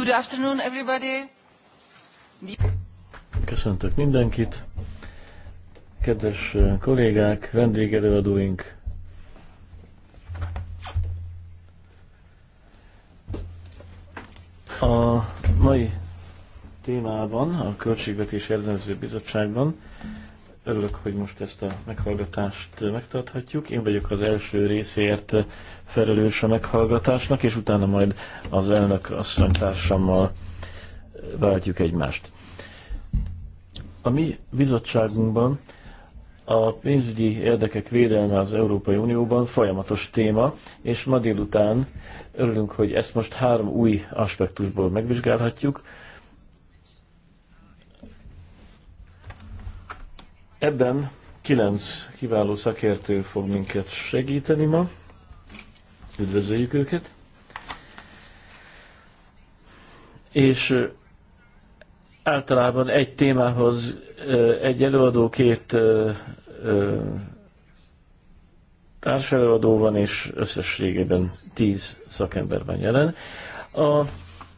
Good afternoon, everybody. Köszöntök mindenkit. Kedves kollégák, vendégelőadóink. A mai témában, a Költségvetés Ellenőrző Bizottságban Örülök, hogy most ezt a meghallgatást megtarthatjuk. Én vagyok az első részért felelős a meghallgatásnak, és utána majd az elnök asszonytársammal váltjuk egymást. A mi bizottságunkban a pénzügyi érdekek védelme az Európai Unióban folyamatos téma, és ma délután örülünk, hogy ezt most három új aspektusból megvizsgálhatjuk Ebben kilenc kiváló szakértő fog minket segíteni ma. Üdvözöljük őket. És általában egy témához egy előadó, két társelőadó van, és összességében tíz szakember van jelen. A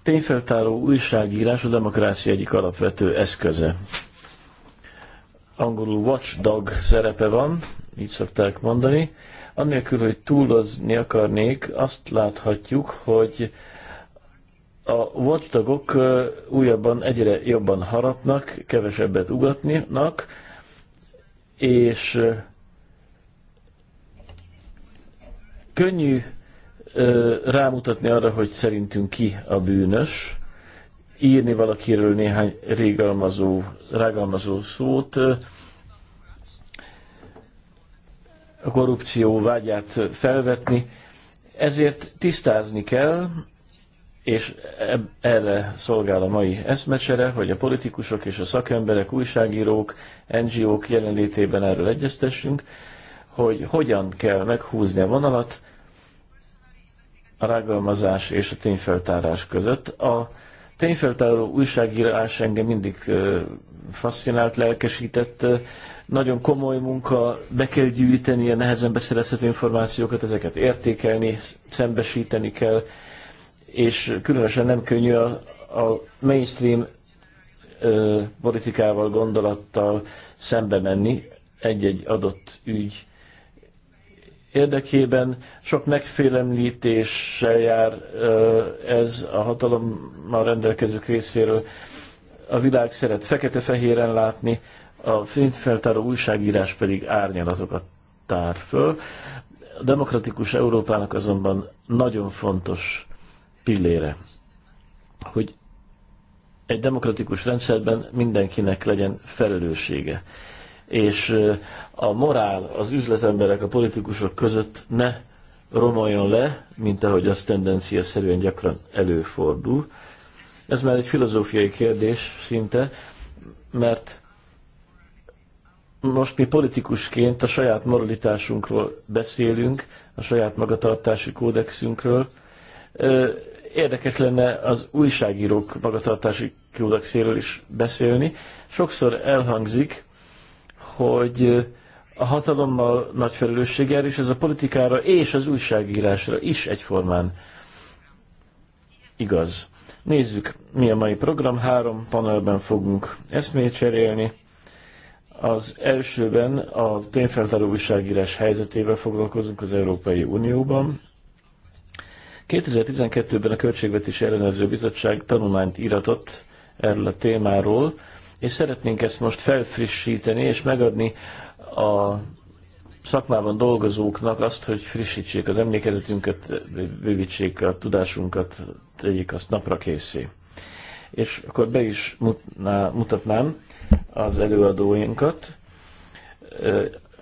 tényfeltáró újságírás a demokrácia egyik alapvető eszköze angolul watchdog szerepe van, így szokták mondani. Annélkül, hogy túlozni akarnék, azt láthatjuk, hogy a watchdogok újabban egyre jobban harapnak, kevesebbet ugatnak, és könnyű rámutatni arra, hogy szerintünk ki a bűnös, írni valakiről néhány régalmazó, rágalmazó szót. A korrupció vágyát felvetni. Ezért tisztázni kell, és erre szolgál a mai eszmecsere, hogy a politikusok és a szakemberek, újságírók, NGO-k jelenlétében erről egyeztessünk, hogy hogyan kell meghúzni a vonalat a rágalmazás és a tényfeltárás között. A tényfeltáró újságírás engem mindig fascinált, lelkesített. Nagyon komoly munka, be kell gyűjteni a nehezen beszerezhető információkat, ezeket értékelni, szembesíteni kell, és különösen nem könnyű a, a mainstream ö, politikával, gondolattal szembe menni egy-egy adott ügy érdekében sok megfélemlítéssel jár ez a hatalommal rendelkezők részéről. A világ szeret fekete-fehéren látni, a fényfeltáró újságírás pedig árnyalatokat tár föl. A demokratikus Európának azonban nagyon fontos pillére, hogy egy demokratikus rendszerben mindenkinek legyen felelőssége. És a morál az üzletemberek, a politikusok között ne romoljon le, mint ahogy az tendencia szerűen gyakran előfordul. Ez már egy filozófiai kérdés szinte, mert most mi politikusként a saját moralitásunkról beszélünk, a saját magatartási kódexünkről. Érdekes lenne az újságírók magatartási kódexéről is beszélni. Sokszor elhangzik, hogy a hatalommal nagy felelősséggel, és ez a politikára és az újságírásra is egyformán igaz. Nézzük, mi a mai program. Három panelben fogunk eszmét cserélni. Az elsőben a tényfeltáró újságírás helyzetével foglalkozunk az Európai Unióban. 2012-ben a Költségvetési Ellenőrző Bizottság tanulmányt iratott erről a témáról, és szeretnénk ezt most felfrissíteni és megadni a szakmában dolgozóknak azt, hogy frissítsék az emlékezetünket, bővítsék a tudásunkat, tegyék azt napra készé. És akkor be is mutná, mutatnám az előadóinkat,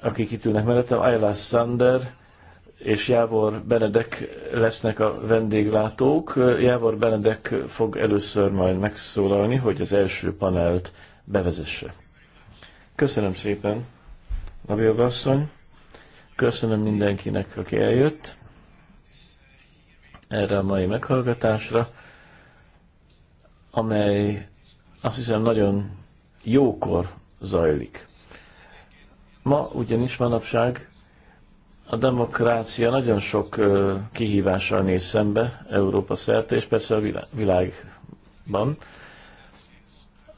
akik itt ülnek mellettem, Ayla Sander és Jávor Benedek lesznek a vendéglátók. Jávor Benedek fog először majd megszólalni, hogy az első panelt bevezesse. Köszönöm szépen! a jogasszony. Köszönöm mindenkinek, aki eljött erre a mai meghallgatásra, amely azt hiszem nagyon jókor zajlik. Ma ugyanis manapság a demokrácia nagyon sok kihívással néz szembe Európa szerte, és persze a világban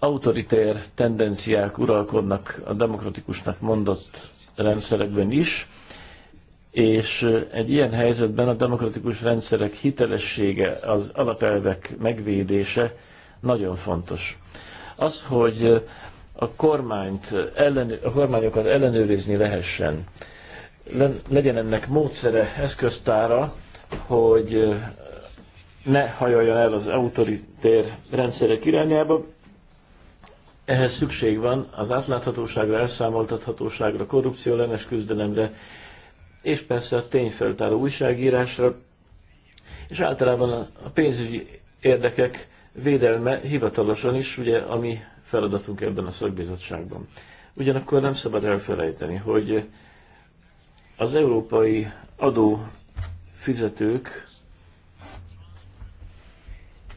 autoritér tendenciák uralkodnak a demokratikusnak mondott rendszerekben is, és egy ilyen helyzetben a demokratikus rendszerek hitelessége, az alapelvek megvédése nagyon fontos. Az, hogy a, kormányt ellen, a kormányokat ellenőrizni lehessen, legyen ennek módszere, eszköztára, hogy ne hajoljon el az autoritér rendszerek irányába, ehhez szükség van az átláthatóságra, elszámoltathatóságra, korrupció ellenes küzdelemre, és persze a tényfeltáró újságírásra, és általában a pénzügyi érdekek védelme hivatalosan is ugye ami feladatunk ebben a szakbizottságban. Ugyanakkor nem szabad elfelejteni, hogy az európai adófizetők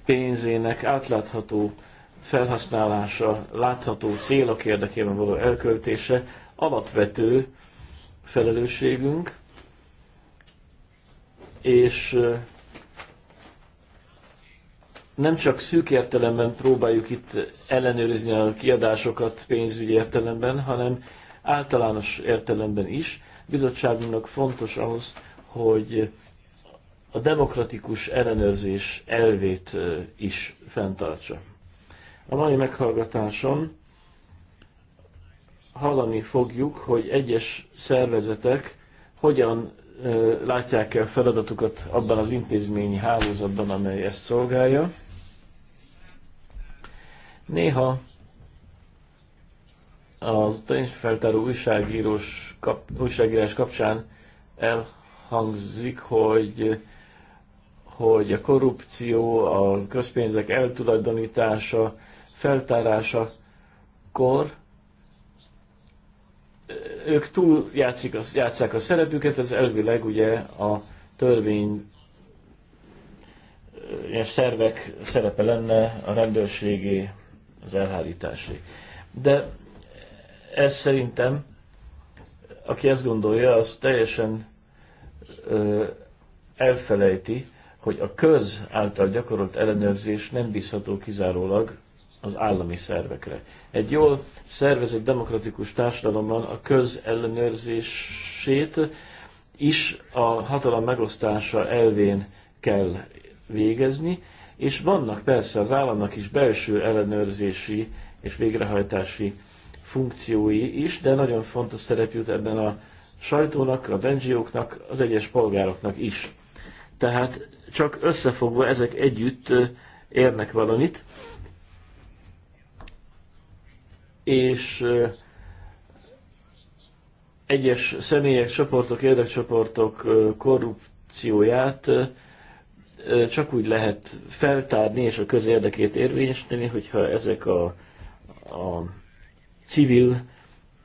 pénzének átlátható felhasználása, látható célok érdekében való elköltése alapvető felelősségünk, és nem csak szűk értelemben próbáljuk itt ellenőrizni a kiadásokat pénzügyi értelemben, hanem általános értelemben is. Bizottságunknak fontos az, hogy a demokratikus ellenőrzés elvét is fenntartsa. A mai meghallgatáson hallani fogjuk, hogy egyes szervezetek hogyan látják el feladatukat abban az intézményi hálózatban, amely ezt szolgálja. Néha az tényfeltáró újságírós, kap, újságírás kapcsán elhangzik, hogy, hogy a korrupció, a közpénzek eltulajdonítása, feltárásakor ők túl játszik a, játszák a szerepüket, ez elvileg ugye a törvény és szervek szerepe lenne a rendőrségé, az elhárításé. De ez szerintem, aki ezt gondolja, az teljesen ö, elfelejti, hogy a köz által gyakorolt ellenőrzés nem bízható kizárólag az állami szervekre. Egy jól szervezett demokratikus társadalomban a közellenőrzését is a hatalom megosztása elvén kell végezni, és vannak persze az államnak is belső ellenőrzési és végrehajtási funkciói is, de nagyon fontos szerep jut ebben a sajtónak, a NGO-knak, az egyes polgároknak is. Tehát csak összefogva ezek együtt érnek valamit, és egyes személyek, csoportok, érdekcsoportok korrupcióját csak úgy lehet feltárni és a közérdekét érvényesíteni, hogyha ezek a, a civil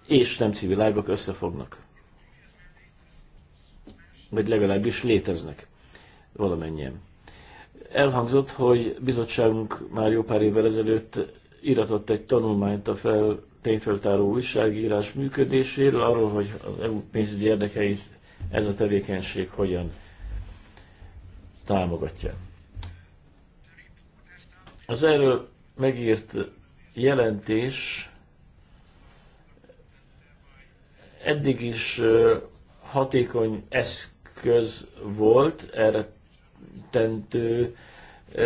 és nem civil ágok összefognak. Vagy legalábbis léteznek valamennyien. Elhangzott, hogy bizottságunk már jó pár évvel ezelőtt iratott egy tanulmányt a fel, tényfeltáró újságírás működéséről, arról, hogy az EU pénzügyi érdekeit ez a tevékenység hogyan támogatja. Az erről megírt jelentés eddig is hatékony eszköz volt, erre tentő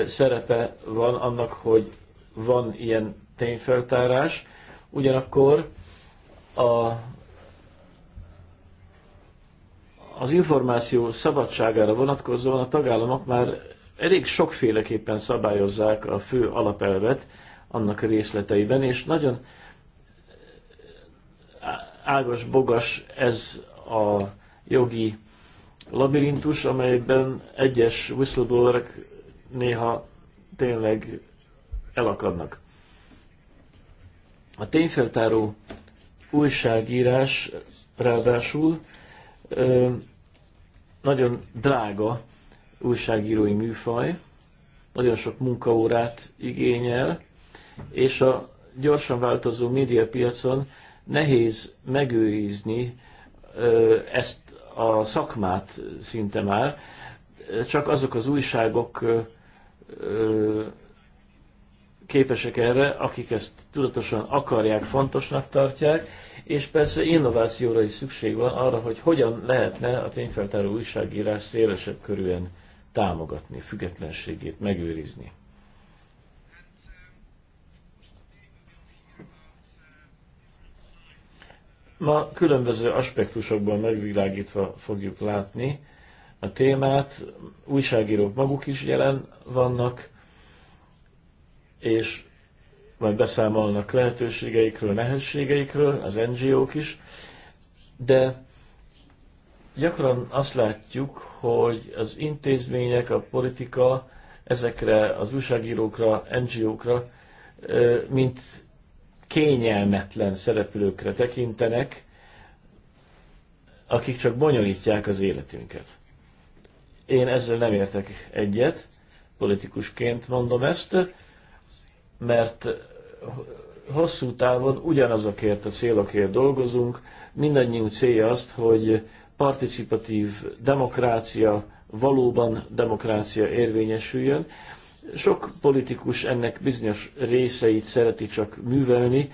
szerepe van annak, hogy van ilyen tényfeltárás, ugyanakkor a, az információ szabadságára vonatkozóan a tagállamok már elég sokféleképpen szabályozzák a fő alapelvet annak a részleteiben, és nagyon ágas-bogas ez a jogi labirintus, amelyben egyes whistleblowerek néha tényleg elakadnak. A tényfeltáró újságírás ráadásul nagyon drága újságírói műfaj, nagyon sok munkaórát igényel, és a gyorsan változó médiapiacon nehéz megőrizni ezt a szakmát szinte már, csak azok az újságok képesek erre, akik ezt tudatosan akarják, fontosnak tartják, és persze innovációra is szükség van arra, hogy hogyan lehetne a tényfeltáró újságírás szélesebb körűen támogatni, függetlenségét megőrizni. Ma különböző aspektusokban megvilágítva fogjuk látni a témát. Újságírók maguk is jelen vannak, és majd beszámolnak lehetőségeikről, nehézségeikről, az NGO-k is, de gyakran azt látjuk, hogy az intézmények, a politika ezekre az újságírókra, NGO-kra, mint kényelmetlen szereplőkre tekintenek, akik csak bonyolítják az életünket. Én ezzel nem értek egyet, politikusként mondom ezt, mert hosszú távon ugyanazokért a célokért dolgozunk, mindannyiunk célja azt, hogy participatív demokrácia, valóban demokrácia érvényesüljön. Sok politikus ennek bizonyos részeit szereti csak művelni.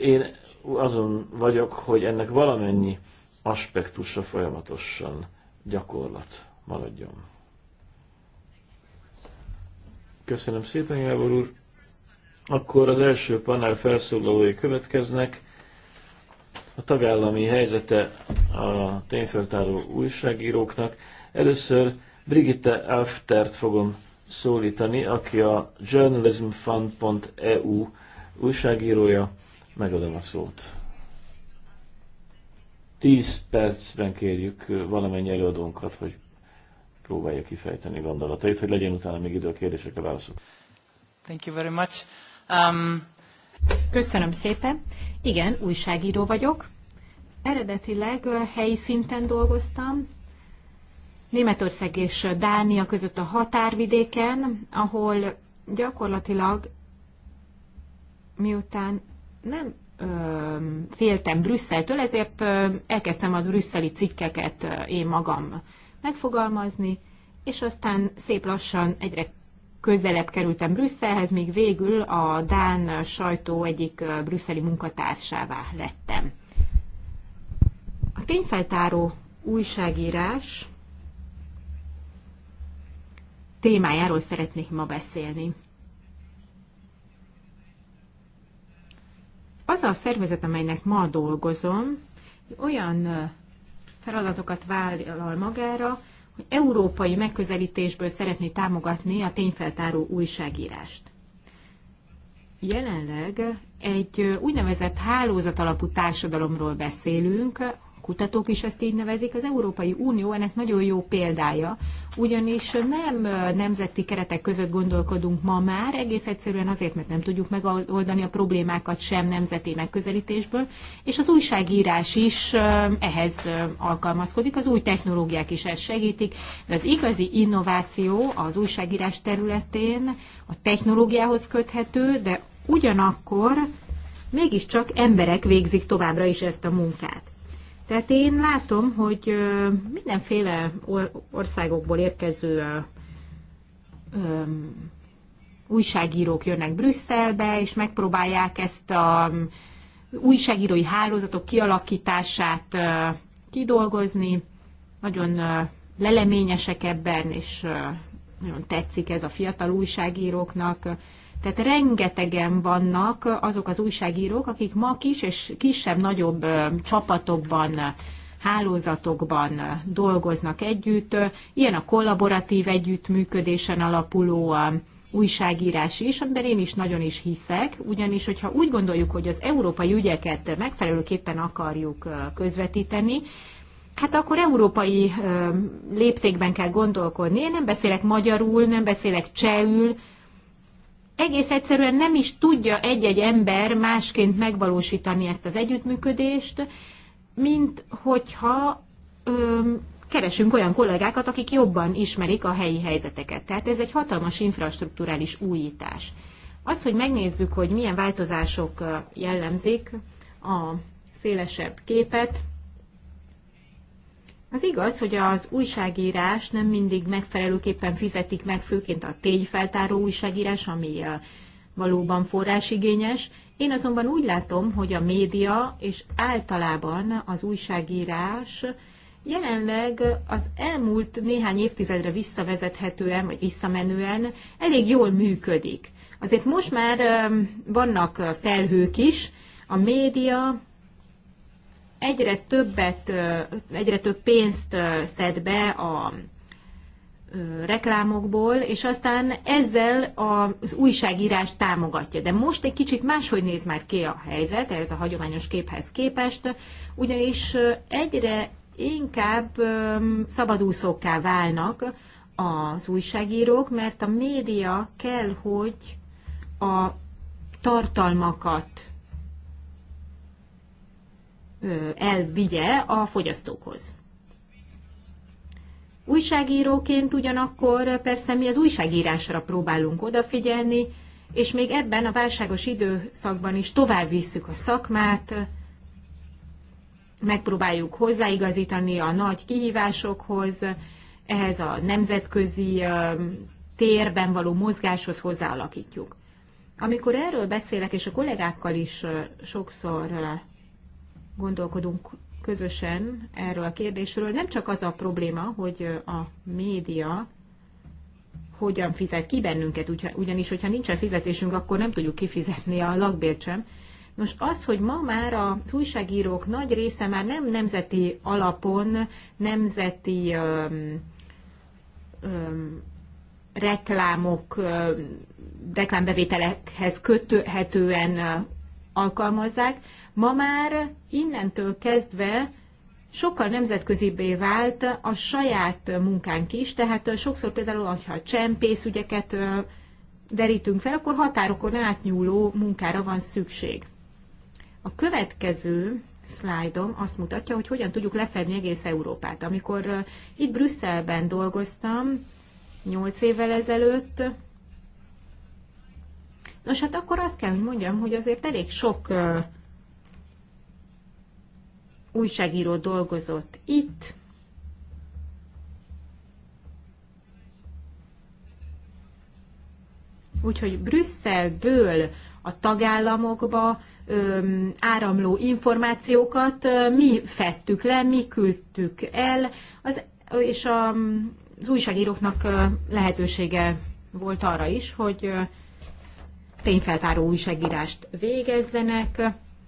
Én azon vagyok, hogy ennek valamennyi aspektusa folyamatosan gyakorlat maradjon. Köszönöm szépen, Jábor úr! Akkor az első panel felszólalói következnek. A tagállami helyzete a tényfeltáró újságíróknak. Először Brigitte Alftert fogom szólítani, aki a journalismfund.eu újságírója. Megadom a szót. Tíz percben kérjük valamennyi előadónkat, hogy próbálja kifejteni gondolatait, hogy legyen utána még idő a kérdésekre válaszok. Thank you very much. Um... Köszönöm szépen. Igen, újságíró vagyok. Eredetileg helyi szinten dolgoztam, Németország és Dánia között a határvidéken, ahol gyakorlatilag miután nem ö, féltem Brüsszeltől, ezért ö, elkezdtem a brüsszeli cikkeket ö, én magam megfogalmazni, és aztán szép lassan egyre közelebb kerültem Brüsszelhez, míg végül a Dán sajtó egyik brüsszeli munkatársává lettem. A tényfeltáró újságírás témájáról szeretnék ma beszélni. Az a szervezet, amelynek ma dolgozom, olyan feladatokat vállal magára, európai megközelítésből szeretné támogatni a tényfeltáró újságírást. Jelenleg egy úgynevezett hálózat alapú társadalomról beszélünk, kutatók is ezt így nevezik, az Európai Unió ennek nagyon jó példája, ugyanis nem nemzeti keretek között gondolkodunk ma már, egész egyszerűen azért, mert nem tudjuk megoldani a problémákat sem nemzeti megközelítésből, és az újságírás is ehhez alkalmazkodik, az új technológiák is ezt segítik, de az igazi innováció az újságírás területén a technológiához köthető, de ugyanakkor mégiscsak emberek végzik továbbra is ezt a munkát. Tehát én látom, hogy mindenféle országokból érkező újságírók jönnek Brüsszelbe, és megpróbálják ezt a újságírói hálózatok kialakítását kidolgozni. Nagyon leleményesek ebben, és nagyon tetszik ez a fiatal újságíróknak. Tehát rengetegen vannak azok az újságírók, akik ma kis és kisebb-nagyobb csapatokban hálózatokban dolgoznak együtt. Ilyen a kollaboratív együttműködésen alapuló újságírás is, amiben én is nagyon is hiszek, ugyanis, hogyha úgy gondoljuk, hogy az európai ügyeket megfelelőképpen akarjuk közvetíteni, Hát akkor európai léptékben kell gondolkodni. Én nem beszélek magyarul, nem beszélek csehül, egész egyszerűen nem is tudja egy-egy ember másként megvalósítani ezt az együttműködést, mint hogyha ö, keresünk olyan kollégákat, akik jobban ismerik a helyi helyzeteket. Tehát ez egy hatalmas infrastruktúrális újítás. Az, hogy megnézzük, hogy milyen változások jellemzik a szélesebb képet, az igaz, hogy az újságírás nem mindig megfelelőképpen fizetik meg, főként a tényfeltáró újságírás, ami valóban forrásigényes. Én azonban úgy látom, hogy a média és általában az újságírás jelenleg az elmúlt néhány évtizedre visszavezethetően, vagy visszamenően elég jól működik. Azért most már vannak felhők is, a média egyre többet, egyre több pénzt szed be a reklámokból, és aztán ezzel az újságírás támogatja. De most egy kicsit máshogy néz már ki a helyzet, ez a hagyományos képhez képest, ugyanis egyre inkább szabadúszókká válnak az újságírók, mert a média kell, hogy a tartalmakat elvigye a fogyasztókhoz. Újságíróként ugyanakkor persze mi az újságírásra próbálunk odafigyelni, és még ebben a válságos időszakban is tovább visszük a szakmát, megpróbáljuk hozzáigazítani a nagy kihívásokhoz, ehhez a nemzetközi térben való mozgáshoz hozzáalakítjuk. Amikor erről beszélek, és a kollégákkal is sokszor gondolkodunk közösen erről a kérdésről. Nem csak az a probléma, hogy a média hogyan fizet ki bennünket, ugyanis, hogyha nincsen fizetésünk, akkor nem tudjuk kifizetni a lakbért sem. Nos, az, hogy ma már az újságírók nagy része már nem nemzeti alapon, nemzeti öm, öm, reklámok, öm, reklámbevételekhez köthetően alkalmazzák, Ma már innentől kezdve sokkal nemzetközibbé vált a saját munkánk is, tehát sokszor például, ha csempész ügyeket derítünk fel, akkor határokon átnyúló munkára van szükség. A következő szlájdom azt mutatja, hogy hogyan tudjuk lefedni egész Európát. Amikor itt Brüsszelben dolgoztam, 8 évvel ezelőtt, Nos, hát akkor azt kell, hogy mondjam, hogy azért elég sok újságíró dolgozott itt, Úgyhogy Brüsszelből a tagállamokba ö, áramló információkat ö, mi fettük le, mi küldtük el, az, és a, az újságíróknak ö, lehetősége volt arra is, hogy ö, tényfeltáró újságírást végezzenek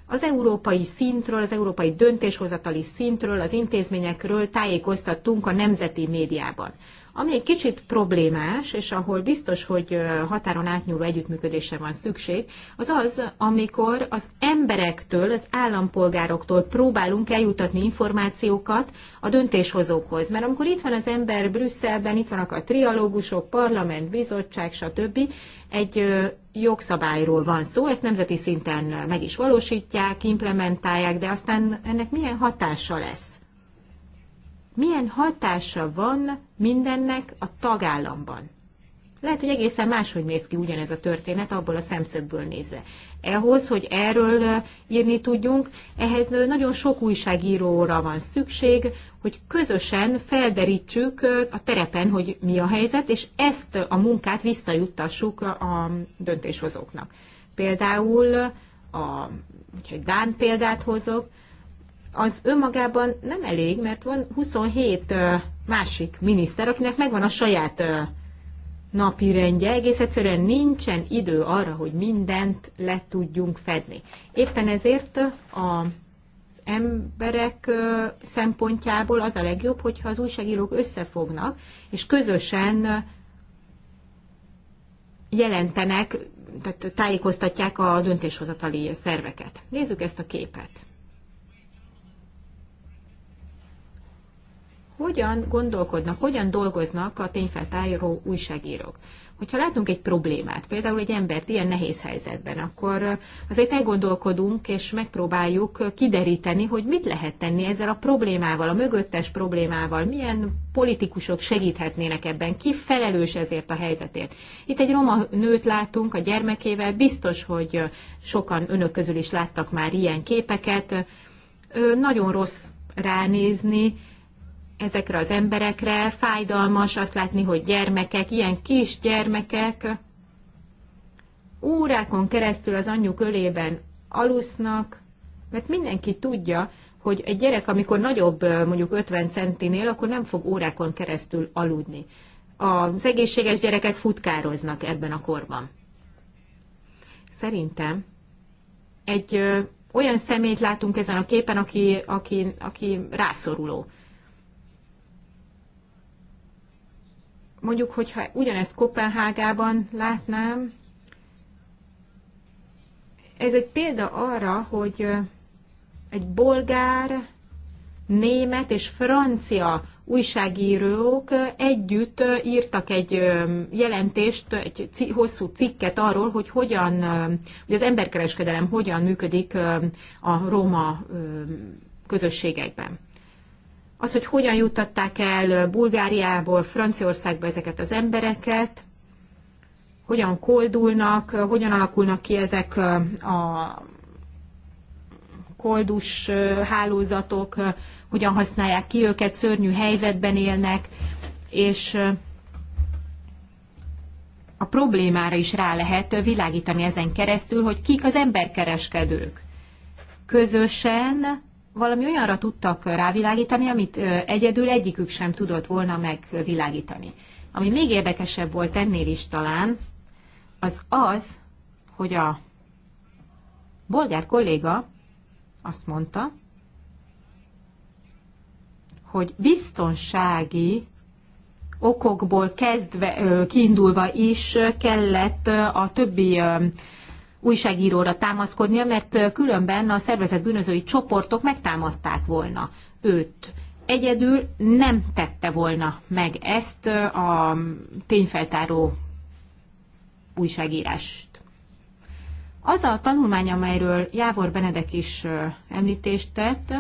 az európai szintről, az európai döntéshozatali szintről, az intézményekről tájékoztattunk a nemzeti médiában. Ami egy kicsit problémás, és ahol biztos, hogy határon átnyúló együttműködésre van szükség, az az, amikor az emberektől, az állampolgároktól próbálunk eljutatni információkat a döntéshozókhoz. Mert amikor itt van az ember Brüsszelben, itt vannak a trialógusok, parlament, bizottság, stb., egy jogszabályról van szó, ezt nemzeti szinten meg is valósítják, implementálják, de aztán ennek milyen hatása lesz? milyen hatása van mindennek a tagállamban. Lehet, hogy egészen máshogy néz ki ugyanez a történet, abból a szemszögből nézve. Ehhoz, hogy erről eh, írni tudjunk, ehhez nagyon sok újságíróra van szükség, hogy közösen felderítsük eh, a terepen, hogy mi a helyzet, és ezt a munkát visszajuttassuk eh, a döntéshozóknak. Például, a, hogyha egy Dán példát hozok, az önmagában nem elég, mert van 27 másik miniszter, akinek megvan a saját napi rendje, egész egyszerűen nincsen idő arra, hogy mindent le tudjunk fedni. Éppen ezért a emberek szempontjából az a legjobb, hogyha az újságírók összefognak, és közösen jelentenek, tehát tájékoztatják a döntéshozatali szerveket. Nézzük ezt a képet. hogyan gondolkodnak, hogyan dolgoznak a tényfeltáró újságírók. Hogyha látunk egy problémát, például egy embert ilyen nehéz helyzetben, akkor azért elgondolkodunk és megpróbáljuk kideríteni, hogy mit lehet tenni ezzel a problémával, a mögöttes problémával, milyen politikusok segíthetnének ebben, ki felelős ezért a helyzetért. Itt egy roma nőt látunk a gyermekével, biztos, hogy sokan önök közül is láttak már ilyen képeket. Nagyon rossz ránézni, ezekre az emberekre. Fájdalmas azt látni, hogy gyermekek, ilyen kis gyermekek órákon keresztül az anyjuk ölében alusznak, mert mindenki tudja, hogy egy gyerek, amikor nagyobb, mondjuk 50 centinél, akkor nem fog órákon keresztül aludni. Az egészséges gyerekek futkároznak ebben a korban. Szerintem egy ö, olyan szemét látunk ezen a képen, aki, aki, aki rászoruló. mondjuk, hogyha ugyanezt Kopenhágában látnám, ez egy példa arra, hogy egy bolgár, német és francia újságírók együtt írtak egy jelentést, egy hosszú cikket arról, hogy hogyan, hogy az emberkereskedelem hogyan működik a roma közösségekben az, hogy hogyan juttatták el Bulgáriából Franciaországba ezeket az embereket, hogyan koldulnak, hogyan alakulnak ki ezek a koldus hálózatok, hogyan használják ki őket, szörnyű helyzetben élnek, és a problémára is rá lehet világítani ezen keresztül, hogy kik az emberkereskedők. Közösen valami olyanra tudtak rávilágítani, amit egyedül egyikük sem tudott volna megvilágítani. Ami még érdekesebb volt ennél is talán, az az, hogy a bolgár kolléga azt mondta, hogy biztonsági okokból kezdve, kiindulva is kellett a többi újságíróra támaszkodnia, mert különben a szervezet bűnözői csoportok megtámadták volna őt. Egyedül nem tette volna meg ezt a tényfeltáró újságírást. Az a tanulmány, amelyről Jávor Benedek is említést tett,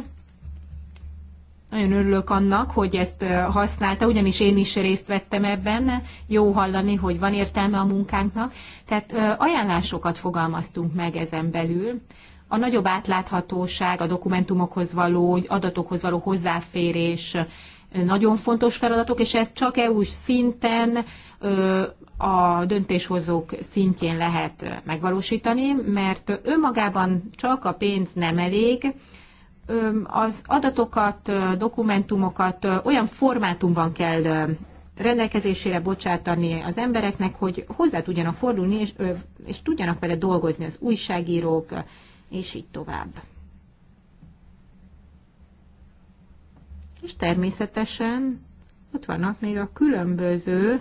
nagyon örülök annak, hogy ezt használta, ugyanis én is részt vettem ebben. Jó hallani, hogy van értelme a munkánknak. Tehát ajánlásokat fogalmaztunk meg ezen belül. A nagyobb átláthatóság, a dokumentumokhoz való, adatokhoz való hozzáférés, nagyon fontos feladatok, és ez csak EU-s szinten a döntéshozók szintjén lehet megvalósítani, mert önmagában csak a pénz nem elég, az adatokat, dokumentumokat olyan formátumban kell rendelkezésére bocsátani az embereknek, hogy hozzá tudjanak fordulni, és, és tudjanak vele dolgozni az újságírók, és így tovább. És természetesen ott vannak még a különböző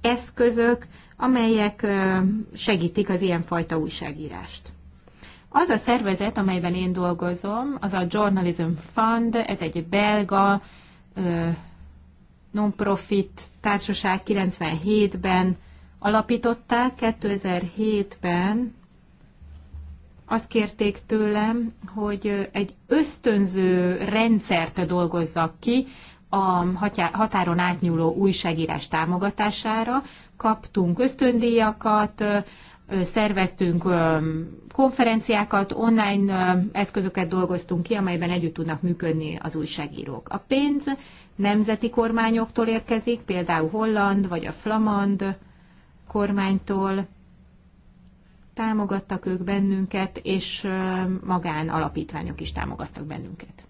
eszközök, amelyek segítik az ilyenfajta újságírást. Az a szervezet, amelyben én dolgozom, az a Journalism Fund, ez egy belga non-profit társaság 97-ben alapították, 2007-ben azt kérték tőlem, hogy egy ösztönző rendszert dolgozzak ki a határon átnyúló újságírás támogatására. Kaptunk ösztöndíjakat, szerveztünk konferenciákat, online eszközöket dolgoztunk ki, amelyben együtt tudnak működni az újságírók. A pénz nemzeti kormányoktól érkezik, például Holland vagy a Flamand kormánytól. Támogattak ők bennünket, és magán alapítványok is támogattak bennünket.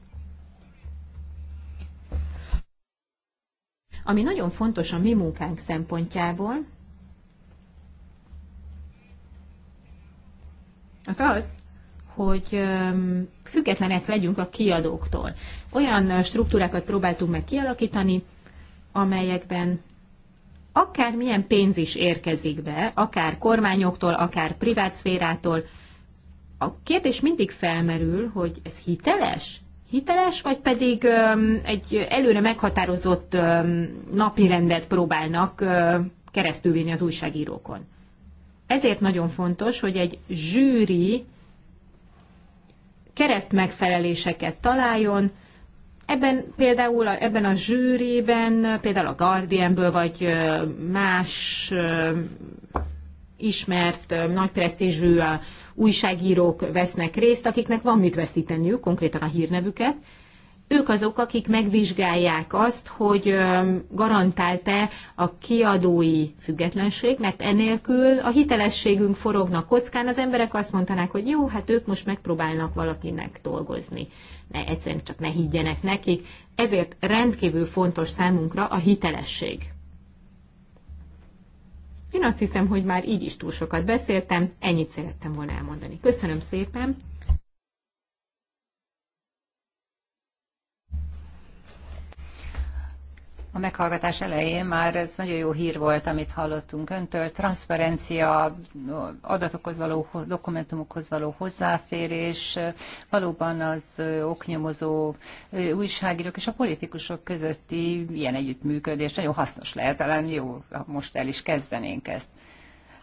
Ami nagyon fontos a mi munkánk szempontjából, az az, hogy függetlenek legyünk a kiadóktól. Olyan struktúrákat próbáltunk meg kialakítani, amelyekben akár milyen pénz is érkezik be, akár kormányoktól, akár szférától, a kérdés mindig felmerül, hogy ez hiteles? Hiteles, vagy pedig öm, egy előre meghatározott öm, rendet próbálnak öm, keresztülvinni az újságírókon? Ezért nagyon fontos, hogy egy zsűri kereszt megfeleléseket találjon, Ebben például a, ebben a zsűriben, például a Guardianből, vagy más ismert, nagy presztízsű újságírók vesznek részt, akiknek van mit veszíteniük, konkrétan a hírnevüket, ők azok, akik megvizsgálják azt, hogy garantált a kiadói függetlenség, mert enélkül a hitelességünk forogna kockán, az emberek azt mondanák, hogy jó, hát ők most megpróbálnak valakinek dolgozni. Ne, egyszerűen csak ne higgyenek nekik. Ezért rendkívül fontos számunkra a hitelesség. Én azt hiszem, hogy már így is túl sokat beszéltem, ennyit szerettem volna elmondani. Köszönöm szépen! A meghallgatás elején már ez nagyon jó hír volt, amit hallottunk öntől. Transzparencia, adatokhoz való, dokumentumokhoz való hozzáférés, valóban az oknyomozó újságírók és a politikusok közötti ilyen együttműködés nagyon hasznos lehet, talán jó, ha most el is kezdenénk ezt.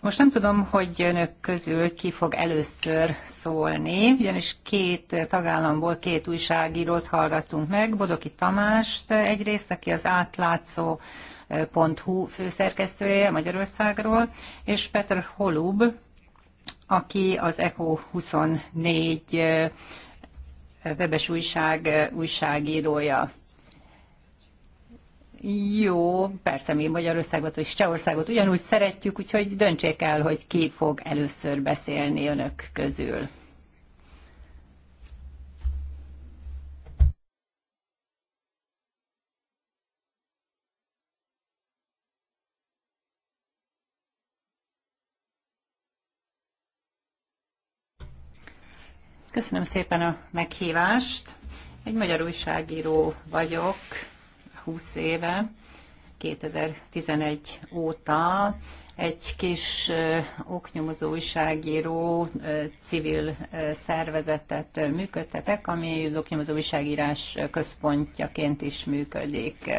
Most nem tudom, hogy önök közül ki fog először szólni, ugyanis két tagállamból két újságírót hallgattunk meg, Bodoki Tamást egyrészt, aki az átlátszó főszerkesztője Magyarországról, és Peter Holub, aki az Echo 24 webes újság újságírója jó, persze mi Magyarországot és Csehországot ugyanúgy szeretjük, úgyhogy döntsék el, hogy ki fog először beszélni önök közül. Köszönöm szépen a meghívást. Egy magyar újságíró vagyok, 20 éve, 2011 óta egy kis oknyomozó újságíró civil szervezetet működtetek, ami az oknyomozó újságírás központjaként is működik.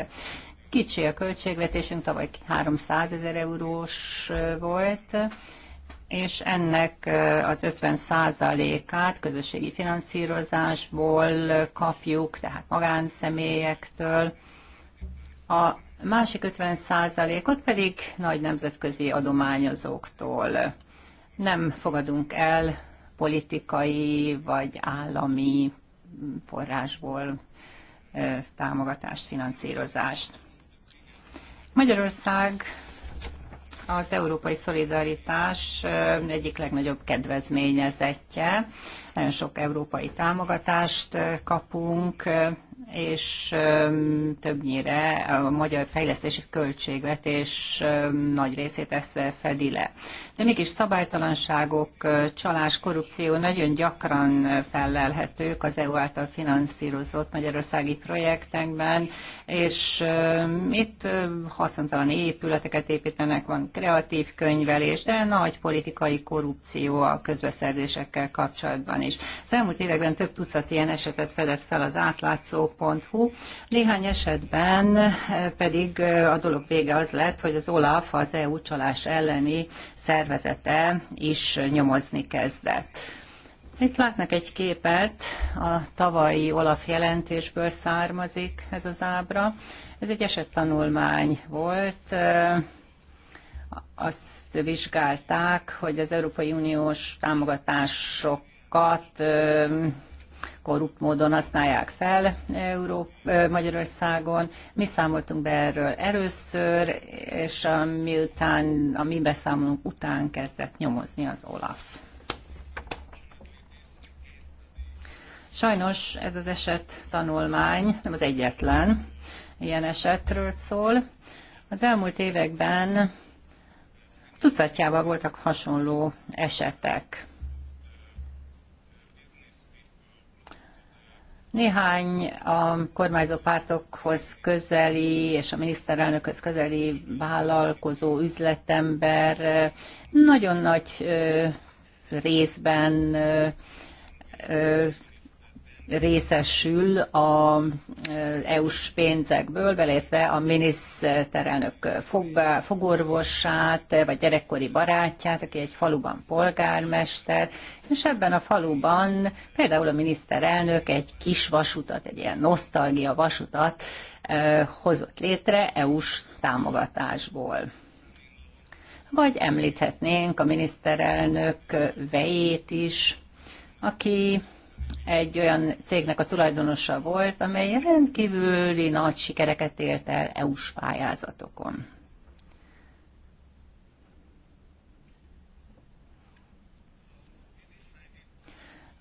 Kicsi a költségvetésünk, tavaly 300 ezer eurós volt, és ennek az 50 százalékát közösségi finanszírozásból kapjuk, tehát magánszemélyektől, a másik 50 százalékot pedig nagy nemzetközi adományozóktól. Nem fogadunk el politikai vagy állami forrásból támogatást, finanszírozást. Magyarország az európai szolidaritás egyik legnagyobb kedvezményezettje. Nagyon sok európai támogatást kapunk, és többnyire a magyar fejlesztési költségvetés nagy részét ezt fedi le de mégis szabálytalanságok, csalás, korrupció nagyon gyakran fellelhetők az EU által finanszírozott magyarországi projektekben, és itt haszontalan épületeket építenek, van kreatív könyvelés, de nagy politikai korrupció a közbeszerzésekkel kapcsolatban is. Az elmúlt években több tucat ilyen esetet fedett fel az átlátszó.hu, néhány esetben pedig a dolog vége az lett, hogy az OLAF az EU csalás elleni szervezete is nyomozni kezdett. Itt látnak egy képet, a tavalyi Olaf jelentésből származik ez az ábra. Ez egy esettanulmány volt, azt vizsgálták, hogy az Európai Uniós támogatásokat korrupt módon használják fel Európ Magyarországon. Mi számoltunk be erről először, és a, miután a mi beszámolunk után kezdett nyomozni az OLAF. Sajnos ez az eset tanulmány nem az egyetlen ilyen esetről szól. Az elmúlt években tucatjában voltak hasonló esetek. Néhány a kormányzó pártokhoz közeli és a miniszterelnökhöz közeli vállalkozó üzletember eh, nagyon nagy eh, részben eh, részesül a eh, EU-s pénzekből, beleértve a miniszterelnök fogorvosát, vagy gyerekkori barátját, aki egy faluban polgármester, és ebben a faluban például a miniszterelnök egy kis vasutat, egy ilyen nosztalgia vasutat eh, hozott létre EU-s támogatásból. Vagy említhetnénk a miniszterelnök vejét is, aki egy olyan cégnek a tulajdonosa volt, amely rendkívüli nagy sikereket ért el EU-s pályázatokon.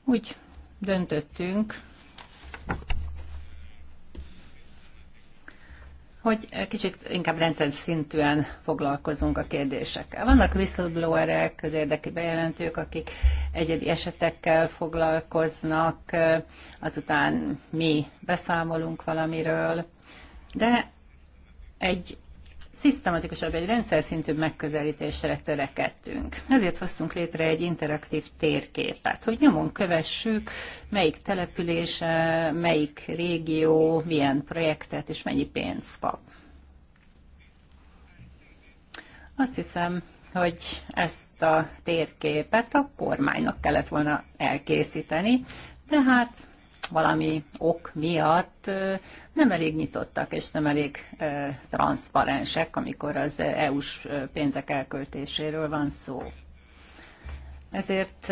Úgy döntöttünk, hogy kicsit inkább rendszer szintűen foglalkozunk a kérdésekkel. Vannak whistleblowerek, közérdekű bejelentők, akik egyedi esetekkel foglalkoznak, azután mi beszámolunk valamiről, de egy szisztematikusabb, egy rendszer szintű megközelítésre törekedtünk. Ezért hoztunk létre egy interaktív térképet, hogy nyomon kövessük, melyik település, melyik régió, milyen projektet és mennyi pénzt kap. Azt hiszem, hogy ezt a térképet a kormánynak kellett volna elkészíteni, de hát valami ok miatt nem elég nyitottak és nem elég transzparensek, amikor az EU-s pénzek elköltéséről van szó. Ezért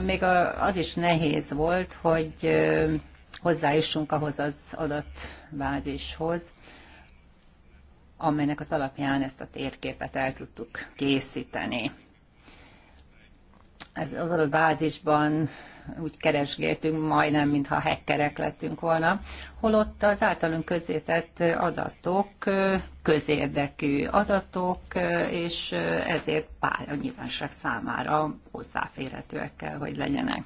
még az is nehéz volt, hogy hozzájussunk ahhoz az adatbázishoz, amelynek az alapján ezt a térképet el tudtuk készíteni ez az adott bázisban úgy keresgéltünk majdnem, mintha hekkerek lettünk volna, holott az általunk közzétett adatok közérdekű adatok, és ezért pár a nyilvánosság számára hozzáférhetőek kell, hogy legyenek.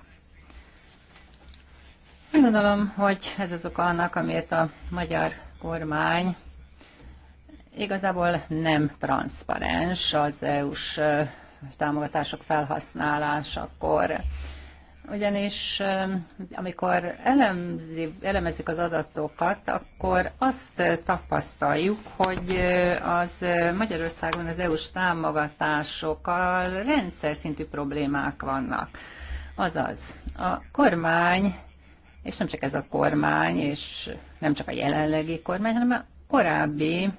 Én gondolom, hogy ez az oka annak, amiért a magyar kormány igazából nem transzparens az EU-s támogatások felhasználásakor. Ugyanis amikor elemzi, elemezik az adatokat, akkor azt tapasztaljuk, hogy az Magyarországon az EU-s támogatásokkal rendszer szintű problémák vannak. Azaz, a kormány, és nem csak ez a kormány, és nem csak a jelenlegi kormány, hanem a korábbi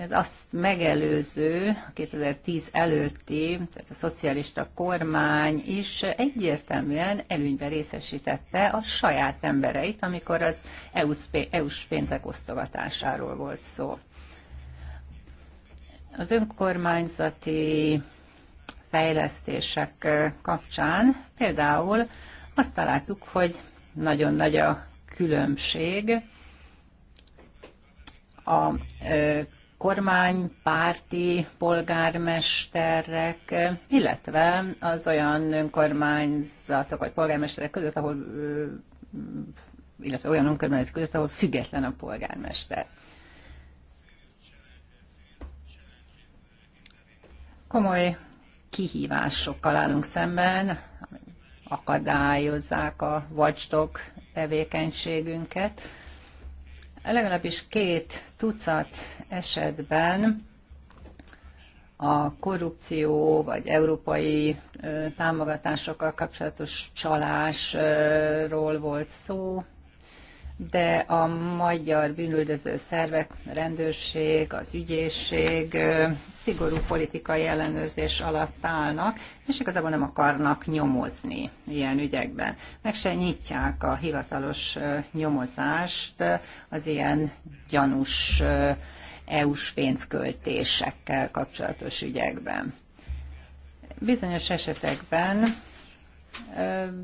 az azt megelőző, a 2010 előtti, tehát a szocialista kormány is egyértelműen előnyben részesítette a saját embereit, amikor az EU-s e pénzek osztogatásáról volt szó. Az önkormányzati fejlesztések kapcsán például azt találtuk, hogy nagyon nagy a különbség a kormánypárti polgármesterek, illetve az olyan önkormányzatok vagy polgármesterek között, ahol illetve olyan önkormányzatok között, ahol független a polgármester. Komoly kihívásokkal állunk szemben, akadályozzák a watchdog tevékenységünket Legalábbis két tucat esetben a korrupció vagy európai támogatásokkal kapcsolatos csalásról volt szó, de a magyar bűnüldöző szervek, rendőrség, az ügyészség szigorú politikai ellenőrzés alatt állnak, és igazából nem akarnak nyomozni ilyen ügyekben. Meg se nyitják a hivatalos nyomozást az ilyen gyanús EU-s pénzköltésekkel kapcsolatos ügyekben. Bizonyos esetekben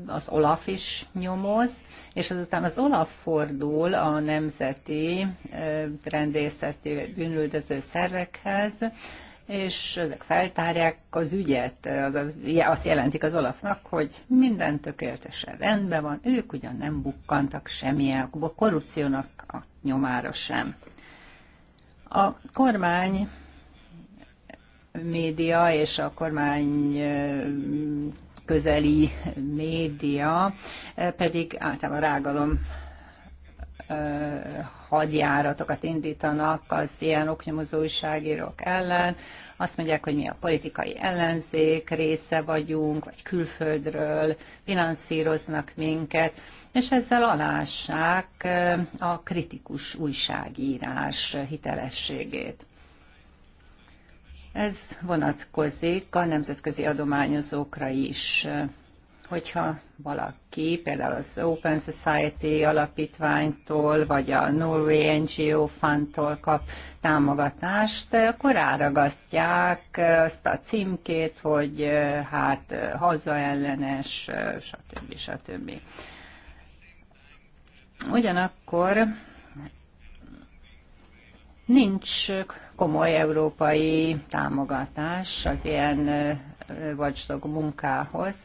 az Olaf is nyomoz, és azután az Olaf fordul a nemzeti rendészeti bűnüldöző szervekhez, és ezek feltárják az ügyet, azaz azt jelentik az Olafnak, hogy minden tökéletesen rendben van, ők ugyan nem bukkantak semmilyen korrupciónak a nyomára sem. A kormány média és a kormány közeli média pedig általában rágalom hadjáratokat indítanak az ilyen oknyomozó újságírók ellen. Azt mondják, hogy mi a politikai ellenzék része vagyunk, vagy külföldről finanszíroznak minket, és ezzel alássák a kritikus újságírás hitelességét. Ez vonatkozik a nemzetközi adományozókra is. Hogyha valaki például az Open Society alapítványtól, vagy a Norway NGO Fundtól kap támogatást, akkor ráragasztják azt a címkét, hogy eh, hát hazaellenes, eh, stb. stb. Ugyanakkor nincs komoly európai támogatás az ilyen watchdog munkához,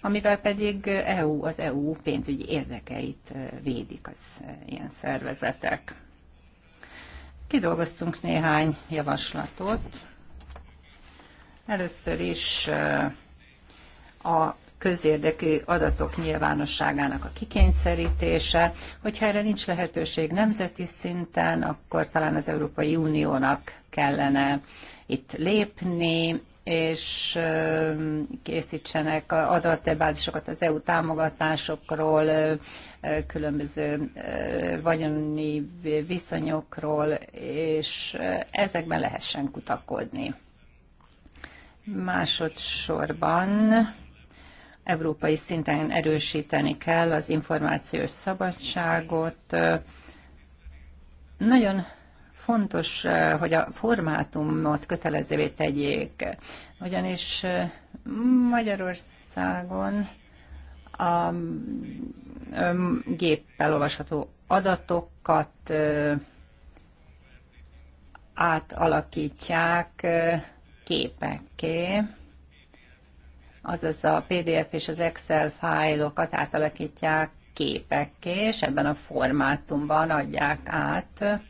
amivel pedig EU, az EU pénzügyi érdekeit védik az ilyen szervezetek. Kidolgoztunk néhány javaslatot. Először is a közérdekű adatok nyilvánosságának a kikényszerítése. Hogyha erre nincs lehetőség nemzeti szinten, akkor talán az Európai Uniónak kellene itt lépni, és készítsenek adatbázisokat az EU támogatásokról, különböző vagyoni viszonyokról, és ezekben lehessen kutakodni. Másodszorban európai szinten erősíteni kell az információs szabadságot. Nagyon fontos, hogy a formátumot kötelezővé tegyék, ugyanis Magyarországon a géppel olvasható adatokat átalakítják képekké, azaz a PDF és az Excel fájlokat átalakítják képekké, és ebben a formátumban adják át,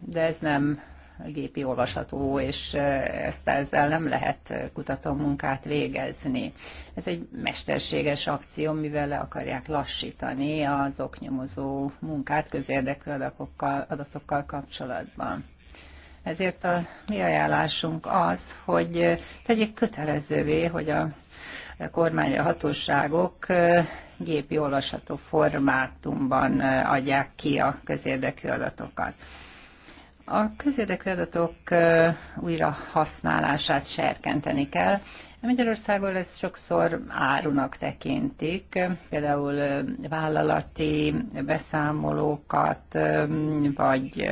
de ez nem gépi olvasható, és e, ezt ezzel nem lehet kutató munkát végezni. Ez egy mesterséges akció, mivel le akarják lassítani az oknyomozó munkát közérdekű adatokkal, adatokkal kapcsolatban. Ezért a mi ajánlásunk az, hogy tegyék kötelezővé, hogy a kormány, a hatóságok gépi olvasható formátumban adják ki a közérdekű adatokat. A közérdekű adatok újra használását serkenteni kell. Magyarországon ezt sokszor árunak tekintik, például vállalati beszámolókat, vagy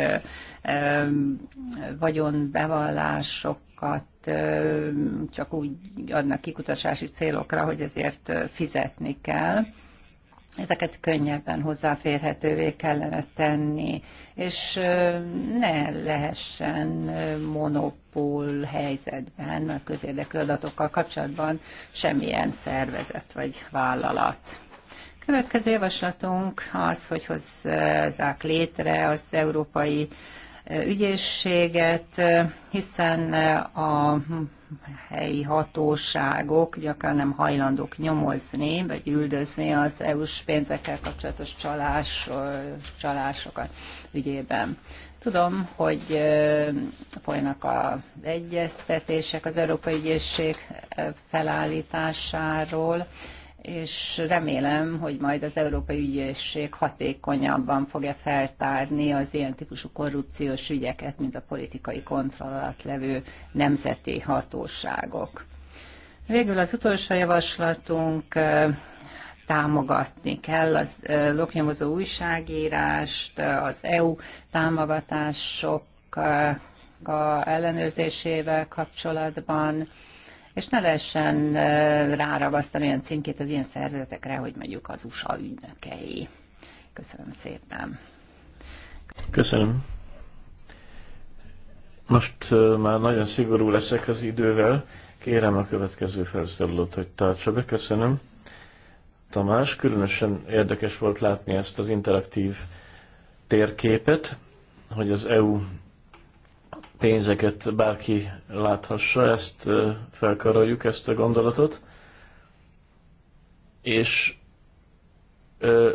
vagyonbevallásokat csak úgy adnak kikutatási célokra, hogy ezért fizetni kell. Ezeket könnyebben hozzáférhetővé kellene tenni, és ne lehessen monopól helyzetben a közérdekű adatokkal kapcsolatban semmilyen szervezet vagy vállalat. Következő javaslatunk az, hogy hozzák létre az európai ügyészséget, hiszen a helyi hatóságok gyakran nem hajlandók nyomozni, vagy üldözni az EU-s pénzekkel kapcsolatos csalás, csalásokat ügyében. Tudom, hogy folynak az egyeztetések az Európai Ügyészség felállításáról, és remélem, hogy majd az Európai Ügyészség hatékonyabban fogja feltárni az ilyen típusú korrupciós ügyeket, mint a politikai kontroll alatt levő nemzeti hatóságok. Végül az utolsó javaslatunk támogatni kell az loknyomozó újságírást, az EU támogatások ellenőrzésével kapcsolatban, és ne lehessen ráragasztani olyan címkét az ilyen szervezetekre, hogy mondjuk az USA ügynökei. Köszönöm szépen. Köszönöm. Most már nagyon szigorú leszek az idővel. Kérem a következő felszólalót, hogy tartsa be. Köszönöm. Tamás, különösen érdekes volt látni ezt az interaktív térképet, hogy az EU pénzeket bárki láthassa, ezt felkaroljuk, ezt a gondolatot. És ö,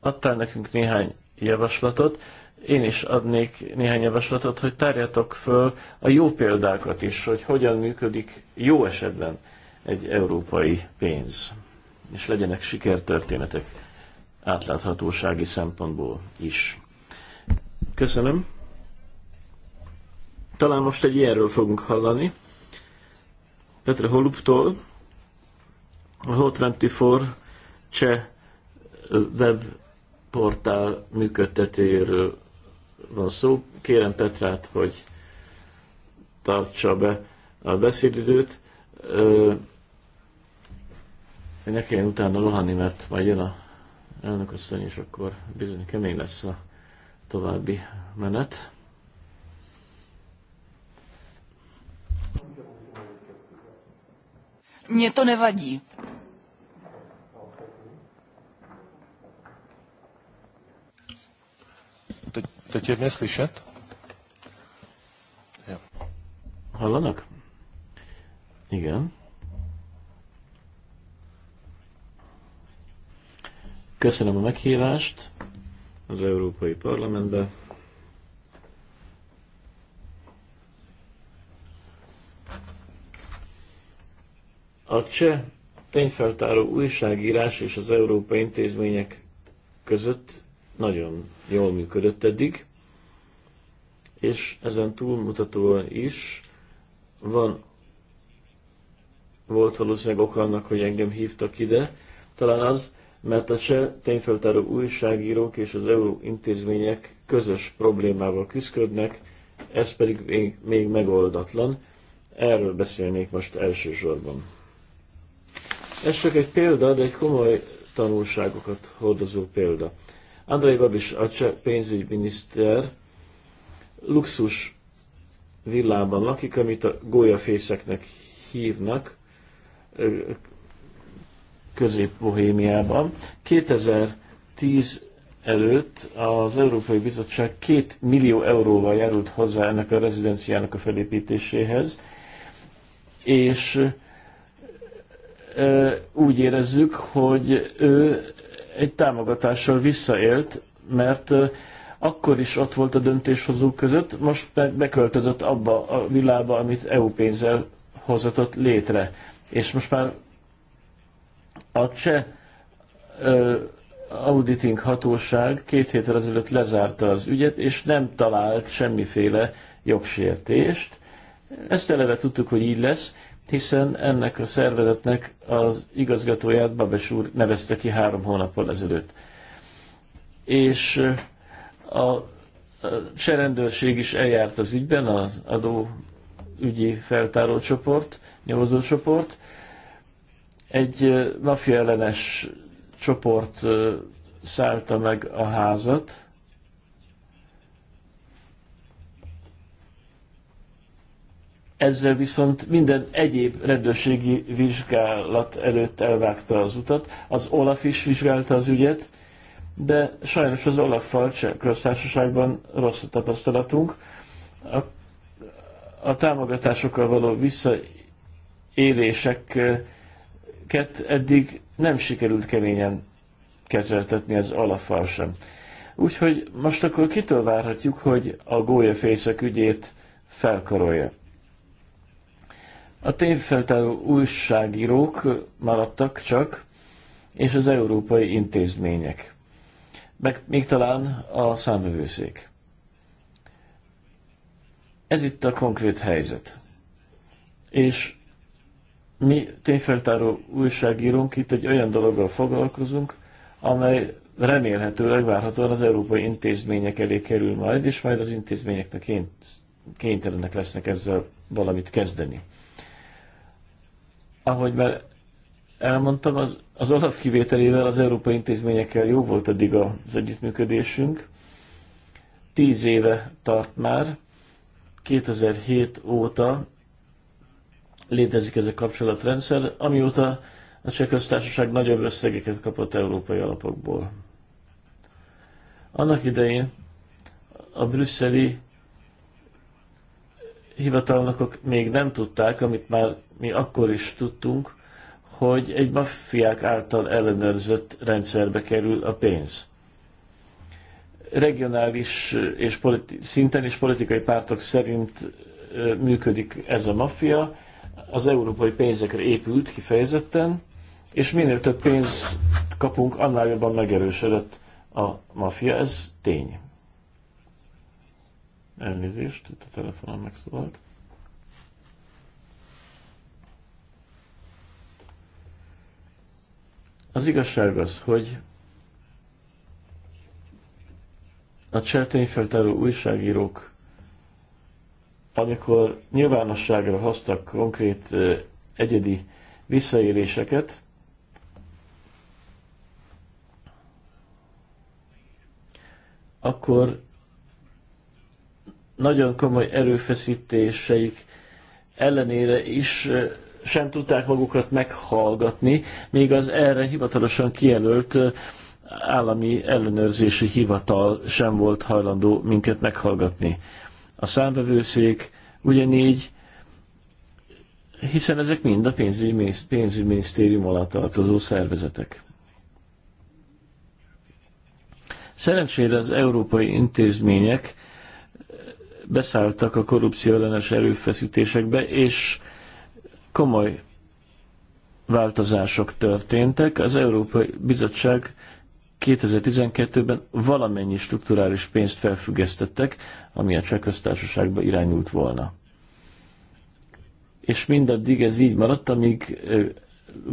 adtál nekünk néhány javaslatot, én is adnék néhány javaslatot, hogy tárjátok föl a jó példákat is, hogy hogyan működik jó esetben egy európai pénz, és legyenek sikertörténetek átláthatósági szempontból is. Köszönöm. Talán most egy ilyenről fogunk hallani. Petre Holuptól, a Hot24 cseh web portál működtetéről van szó. Kérem Petrát, hogy tartsa be a beszédidőt. Ne kelljen utána lohanni, mert majd jön a elnökasszony, és akkor bizony kemény lesz a további menet. Mně to nevadí. Teď, teď je mě slyšet? Hallanak? Igen. Köszönöm a meghívást az Európai Parlamentbe. A cseh tényfeltáró újságírás és az európai intézmények között nagyon jól működött eddig, és ezen túlmutatóan is van, volt valószínűleg ok annak, hogy engem hívtak ide, talán az, mert a cseh tényfeltáró újságírók és az EU intézmények közös problémával küzdködnek, ez pedig még, még megoldatlan. Erről beszélnék most elsősorban. Ez csak egy példa, de egy komoly tanulságokat hordozó példa. Andrei Babis, a cseh pénzügyminiszter luxus villában lakik, amit a gólyafészeknek hívnak, közép-bohémiában. 2010 előtt az Európai Bizottság 2 millió euróval járult hozzá ennek a rezidenciának a felépítéséhez, és úgy érezzük, hogy ő egy támogatással visszaélt, mert akkor is ott volt a döntéshozó között, most beköltözött abba a világba, amit EU pénzzel hozatott létre. És most már a cseh auditing hatóság két héttel ezelőtt lezárta az ügyet, és nem talált semmiféle jogsértést. Ezt eleve tudtuk, hogy így lesz, hiszen ennek a szervezetnek az igazgatóját Babes úr nevezte ki három hónappal ezelőtt. És a serendőrség is eljárt az ügyben, az adó ügyi feltáró csoport, csoport Egy mafia ellenes csoport szállta meg a házat, ezzel viszont minden egyéb rendőrségi vizsgálat előtt elvágta az utat. Az Olaf is vizsgálta az ügyet, de sajnos az olaf cseh köztársaságban rossz a tapasztalatunk. A, a támogatásokkal való visszaéléseket eddig nem sikerült keményen kezeltetni az olaf sem. Úgyhogy most akkor kitől várhatjuk, hogy a gólyafészek ügyét felkarolja? A tényfeltáró újságírók maradtak csak, és az európai intézmények. Meg még talán a számövőszék. Ez itt a konkrét helyzet. És mi tényfeltáró újságírónk itt egy olyan dologgal foglalkozunk, amely remélhetőleg várhatóan az európai intézmények elé kerül majd, és majd az intézményeknek kénytelenek lesznek ezzel valamit kezdeni ahogy már elmondtam, az, az Olaf kivételével az európai intézményekkel jó volt eddig az együttműködésünk. Tíz éve tart már, 2007 óta létezik ez a kapcsolatrendszer, amióta a cseh köztársaság nagyobb összegeket kapott európai alapokból. Annak idején a brüsszeli hivatalnokok még nem tudták, amit már mi akkor is tudtunk, hogy egy maffiák által ellenőrzött rendszerbe kerül a pénz. Regionális és politi- szinten és politikai pártok szerint működik ez a maffia, az európai pénzekre épült kifejezetten, és minél több pénzt kapunk, annál jobban megerősödött a maffia, ez tény. Elnézést, itt a telefonon megszólalt. Az igazság az, hogy a csertényfeltáró újságírók, amikor nyilvánosságra hoztak konkrét egyedi visszaéléseket, akkor nagyon komoly erőfeszítéseik ellenére is sem tudták magukat meghallgatni, még az erre hivatalosan kijelölt állami ellenőrzési hivatal sem volt hajlandó minket meghallgatni. A számvevőszék ugyanígy, hiszen ezek mind a pénzügyminisztérium alá tartozó szervezetek. Szerencsére az európai intézmények beszálltak a korrupció ellenes erőfeszítésekbe, és komoly változások történtek. Az Európai Bizottság 2012-ben valamennyi strukturális pénzt felfüggesztettek, ami a csehköztársaságba irányult volna. És mindaddig ez így maradt, amíg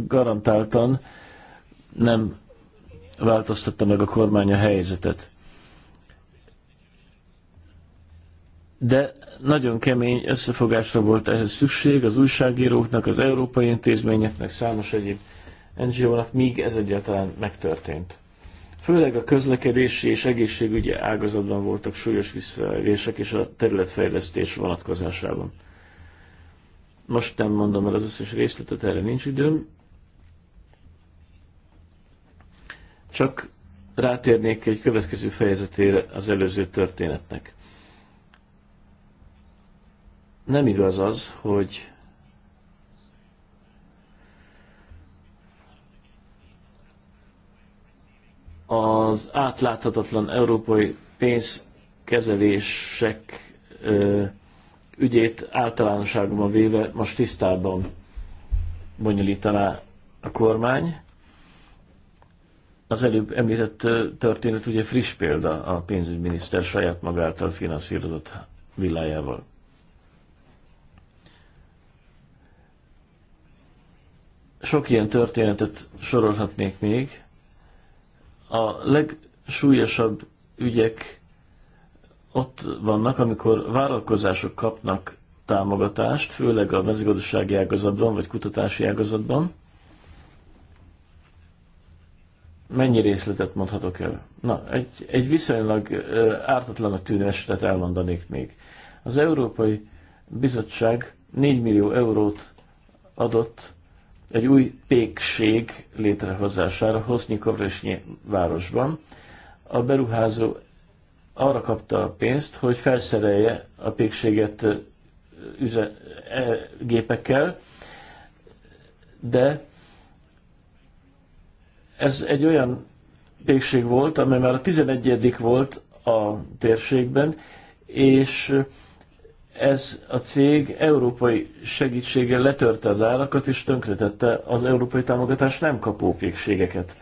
garantáltan nem változtatta meg a kormány a helyzetet. de nagyon kemény összefogásra volt ehhez szükség az újságíróknak, az európai intézményeknek, számos egyéb NGO-nak, míg ez egyáltalán megtörtént. Főleg a közlekedési és egészségügyi ágazatban voltak súlyos visszaélések és a területfejlesztés vonatkozásában. Most nem mondom el az összes részletet, erre nincs időm. Csak rátérnék egy következő fejezetére az előző történetnek nem igaz az, hogy az átláthatatlan európai pénzkezelések ügyét általánosságban véve most tisztában bonyolítaná a kormány. Az előbb említett történet ugye friss példa a pénzügyminiszter saját magától finanszírozott villájával Sok ilyen történetet sorolhatnék még. A legsúlyosabb ügyek ott vannak, amikor vállalkozások kapnak támogatást, főleg a mezőgazdasági ágazatban vagy kutatási ágazatban. Mennyi részletet mondhatok el? Na, egy, egy viszonylag a tűnő esetet elmondanék még. Az Európai Bizottság 4 millió eurót adott egy új pékség létrehozására hozni Hosznyikovrösnyi városban. A beruházó arra kapta a pénzt, hogy felszerelje a pékséget üze, e, gépekkel, de ez egy olyan pékség volt, amely már a 11. volt a térségben, és ez a cég európai segítséggel letörte az árakat és tönkretette az európai támogatás nem kapó végségeket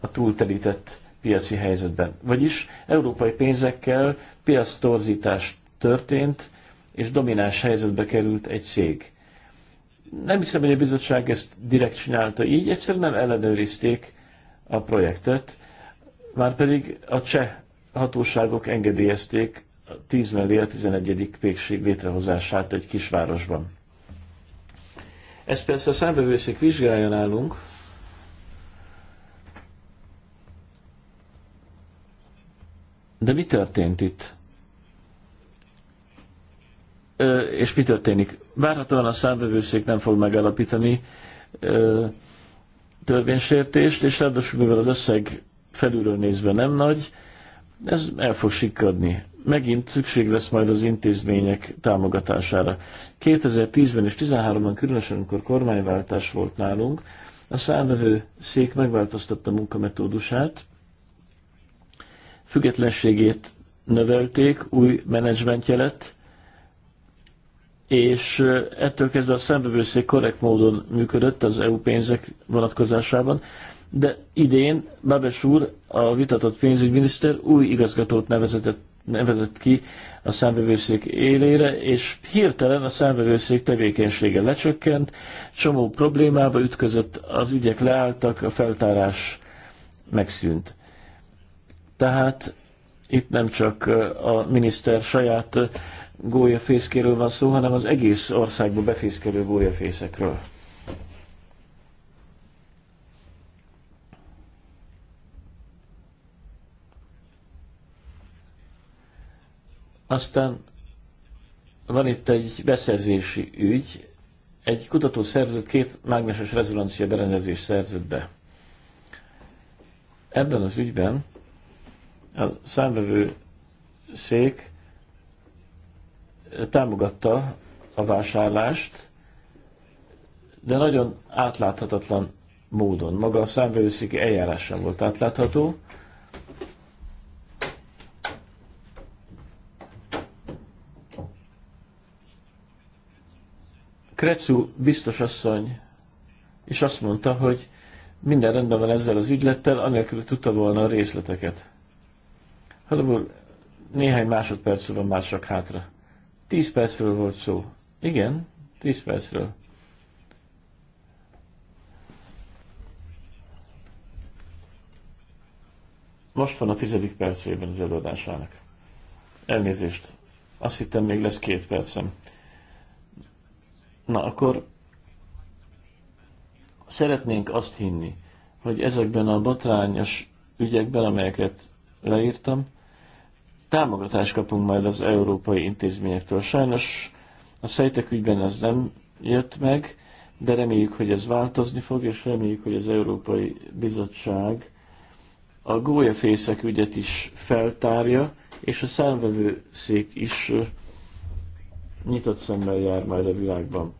a túltelített piaci helyzetben. Vagyis európai pénzekkel piasztorzítás történt, és domináns helyzetbe került egy cég. Nem hiszem, hogy a bizottság ezt direkt csinálta így, egyszerűen nem ellenőrizték a projektet, pedig a cseh hatóságok engedélyezték a 10 mellé a 11. pékség létrehozását egy kisvárosban. Ezt persze a számbevőszék vizsgálja nálunk, de mi történt itt? Ö, és mi történik? Várhatóan a számbevőszék nem fog megállapítani ö, törvénysértést, és ráadásul mivel az összeg felülről nézve nem nagy, ez el fog sikadni megint szükség lesz majd az intézmények támogatására. 2010-ben és 2013-ban, különösen amikor kormányváltás volt nálunk, a számövő szék megváltoztatta munkametódusát, függetlenségét növelték, új menedzsment lett, és ettől kezdve a számvevőszék korrekt módon működött az EU pénzek vonatkozásában, de idén Babes úr, a vitatott pénzügyminiszter új igazgatót nevezetett nevezett ki a számbevőszék élére, és hirtelen a számbevőszék tevékenysége lecsökkent, csomó problémába ütközött, az ügyek leálltak, a feltárás megszűnt. Tehát itt nem csak a miniszter saját gólyafészkéről van szó, hanem az egész országba befészkelő gólyafészekről. Aztán van itt egy beszerzési ügy, egy kutató kutatószervezet két mágneses rezonancia berendezést szerzett be. Ebben az ügyben a számvevő szék támogatta a vásárlást, de nagyon átláthatatlan módon. Maga a számvevőszéki eljárás sem volt átlátható, Krecu biztos asszony és azt mondta, hogy minden rendben van ezzel az ügylettel, anélkül tudta volna a részleteket. Halabul néhány másodperc van már csak hátra. Tíz percről volt szó. Igen, tíz percről. Most van a tizedik percében az előadásának. Elnézést. Azt hittem, még lesz két percem. Na akkor szeretnénk azt hinni, hogy ezekben a batrányos ügyekben, amelyeket leírtam, támogatást kapunk majd az európai intézményektől. Sajnos a szejtek ügyben ez nem jött meg, de reméljük, hogy ez változni fog, és reméljük, hogy az Európai Bizottság a gólyafészek ügyet is feltárja, és a számvevőszék is nyitott szemmel jár majd a világban.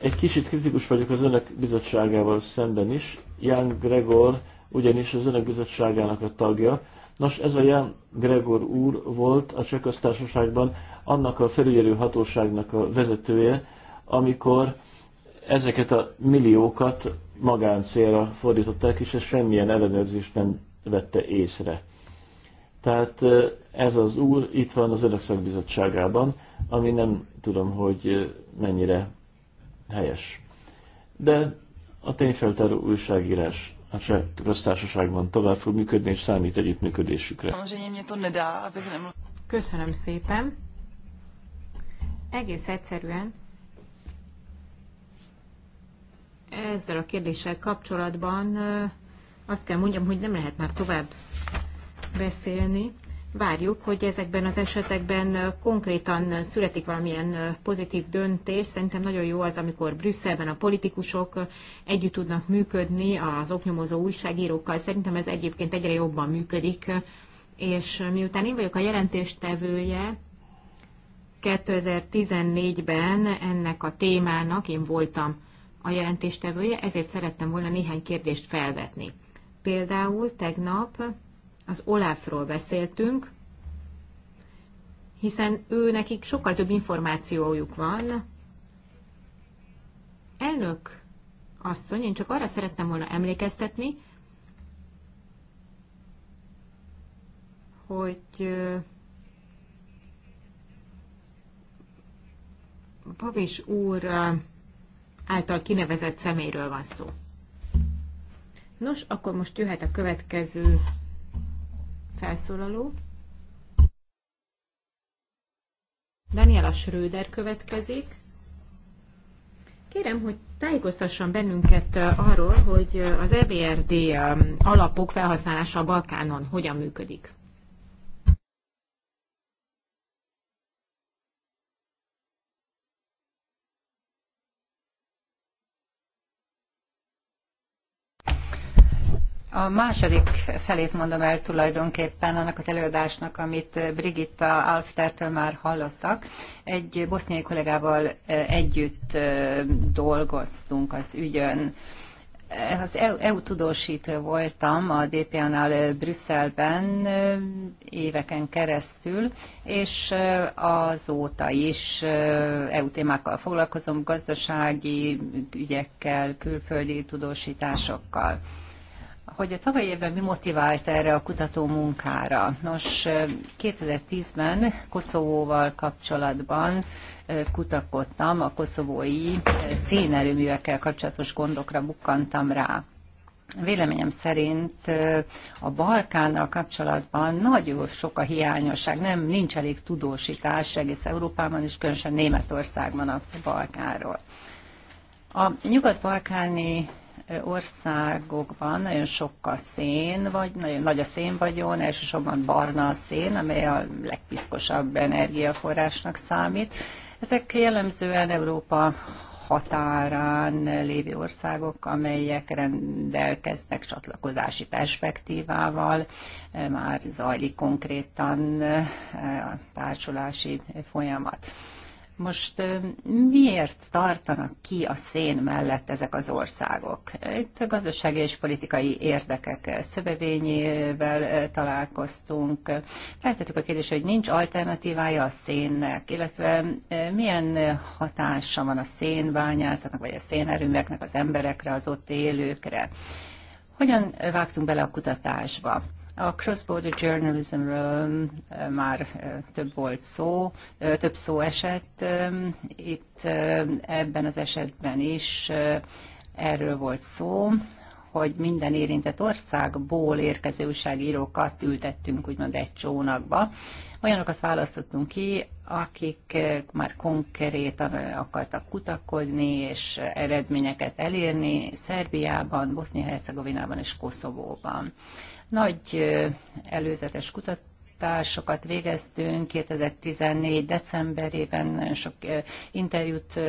Egy kicsit kritikus vagyok az önök bizottságával szemben is. Jan Gregor ugyanis az önök bizottságának a tagja. Nos, ez a Jan Gregor úr volt a Csehköztársaságban annak a felügyelő hatóságnak a vezetője, amikor ezeket a milliókat magáncélra fordították, és ez semmilyen ellenőrzést nem vette észre. Tehát ez az úr itt van az Önök Szakbizottságában, ami nem tudom, hogy mennyire helyes. De a tényfeltáró újságírás a cseh köztársaságban tovább fog működni, és számít együttműködésükre. Köszönöm szépen. Egész egyszerűen ezzel a kérdéssel kapcsolatban azt kell mondjam, hogy nem lehet már tovább beszélni várjuk, hogy ezekben az esetekben konkrétan születik valamilyen pozitív döntés. Szerintem nagyon jó az, amikor Brüsszelben a politikusok együtt tudnak működni az oknyomozó újságírókkal. Szerintem ez egyébként egyre jobban működik, és miután én vagyok a jelentéstevője, 2014-ben ennek a témának én voltam a jelentéstevője, ezért szerettem volna néhány kérdést felvetni. Például tegnap az Olafról beszéltünk, hiszen ő nekik sokkal több információjuk van. Elnök asszony, én csak arra szerettem volna emlékeztetni, hogy Pavis úr által kinevezett személyről van szó. Nos, akkor most jöhet a következő felszólaló. Daniela Schröder következik. Kérem, hogy tájékoztasson bennünket arról, hogy az EBRD alapok felhasználása a Balkánon hogyan működik. A második felét mondom el tulajdonképpen annak az előadásnak, amit Brigitta Alftertől már hallottak. Egy boszniai kollégával együtt dolgoztunk az ügyön. Az EU, e tudósítő voltam a DPA-nál Brüsszelben éveken keresztül, és azóta is EU témákkal foglalkozom, gazdasági ügyekkel, külföldi tudósításokkal hogy a tavalyi évben mi motivált erre a kutató munkára. Nos, 2010-ben Koszovóval kapcsolatban kutakodtam, a koszovói szénerőművekkel kapcsolatos gondokra bukkantam rá. Véleményem szerint a Balkánnal kapcsolatban nagyon sok a hiányosság, nem nincs elég tudósítás egész Európában és különösen Németországban a Balkánról. A nyugat-balkáni országokban nagyon sok a szén, vagy nagyon nagy a vagyon, elsősorban barna a szén, amely a legpiszkosabb energiaforrásnak számít. Ezek jellemzően Európa határán lévő országok, amelyek rendelkeznek csatlakozási perspektívával, már zajlik konkrétan a társulási folyamat. Most miért tartanak ki a szén mellett ezek az országok? Itt gazdasági és politikai érdekek szövevényével találkoztunk. Feltettük a kérdést, hogy nincs alternatívája a szénnek, illetve milyen hatása van a szénbányászatnak, vagy a szénerőmeknek az emberekre, az ott élőkre. Hogyan vágtunk bele a kutatásba? A cross-border journalismről már több volt szó, több szó esett. Itt ebben az esetben is erről volt szó, hogy minden érintett országból érkező újságírókat ültettünk úgymond egy csónakba, Olyanokat választottunk ki, akik eh, már konkrétan eh, akartak kutakodni és eredményeket elérni Szerbiában, Bosznia-Hercegovinában és Koszovóban. Nagy eh, előzetes kutat, kutatásokat végeztünk 2014. decemberében, nagyon sok interjút,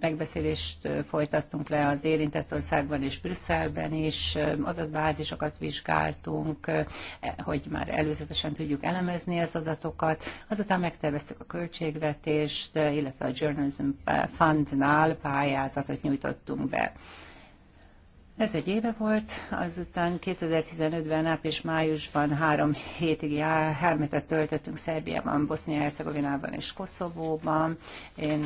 megbeszélést folytattunk le az érintett országban és Brüsszelben is, adatbázisokat vizsgáltunk, e, hogy már előzetesen tudjuk elemezni az adatokat. Azután megterveztük a költségvetést, illetve a Journalism Fundnál pályázatot nyújtottunk be. Ez egy éve volt, azután 2015-ben, április-májusban három hétig hármetet töltöttünk Szerbiában, Bosznia-Hercegovinában és Koszovóban. Én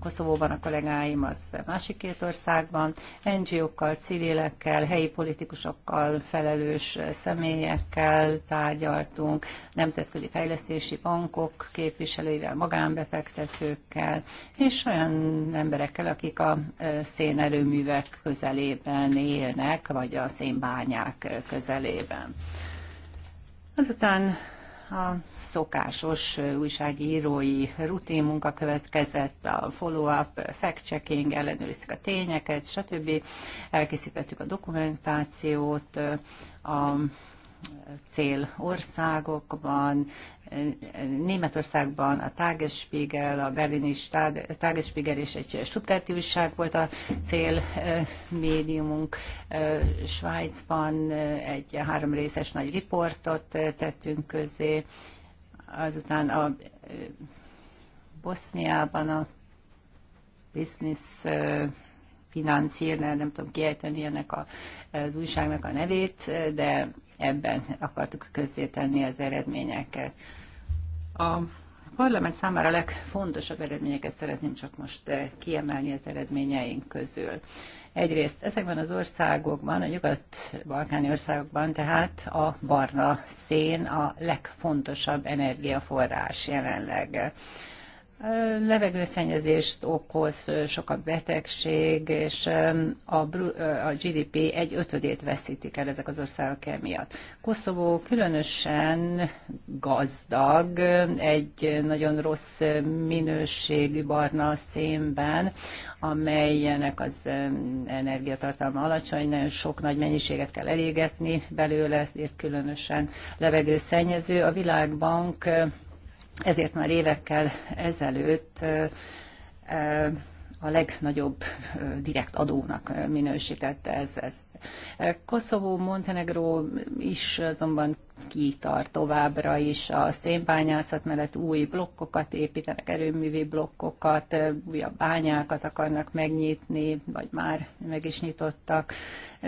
Koszovóban a kollégáim az másik két országban, NGO-kkal, civilekkel, helyi politikusokkal, felelős személyekkel tárgyaltunk, nemzetközi fejlesztési bankok képviselőivel, magánbefektetőkkel, és olyan emberekkel, akik a szénerőművek közelében közelben élnek, vagy a szénbányák közelében. Azután a szokásos újságírói rutin munka következett, a follow-up, fact-checking, ellenőrizik a tényeket, stb. Elkészítettük a dokumentációt, a cél országokban, Németországban a Tagesspiegel, a berlini Tagesspiegel és egy Stuttgarti újság volt a cél médiumunk. Svájcban egy háromrészes nagy riportot tettünk közé. Azután a Boszniában a Business Financier, nem tudom kiejteni ennek a, az újságnak a nevét, de ebben akartuk közzétenni az eredményeket. A parlament számára a legfontosabb eredményeket szeretném csak most eh, kiemelni az eredményeink közül. Egyrészt ezekben az országokban, a nyugat-balkáni országokban tehát a barna szén a legfontosabb energiaforrás jelenleg levegőszennyezést okoz, sok a betegség, és a, a GDP egy ötödét veszítik el ezek az országok emiatt. Koszovó különösen gazdag, egy nagyon rossz minőségű barna szénben, amelynek az energiatartalma alacsony, nagyon sok nagy mennyiséget kell elégetni belőle, ezért különösen levegőszennyező. A Világbank ezért már évekkel ezelőtt a legnagyobb direkt adónak minősítette ez, ez. Koszovó, Montenegro is azonban kitart továbbra is a szénbányászat mellett új blokkokat építenek, erőművi blokkokat, újabb bányákat akarnak megnyitni, vagy már meg is nyitottak.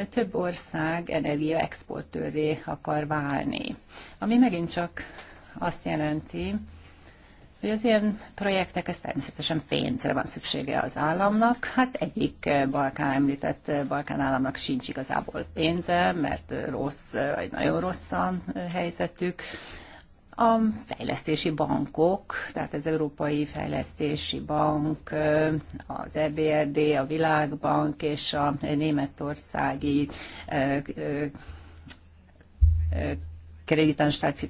Több ország energiaexportőré akar válni, ami megint csak azt jelenti, hogy az ilyen projektek, ez természetesen pénzre van szüksége az államnak. Hát egyik eh, Balkán említett eh, Balkán államnak sincs igazából pénze, mert eh, rossz, vagy nagyon rossz a helyzetük. A fejlesztési bankok, tehát az Európai Fejlesztési Bank, az EBRD, a Világbank és a németországi Kreditanstalt für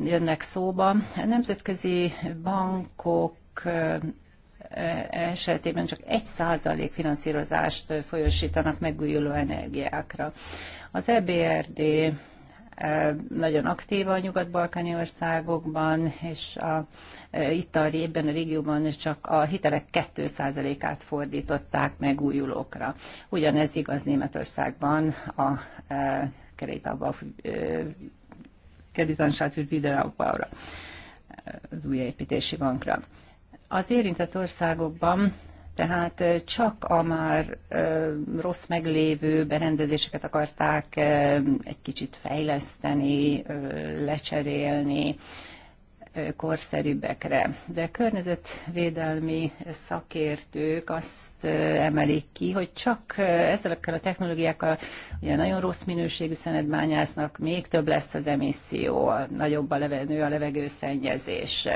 jönnek szóba. A nemzetközi bankok esetében csak egy százalék finanszírozást folyosítanak megújuló energiákra. Az EBRD nagyon aktív a nyugat-balkáni országokban, és a, itt a, ebben a régióban is csak a hitelek 2%-át fordították megújulókra. Ugyanez igaz Németországban a a, Kreditanstalt Videópaura, az új építési bankra. Az érintett országokban tehát csak a már rossz meglévő berendezéseket akarták egy kicsit fejleszteni, lecserélni, korszerűbbekre. De környezetvédelmi szakértők azt emelik ki, hogy csak ezekkel a technológiákkal ugye nagyon rossz minőségű szenetbányásznak még több lesz az emisszió, nagyobb a levegő a levegőszennyezés.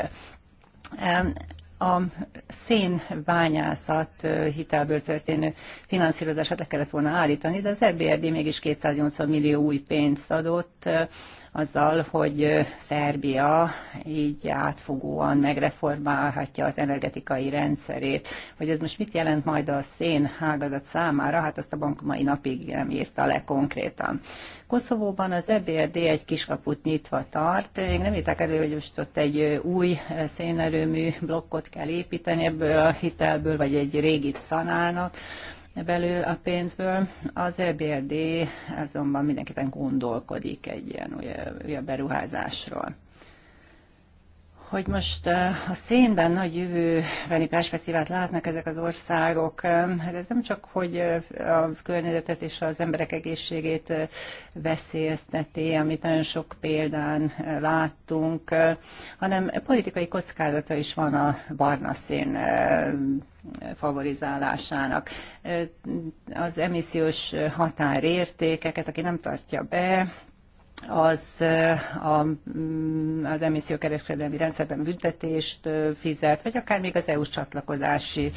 A szénbányászat hitelből történő finanszírozását le kellett volna állítani, de az EBRD mégis 280 millió új pénzt adott, azzal, hogy Szerbia így átfogóan megreformálhatja az energetikai rendszerét. Hogy ez most mit jelent majd a szén ágazat számára, hát azt a bank mai napig nem írta le konkrétan. Koszovóban az EBRD egy kiskaput nyitva tart. Még nem írták elő, hogy most ott egy új szénerőmű blokkot kell építeni ebből a hitelből, vagy egy régit szanálnak belül a pénzből. Az EBRD azonban mindenképpen gondolkodik egy ilyen újabb beruházásról hogy most eh, a szénben nagy jövőbeni perspektívát látnak ezek az országok. Eh, hát ez nem csak, hogy eh, a környezetet és az emberek egészségét veszélyezteti, amit nagyon sok példán láttunk, hanem politikai kockázata is van a barna szén favorizálásának. Az emissziós határértékeket, aki nem tartja be, az a, mm, az emissziókereskedelmi rendszerben büntetést fizet, vagy akár még az EU-s csatlakozási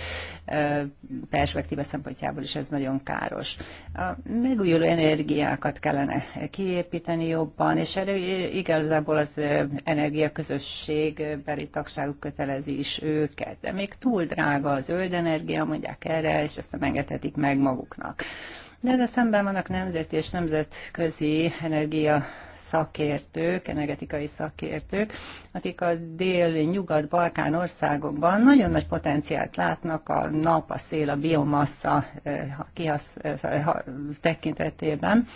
perspektíva szempontjából is ez nagyon káros. A megújuló energiákat kellene kiépíteni jobban, és erre igazából az energiaközösség beli tagságuk kötelezi is őket. De még túl drága a zöld energia, mondják erre, és ezt nem engedhetik meg maguknak. De ezzel szemben vannak nemzeti és nemzetközi energia szakértők, energetikai szakértők, akik a dél-nyugat-balkán országokban nagyon nagy potenciált látnak a nap, a szél, a biomassa eh, kihasz, eh, tekintetében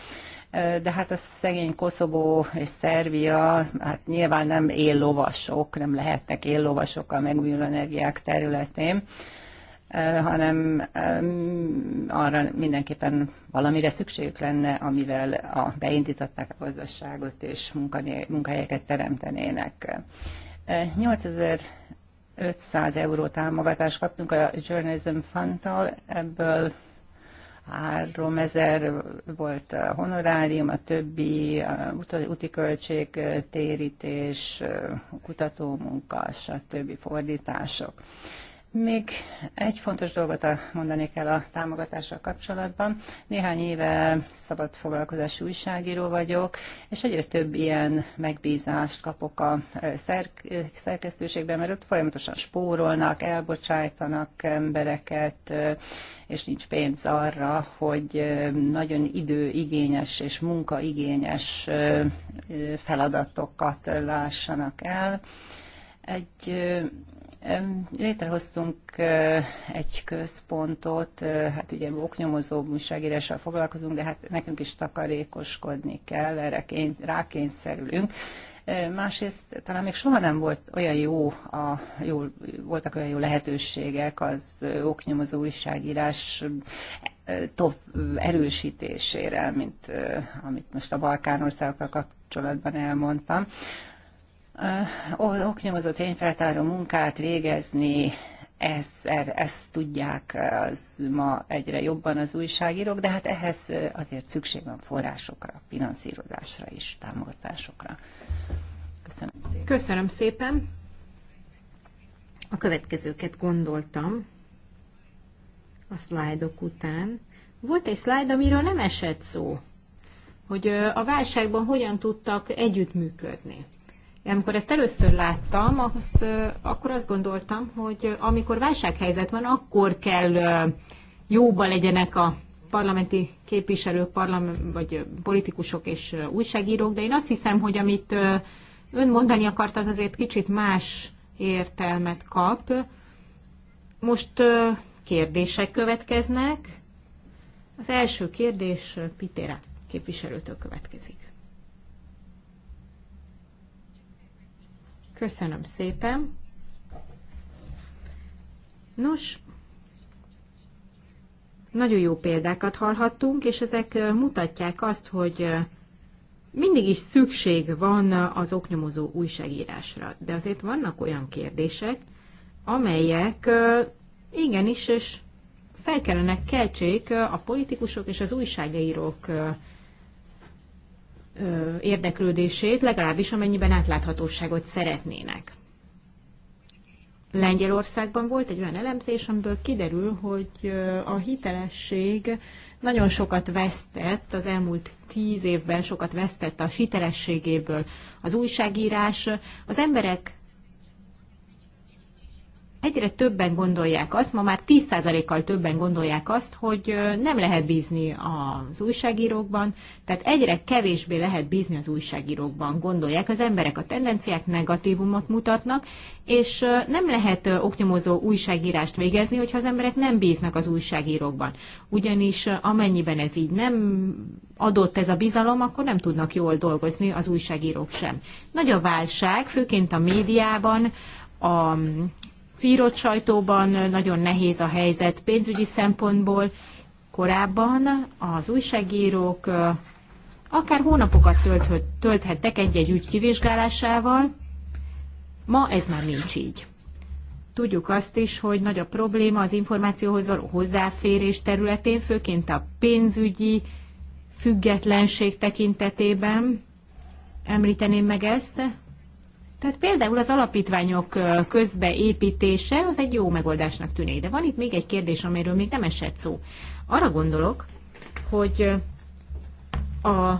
eh, de hát a szegény Koszobó és Szervia, hát nyilván nem éllovasok, nem lehetnek éllovasok a megújuló energiák területén. Eh, hanem arra mindenképpen valamire szükségük lenne, amivel a, beindították a gazdaságot és munkahelyeket teremtenének. 8500 eh, euró támogatást kaptunk a Journalism Fundtal, ebből 3000 volt a honorárium, a többi a úti költség, térítés, kutatómunka, stb. fordítások. Még egy fontos dolgot mondani kell a támogatással kapcsolatban. Néhány éve szabad foglalkozású újságíró vagyok, és egyre több ilyen megbízást kapok a szerk szerkesztőségben, mert ott folyamatosan spórolnak, elbocsájtanak embereket, és nincs pénz arra, hogy nagyon időigényes és munkaigényes feladatokat lássanak el. Egy Létrehoztunk egy központot, hát ugye oknyomozó újságírással foglalkozunk, de hát nekünk is takarékoskodni kell, erre kény, rákényszerülünk. Másrészt talán még soha nem volt olyan jó, a, jó voltak olyan jó lehetőségek az oknyomozó újságírás top erősítésére, mint amit most a Balkánországokkal kapcsolatban elmondtam oknyomozó tényfeltáró munkát végezni, ez, er- ezt tudják az ma egyre jobban az újságírók, de hát ehhez azért szükség van forrásokra, finanszírozásra is, támogatásokra. Köszönöm szépen. Köszönöm szépen. A következőket gondoltam a szlájdok után. Volt egy szlájd, amiről nem esett szó, hogy a válságban hogyan tudtak együttműködni. Amikor ezt először láttam, ahhoz, akkor azt gondoltam, hogy amikor válsághelyzet van, akkor kell jóba legyenek a parlamenti képviselők, parlament, vagy politikusok és újságírók, de én azt hiszem, hogy amit ön mondani akart, az azért kicsit más értelmet kap. Most kérdések következnek. Az első kérdés Pitére képviselőtől következik. Köszönöm szépen. Nos, nagyon jó példákat hallhattunk, és ezek mutatják azt, hogy mindig is szükség van az oknyomozó újságírásra. De azért vannak olyan kérdések, amelyek igenis, és fel kellene keltsék a politikusok és az újságírók érdeklődését, legalábbis amennyiben átláthatóságot szeretnének. Lengyelországban volt egy olyan elemzés, amiből kiderül, hogy a hitelesség nagyon sokat vesztett, az elmúlt tíz évben sokat vesztett a hitelességéből az újságírás. Az emberek egyre többen gondolják azt, ma már 10%-kal többen gondolják azt, hogy nem lehet bízni az újságírókban, tehát egyre kevésbé lehet bízni az újságírókban, gondolják az emberek. A tendenciák negatívumot mutatnak, és nem lehet oknyomozó újságírást végezni, hogyha az emberek nem bíznak az újságírókban. Ugyanis amennyiben ez így nem adott ez a bizalom, akkor nem tudnak jól dolgozni az újságírók sem. Nagy a válság, főként a médiában, a az sajtóban nagyon nehéz a helyzet pénzügyi szempontból. Korábban az újságírók akár hónapokat tölthettek egy-egy ügy kivizsgálásával, ma ez már nincs így. Tudjuk azt is, hogy nagy a probléma az információhoz való hozzáférés területén, főként a pénzügyi függetlenség tekintetében. Említeném meg ezt, tehát például az alapítványok közbeépítése az egy jó megoldásnak tűnik. De van itt még egy kérdés, amiről még nem esett szó. Arra gondolok, hogy a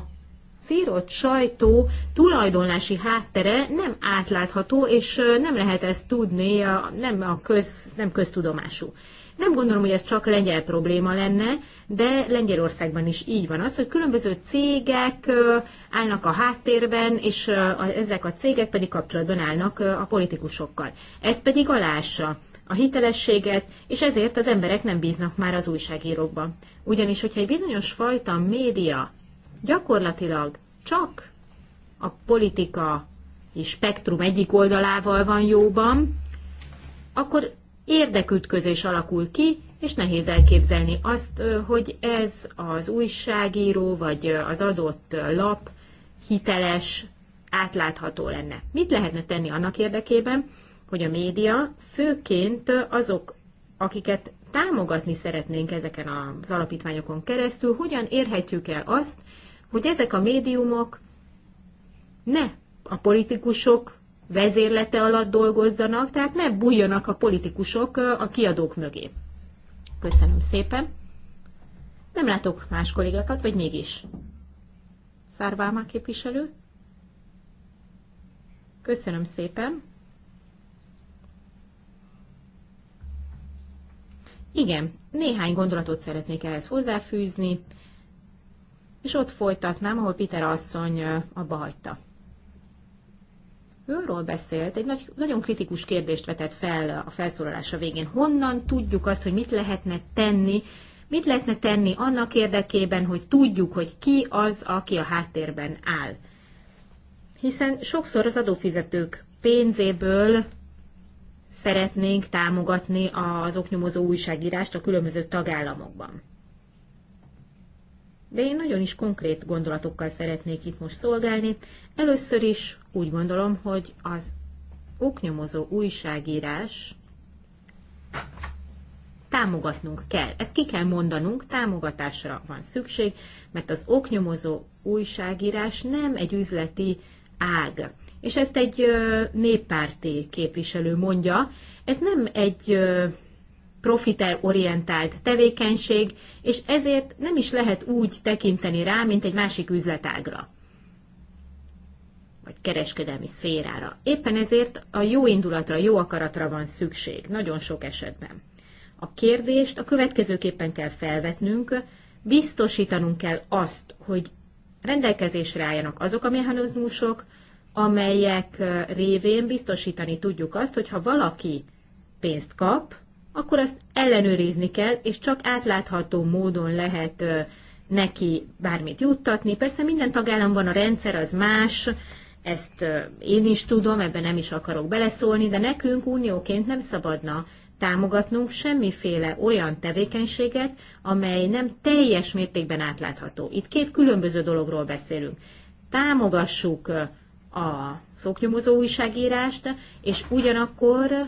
szírott sajtó tulajdonlási háttere nem átlátható, és nem lehet ezt tudni, nem, a köz, nem köztudomású. Nem gondolom, hogy ez csak lengyel probléma lenne, de Lengyelországban is így van az, hogy különböző cégek állnak a háttérben, és ezek a cégek pedig kapcsolatban állnak a politikusokkal. Ez pedig alássa a hitelességet, és ezért az emberek nem bíznak már az újságírókba. Ugyanis, hogyha egy bizonyos fajta média gyakorlatilag csak a politika és spektrum egyik oldalával van jóban, akkor érdekütközés alakul ki, és nehéz elképzelni azt, hogy ez az újságíró vagy az adott lap hiteles, átlátható lenne. Mit lehetne tenni annak érdekében, hogy a média főként azok, akiket támogatni szeretnénk ezeken az alapítványokon keresztül, hogyan érhetjük el azt, hogy ezek a médiumok ne a politikusok vezérlete alatt dolgozzanak, tehát ne bújjanak a politikusok a kiadók mögé. Köszönöm szépen. Nem látok más kollégákat, vagy mégis? Szárvámá képviselő? Köszönöm szépen. Igen, néhány gondolatot szeretnék ehhez hozzáfűzni, és ott folytatnám, ahol Peter asszony abba hagyta őről beszélt, egy nagy, nagyon kritikus kérdést vetett fel a felszólalása végén. Honnan tudjuk azt, hogy mit lehetne tenni, mit lehetne tenni annak érdekében, hogy tudjuk, hogy ki az, aki a háttérben áll. Hiszen sokszor az adófizetők pénzéből szeretnénk támogatni az oknyomozó újságírást a különböző tagállamokban. De én nagyon is konkrét gondolatokkal szeretnék itt most szolgálni. Először is úgy gondolom, hogy az oknyomozó újságírás támogatnunk kell. Ezt ki kell mondanunk, támogatásra van szükség, mert az oknyomozó újságírás nem egy üzleti ág. És ezt egy néppárti képviselő mondja, ez nem egy profiterorientált tevékenység, és ezért nem is lehet úgy tekinteni rá, mint egy másik üzletágra vagy kereskedelmi szférára. Éppen ezért a jó indulatra, jó akaratra van szükség, nagyon sok esetben. A kérdést a következőképpen kell felvetnünk, biztosítanunk kell azt, hogy rendelkezésre álljanak azok a mechanizmusok, amelyek révén biztosítani tudjuk azt, hogy ha valaki pénzt kap, akkor azt ellenőrizni kell, és csak átlátható módon lehet neki bármit juttatni. Persze minden tagállamban a rendszer az más, ezt én is tudom, ebben nem is akarok beleszólni, de nekünk unióként nem szabadna támogatnunk semmiféle olyan tevékenységet, amely nem teljes mértékben átlátható. Itt két különböző dologról beszélünk. Támogassuk a szoknyomozó újságírást, és ugyanakkor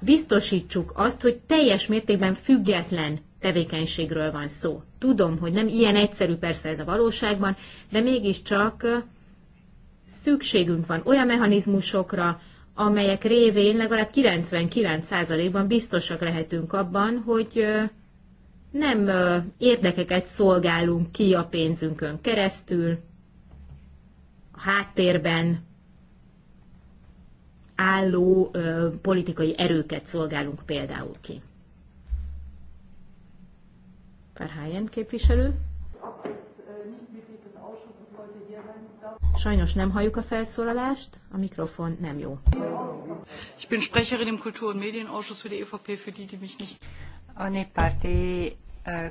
biztosítsuk azt, hogy teljes mértékben független tevékenységről van szó. Tudom, hogy nem ilyen egyszerű persze ez a valóságban, de mégiscsak szükségünk van olyan mechanizmusokra, amelyek révén legalább 99%-ban biztosak lehetünk abban, hogy nem érdekeket szolgálunk ki a pénzünkön keresztül, a háttérben álló politikai erőket szolgálunk például ki. Verheyen képviselő. Sajnos nem halljuk a felszólalást, a mikrofon nem jó. Ich bin Sprecherin im Kultur- und Medienausschuss für die EVP, für die, die mich nicht... A néppárti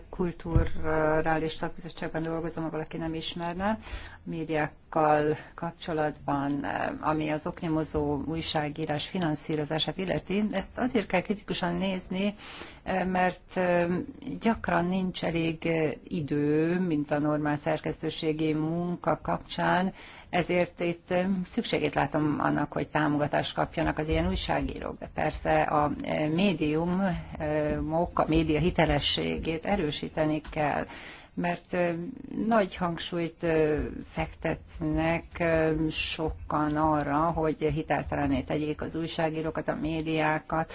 kulturális szakbizottságban dolgozom, ha valaki nem ismerne, médiákkal kapcsolatban, eh, ami az oknyomozó újságírás finanszírozását illeti. Ezt azért kell kritikusan nézni, eh, mert eh, gyakran nincs elég idő, mint a normál szerkesztőségi munka kapcsán, ezért itt szükségét látom annak, hogy támogatást kapjanak az ilyen újságírók, de persze a e, médium, e, a média hitelességét erősíteni kell mert e, nagy hangsúlyt fektetnek sokan arra, hogy hiteltelené tegyék az újságírókat, a médiákat,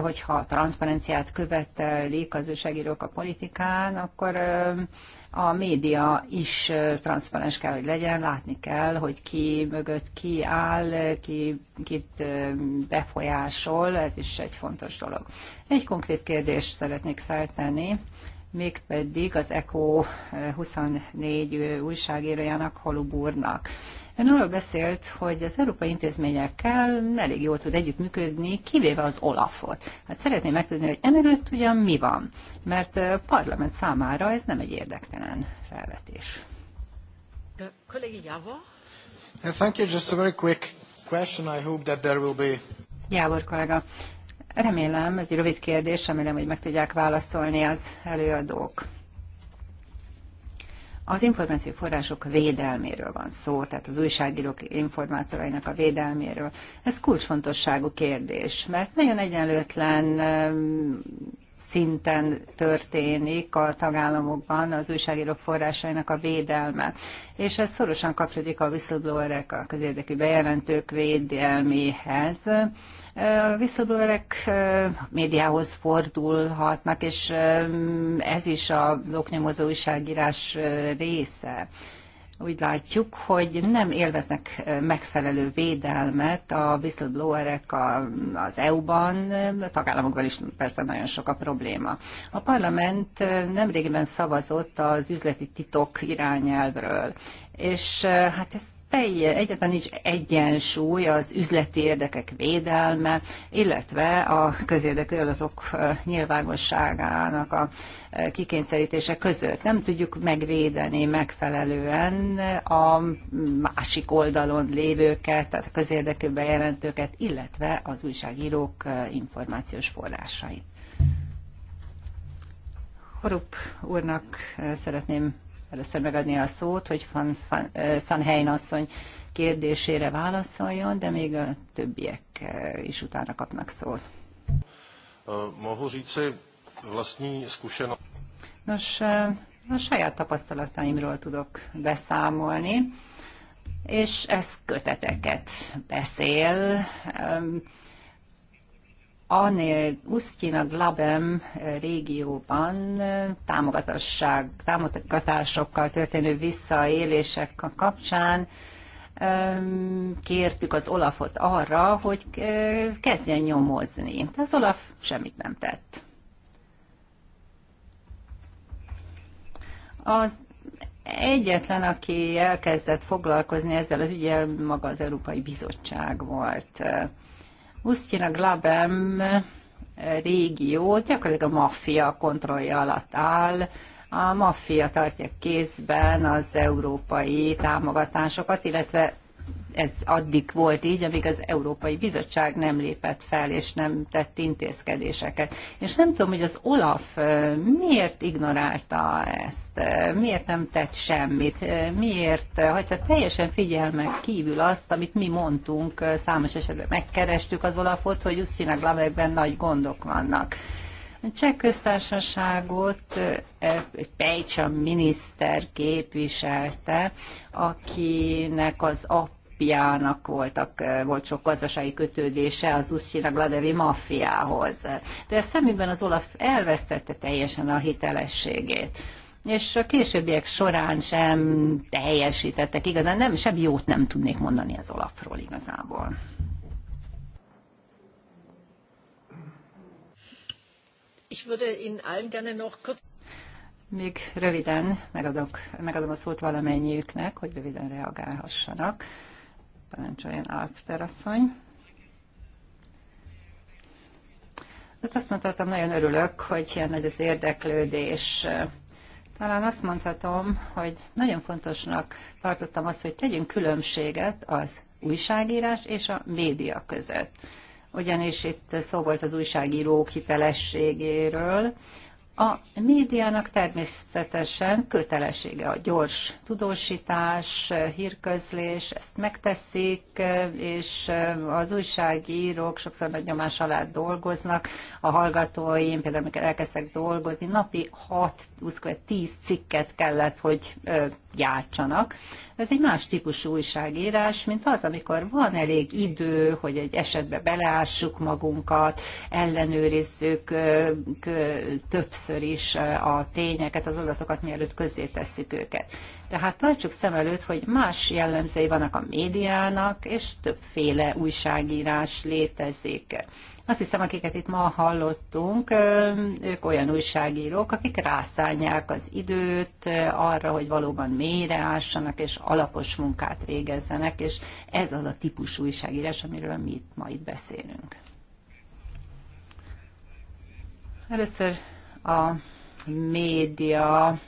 hogyha a transzparenciát követelik az újságírók a politikán, akkor a média is transzparens kell, hogy legyen, látni kell, hogy ki mögött ki áll, ki, kit befolyásol, ez is egy fontos dolog. Egy konkrét kérdést szeretnék feltenni, mégpedig az ECO 24 újságírójának, Holub úrnak. Ön arról beszélt, hogy az európai intézményekkel elég jól tud együttműködni, kivéve az Olafot. Hát szeretném megtudni, hogy emögött ugyan mi van, mert a parlament számára ez nem egy érdektelen felvetés. thank you. Just a very quick question. I hope that there will be... Jávor kollega, remélem, egy rövid kérdés, remélem, hogy meg tudják válaszolni az előadók. Az információforrások védelméről van szó, tehát az újságírók informátorainak a védelméről. Ez kulcsfontosságú kérdés, mert nagyon egyenlőtlen szinten történik a tagállamokban az újságírók forrásainak a védelme. És ez szorosan kapcsolódik a whistleblowerek, a közérdekű bejelentők védelméhez, a visszadólerek médiához fordulhatnak, és ez is a oknyomozó újságírás része úgy látjuk, hogy nem élveznek megfelelő védelmet a whistleblowerek az EU-ban, a tagállamokban is persze nagyon sok a probléma. A parlament nemrégiben szavazott az üzleti titok irányelvről, és hát ezt telje, egyáltalán nincs egyensúly az üzleti érdekek védelme, illetve a közérdekű adatok nyilvánosságának a kikényszerítése között. Nem tudjuk megvédeni megfelelően a másik oldalon lévőket, tehát a közérdekű bejelentőket, illetve az újságírók információs forrásait. Horup úrnak szeretném először megadni a szót, hogy Van, Van, Van Heijn asszony kérdésére válaszoljon, de még a többiek is utána kapnak szót. Nos, a saját tapasztalataimról tudok beszámolni, és ez köteteket beszél. Anél Usztina Glabem eh, régióban eh, támogatosság, támogatásokkal történő visszaélések kapcsán kértük az Olafot arra, hogy eh, kezdjen nyomozni. De az Olaf semmit nem tett. Az egyetlen, aki elkezdett foglalkozni ezzel az ügyel, maga az Európai Bizottság volt. Ustina Glabem eh, régió gyakorlatilag a maffia kontrollja alatt áll, a maffia tartja kézben az európai támogatásokat, illetve ez addig volt így, amíg az Európai Bizottság nem lépett fel, és nem tett intézkedéseket. És nem tudom, hogy az Olaf miért ignorálta ezt, miért nem tett semmit, miért hagyta teljesen figyelmek kívül azt, amit mi mondtunk, számos esetben megkerestük az Olafot, hogy Uszina Glavekben nagy gondok vannak. A cseh köztársaságot egy Pejcsa miniszter képviselte, akinek az apja Szerbiának voltak, volt sok gazdasági kötődése az Uszina Gladevi maffiához. De szemükben az Olaf elvesztette teljesen a hitelességét és a későbbiek során sem teljesítettek igazán, nem, sem jót nem tudnék mondani az Olafról igazából. Ich würde Ihnen allen gerne noch kurz még röviden megadok, megadom a szót valamennyiüknek, hogy röviden reagálhassanak. Parancsoljon Alpter asszony. Hát azt mondhatom, nagyon örülök, hogy ilyen nagy az érdeklődés. Talán azt mondhatom, hogy nagyon fontosnak tartottam azt, hogy tegyünk különbséget az újságírás és a média között. Ugyanis itt szó volt az újságírók hitelességéről, a médiának természetesen kötelessége a gyors tudósítás, hírközlés, ezt megteszik, és az újságírók sokszor nagy nyomás alá dolgoznak. A hallgatóim, például amikor elkezdtek dolgozni, napi 6-10 cikket kellett, hogy gyártsanak. Ez egy más típusú újságírás, mint az, amikor van elég idő, hogy egy esetbe beleássuk magunkat, ellenőrizzük többször is a tényeket, az adatokat, mielőtt közzétesszük őket. Tehát tartsuk szem előtt, hogy más jellemzői vannak a médiának, és többféle újságírás létezik. Azt hiszem, akiket itt ma hallottunk, ők olyan újságírók, akik rászállják az időt arra, hogy valóban mélyre ássanak, és alapos munkát végezzenek, és ez az a típusú újságírás, amiről mi itt ma itt beszélünk. Először a média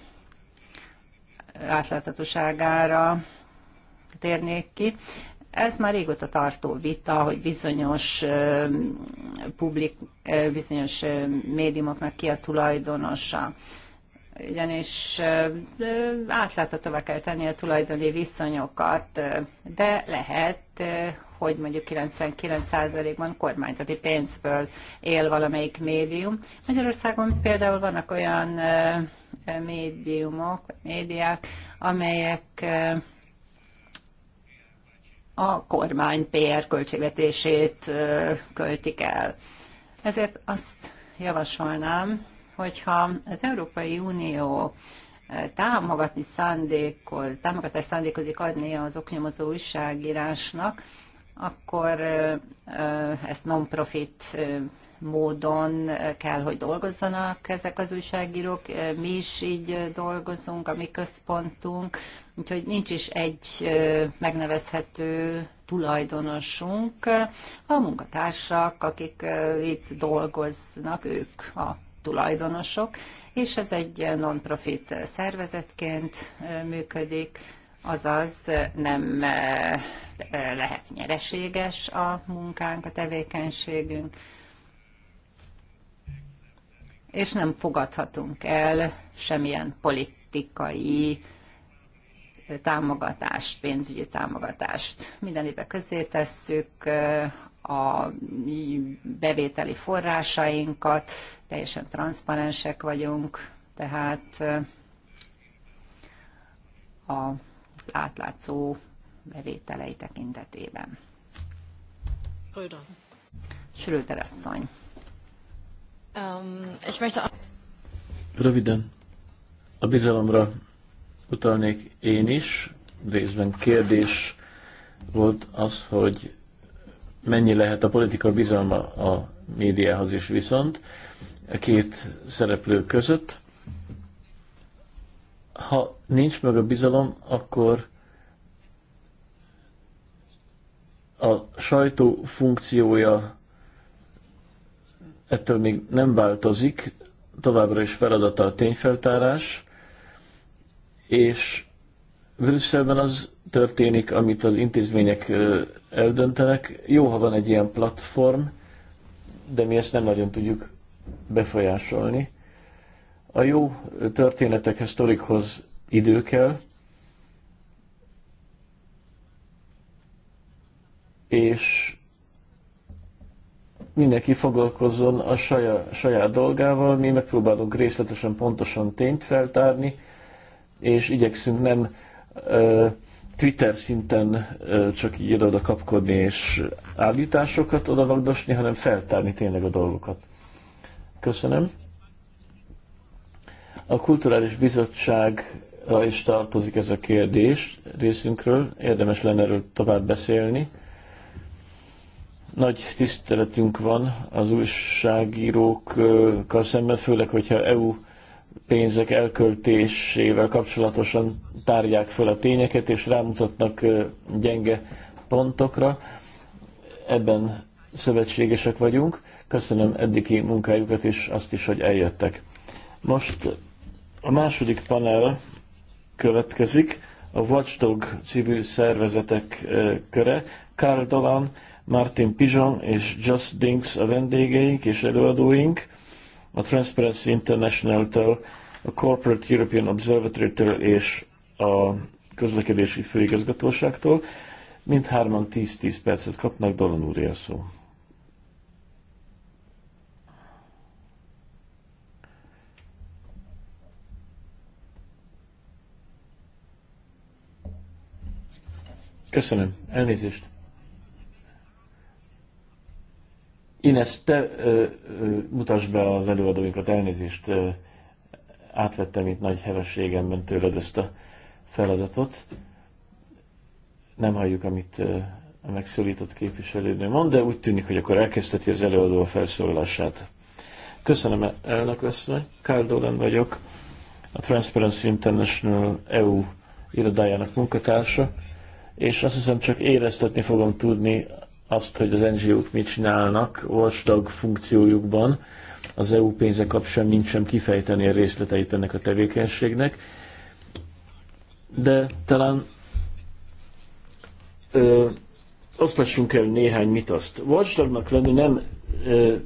átláthatóságára térnék ki. Ez már régóta tartó vita, hogy bizonyos euh, publik, euh, bizonyos euh, médiumoknak ki a tulajdonosa. Ugyanis átláthatóvá kell tenni a tulajdoni viszonyokat, de lehet, hogy mondjuk 99%-ban kormányzati pénzből él valamelyik médium. Magyarországon például vannak olyan médiumok, médiák, amelyek eh, a kormány PR költségvetését eh, költik el. Ezért azt javasolnám, hogyha az Európai Unió eh, támogatni szándékoz, támogatás szándékozik adni az oknyomozó újságírásnak, akkor ezt non-profit módon kell, hogy dolgozzanak ezek az újságírók. Mi is így dolgozunk, a mi központunk, úgyhogy nincs is egy megnevezhető tulajdonosunk. A munkatársak, akik itt dolgoznak, ők a tulajdonosok, és ez egy non-profit szervezetként működik, azaz nem lehet nyereséges a munkánk, a tevékenységünk és nem fogadhatunk el semmilyen politikai támogatást, pénzügyi támogatást. Minden éve közé tesszük a bevételi forrásainkat, teljesen transzparensek vagyunk, tehát az átlátszó bevételei tekintetében. Schröder asszony. Um, Röviden a bizalomra utalnék én is. Részben kérdés volt az, hogy mennyi lehet a politika bizalma a médiához is viszont a két szereplő között. Ha nincs meg a bizalom, akkor a sajtó funkciója ettől még nem változik, továbbra is feladata a tényfeltárás, és Brüsszelben az történik, amit az intézmények eldöntenek. Jó, ha van egy ilyen platform, de mi ezt nem nagyon tudjuk befolyásolni. A jó történetekhez, sztorikhoz idő kell, és mindenki foglalkozzon a saja, saját dolgával, mi megpróbálunk részletesen, pontosan tényt feltárni, és igyekszünk nem ö, Twitter szinten ö, csak így oda kapkodni és állításokat odavagdosni, hanem feltárni tényleg a dolgokat. Köszönöm. A Kulturális Bizottságra is tartozik ez a kérdés részünkről, érdemes lenne erről tovább beszélni nagy tiszteletünk van az újságírókkal szemben, főleg, hogyha EU pénzek elköltésével kapcsolatosan tárják fel a tényeket, és rámutatnak gyenge pontokra. Ebben szövetségesek vagyunk. Köszönöm eddigi munkájukat, és azt is, hogy eljöttek. Most a második panel következik, a Watchdog civil szervezetek köre. Karl Dolan, Martin Pijon és Just Dinks a vendégeink és előadóink, a Transparency International-től, a Corporate European Observatory-től és a közlekedési főigazgatóságtól. Mindhárman 10-10 percet kapnak, Dolan úr szó. Köszönöm. Elnézést. Ines, te ö, ö, mutasd be az előadóinkat, elnézést, ö, átvettem itt nagy hevességemben tőled ezt a feladatot. Nem halljuk, amit ö, a megszólított képviselőnő mond, de úgy tűnik, hogy akkor elkezdheti az előadó a felszólalását. Köszönöm, elnök asszony. Karl Dolan vagyok, a Transparency International EU irodájának munkatársa, és azt hiszem csak éreztetni fogom tudni azt, hogy az NGO-k mit csinálnak vastag funkciójukban. Az EU pénze kapcsán nincs sem kifejteni a részleteit ennek a tevékenységnek. De talán ö, osztassunk el néhány mitaszt. Vastagnak lenni nem ö,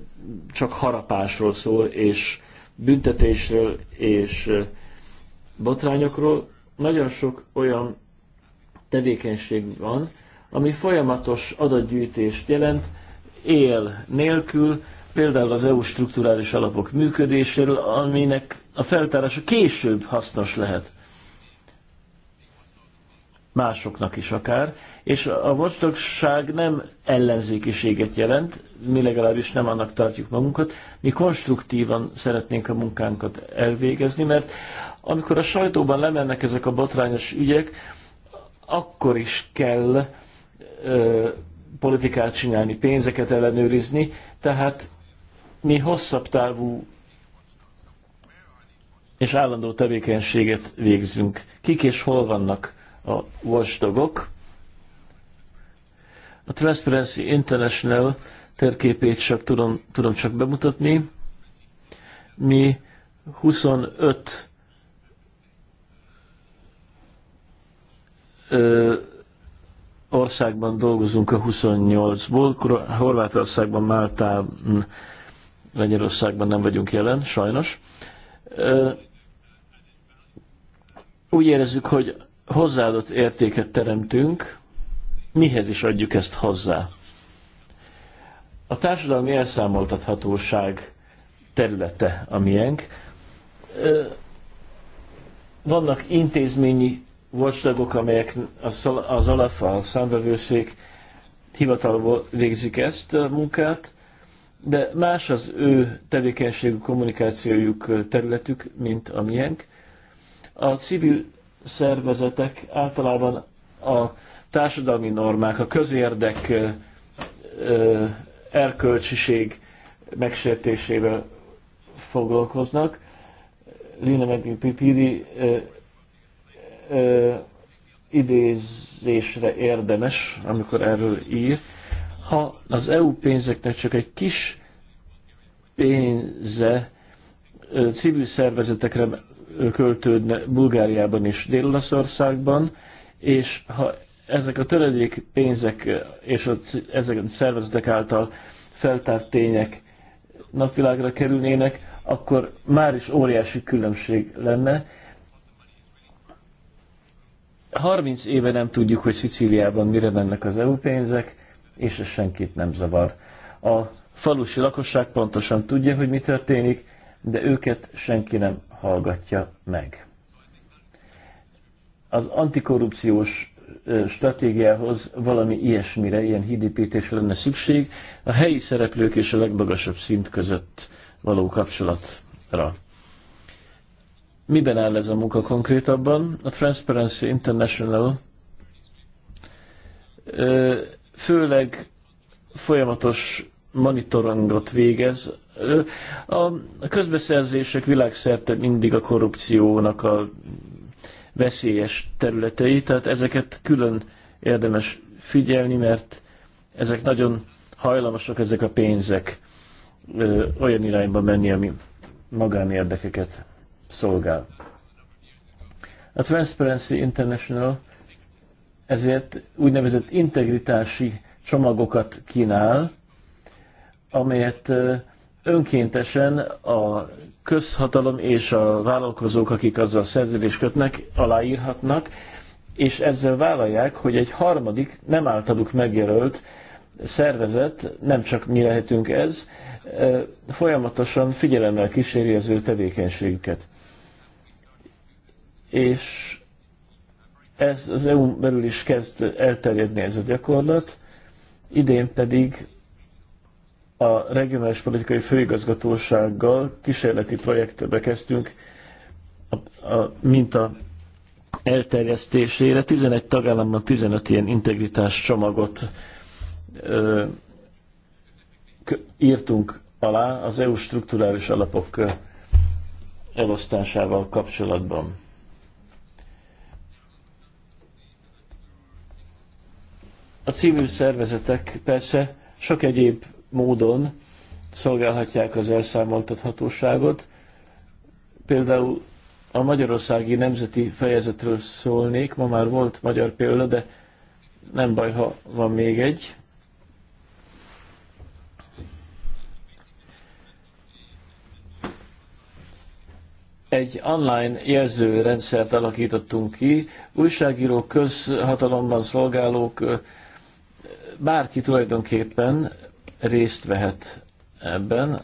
csak harapásról szól, és büntetésről, és ö, botrányokról. Nagyon sok olyan tevékenység van, ami folyamatos adatgyűjtést jelent, él nélkül, például az EU strukturális alapok működéséről, aminek a feltárása később hasznos lehet másoknak is akár, és a vastagság nem ellenzékiséget jelent, mi legalábbis nem annak tartjuk magunkat, mi konstruktívan szeretnénk a munkánkat elvégezni, mert amikor a sajtóban lemennek ezek a botrányos ügyek, akkor is kell ö, politikát csinálni, pénzeket ellenőrizni, tehát mi hosszabb távú és állandó tevékenységet végzünk. Kik és hol vannak a watchdogok? A Transparency International térképét csak tudom, tudom csak bemutatni. Mi 25 ö, országban dolgozunk a 28-ból, Horvátországban, Máltában, Lengyelországban nem vagyunk jelen, sajnos. Úgy érezzük, hogy hozzáadott értéket teremtünk, mihez is adjuk ezt hozzá. A társadalmi elszámoltathatóság területe a miénk. Vannak intézményi watchdogok, amelyek az alafa, a számbevőszék hivatalból végzik ezt a munkát, de más az ő tevékenységük, kommunikációjuk, területük, mint a miénk. A civil szervezetek általában a társadalmi normák, a közérdek, erkölcsiség megsértésével foglalkoznak. Lina Megin Pipiri ö, idézésre érdemes, amikor erről ír. Ha az EU pénzeknek csak egy kis pénze ö, civil szervezetekre költődne Bulgáriában és Dél-Olaszországban, és ha ezek a töredék pénzek és a, ezek a szervezetek által feltárt tények napvilágra kerülnének, akkor már is óriási különbség lenne, 30 éve nem tudjuk, hogy Szicíliában mire mennek az EU pénzek, és ez senkit nem zavar. A falusi lakosság pontosan tudja, hogy mi történik, de őket senki nem hallgatja meg. Az antikorrupciós stratégiához valami ilyesmire, ilyen hídépítésre lenne szükség, a helyi szereplők és a legmagasabb szint között való kapcsolatra. Miben áll ez a munka konkrétabban? A Transparency International főleg folyamatos monitorangot végez. A közbeszerzések világszerte mindig a korrupciónak a veszélyes területei, tehát ezeket külön érdemes figyelni, mert ezek nagyon hajlamosak, ezek a pénzek olyan irányba menni, ami magánérdekeket szolgál. A Transparency International ezért úgynevezett integritási csomagokat kínál, amelyet önkéntesen a közhatalom és a vállalkozók, akik azzal szerződést kötnek, aláírhatnak, és ezzel vállalják, hogy egy harmadik, nem általuk megjelölt szervezet, nem csak mi lehetünk ez, folyamatosan figyelemmel kíséri az ő tevékenységüket és ez az EU belül is kezd elterjedni ez a gyakorlat, idén pedig a regionális politikai főigazgatósággal kísérleti projektbe kezdtünk a, a minta elterjesztésére. 11 tagállamban 15 ilyen integritás csomagot ö, írtunk alá az EU strukturális alapok elosztásával kapcsolatban A civil szervezetek persze sok egyéb módon szolgálhatják az elszámoltathatóságot. Például a magyarországi nemzeti fejezetről szólnék, ma már volt magyar példa, de nem baj, ha van még egy. Egy online jelzőrendszert alakítottunk ki, újságírók, közhatalomban szolgálók, bárki tulajdonképpen részt vehet ebben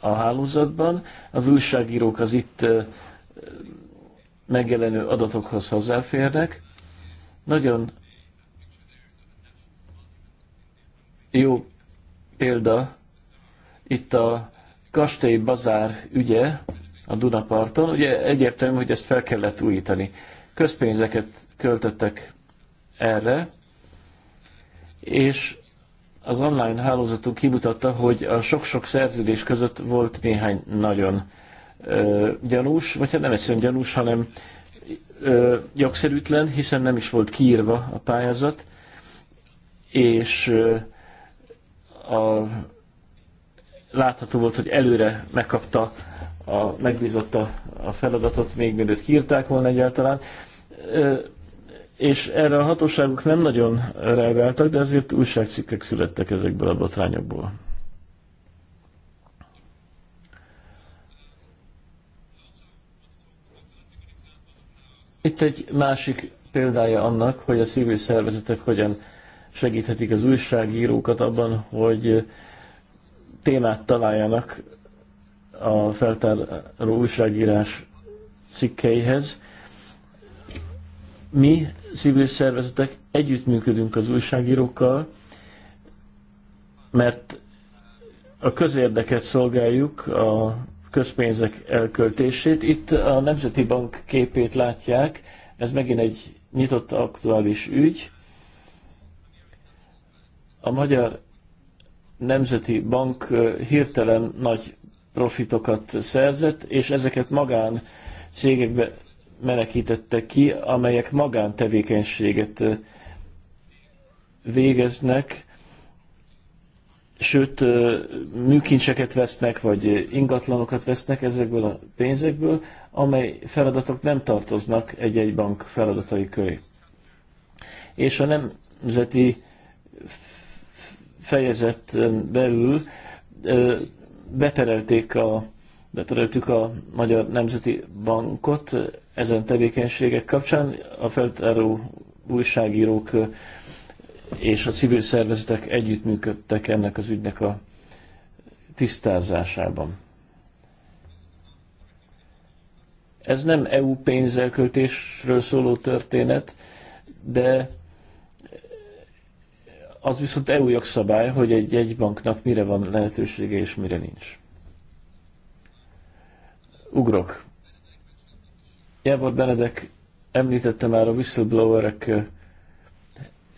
a hálózatban. Az újságírók az itt megjelenő adatokhoz hozzáférnek. Nagyon jó példa itt a kastély bazár ügye a Dunaparton. Ugye egyértelmű, hogy ezt fel kellett újítani. Közpénzeket költöttek erre, és az online hálózatunk kimutatta, hogy a sok-sok szerződés között volt néhány nagyon ö, gyanús, vagy hát nem egyszerűen gyanús, hanem ö, jogszerűtlen, hiszen nem is volt kiírva a pályázat, és ö, a, látható volt, hogy előre megkapta, a, megbízotta a feladatot, még mielőtt kiírták volna egyáltalán. Ö, és erre a hatóságok nem nagyon reagáltak, de azért újságcikkek születtek ezekből a botrányokból. Itt egy másik példája annak, hogy a civil szervezetek hogyan segíthetik az újságírókat abban, hogy témát találjanak a feltáró újságírás cikkeihez mi, civil szervezetek együttműködünk az újságírókkal, mert a közérdeket szolgáljuk, a közpénzek elköltését. Itt a Nemzeti Bank képét látják, ez megint egy nyitott aktuális ügy. A Magyar Nemzeti Bank hirtelen nagy profitokat szerzett, és ezeket magán cégekbe menekítettek ki, amelyek magántevékenységet végeznek, sőt műkincseket vesznek, vagy ingatlanokat vesznek ezekből a pénzekből, amely feladatok nem tartoznak egy-egy bank feladatai köré. És a nemzeti fejezeten belül beperelték a, bepereltük a Magyar Nemzeti Bankot ezen tevékenységek kapcsán a feltáró újságírók és a civil szervezetek együttműködtek ennek az ügynek a tisztázásában. Ez nem EU pénzelköltésről szóló történet, de az viszont EU jogszabály, hogy egy jegybanknak mire van lehetősége és mire nincs. Ugrok. Jávor Benedek említette már a whistleblowerek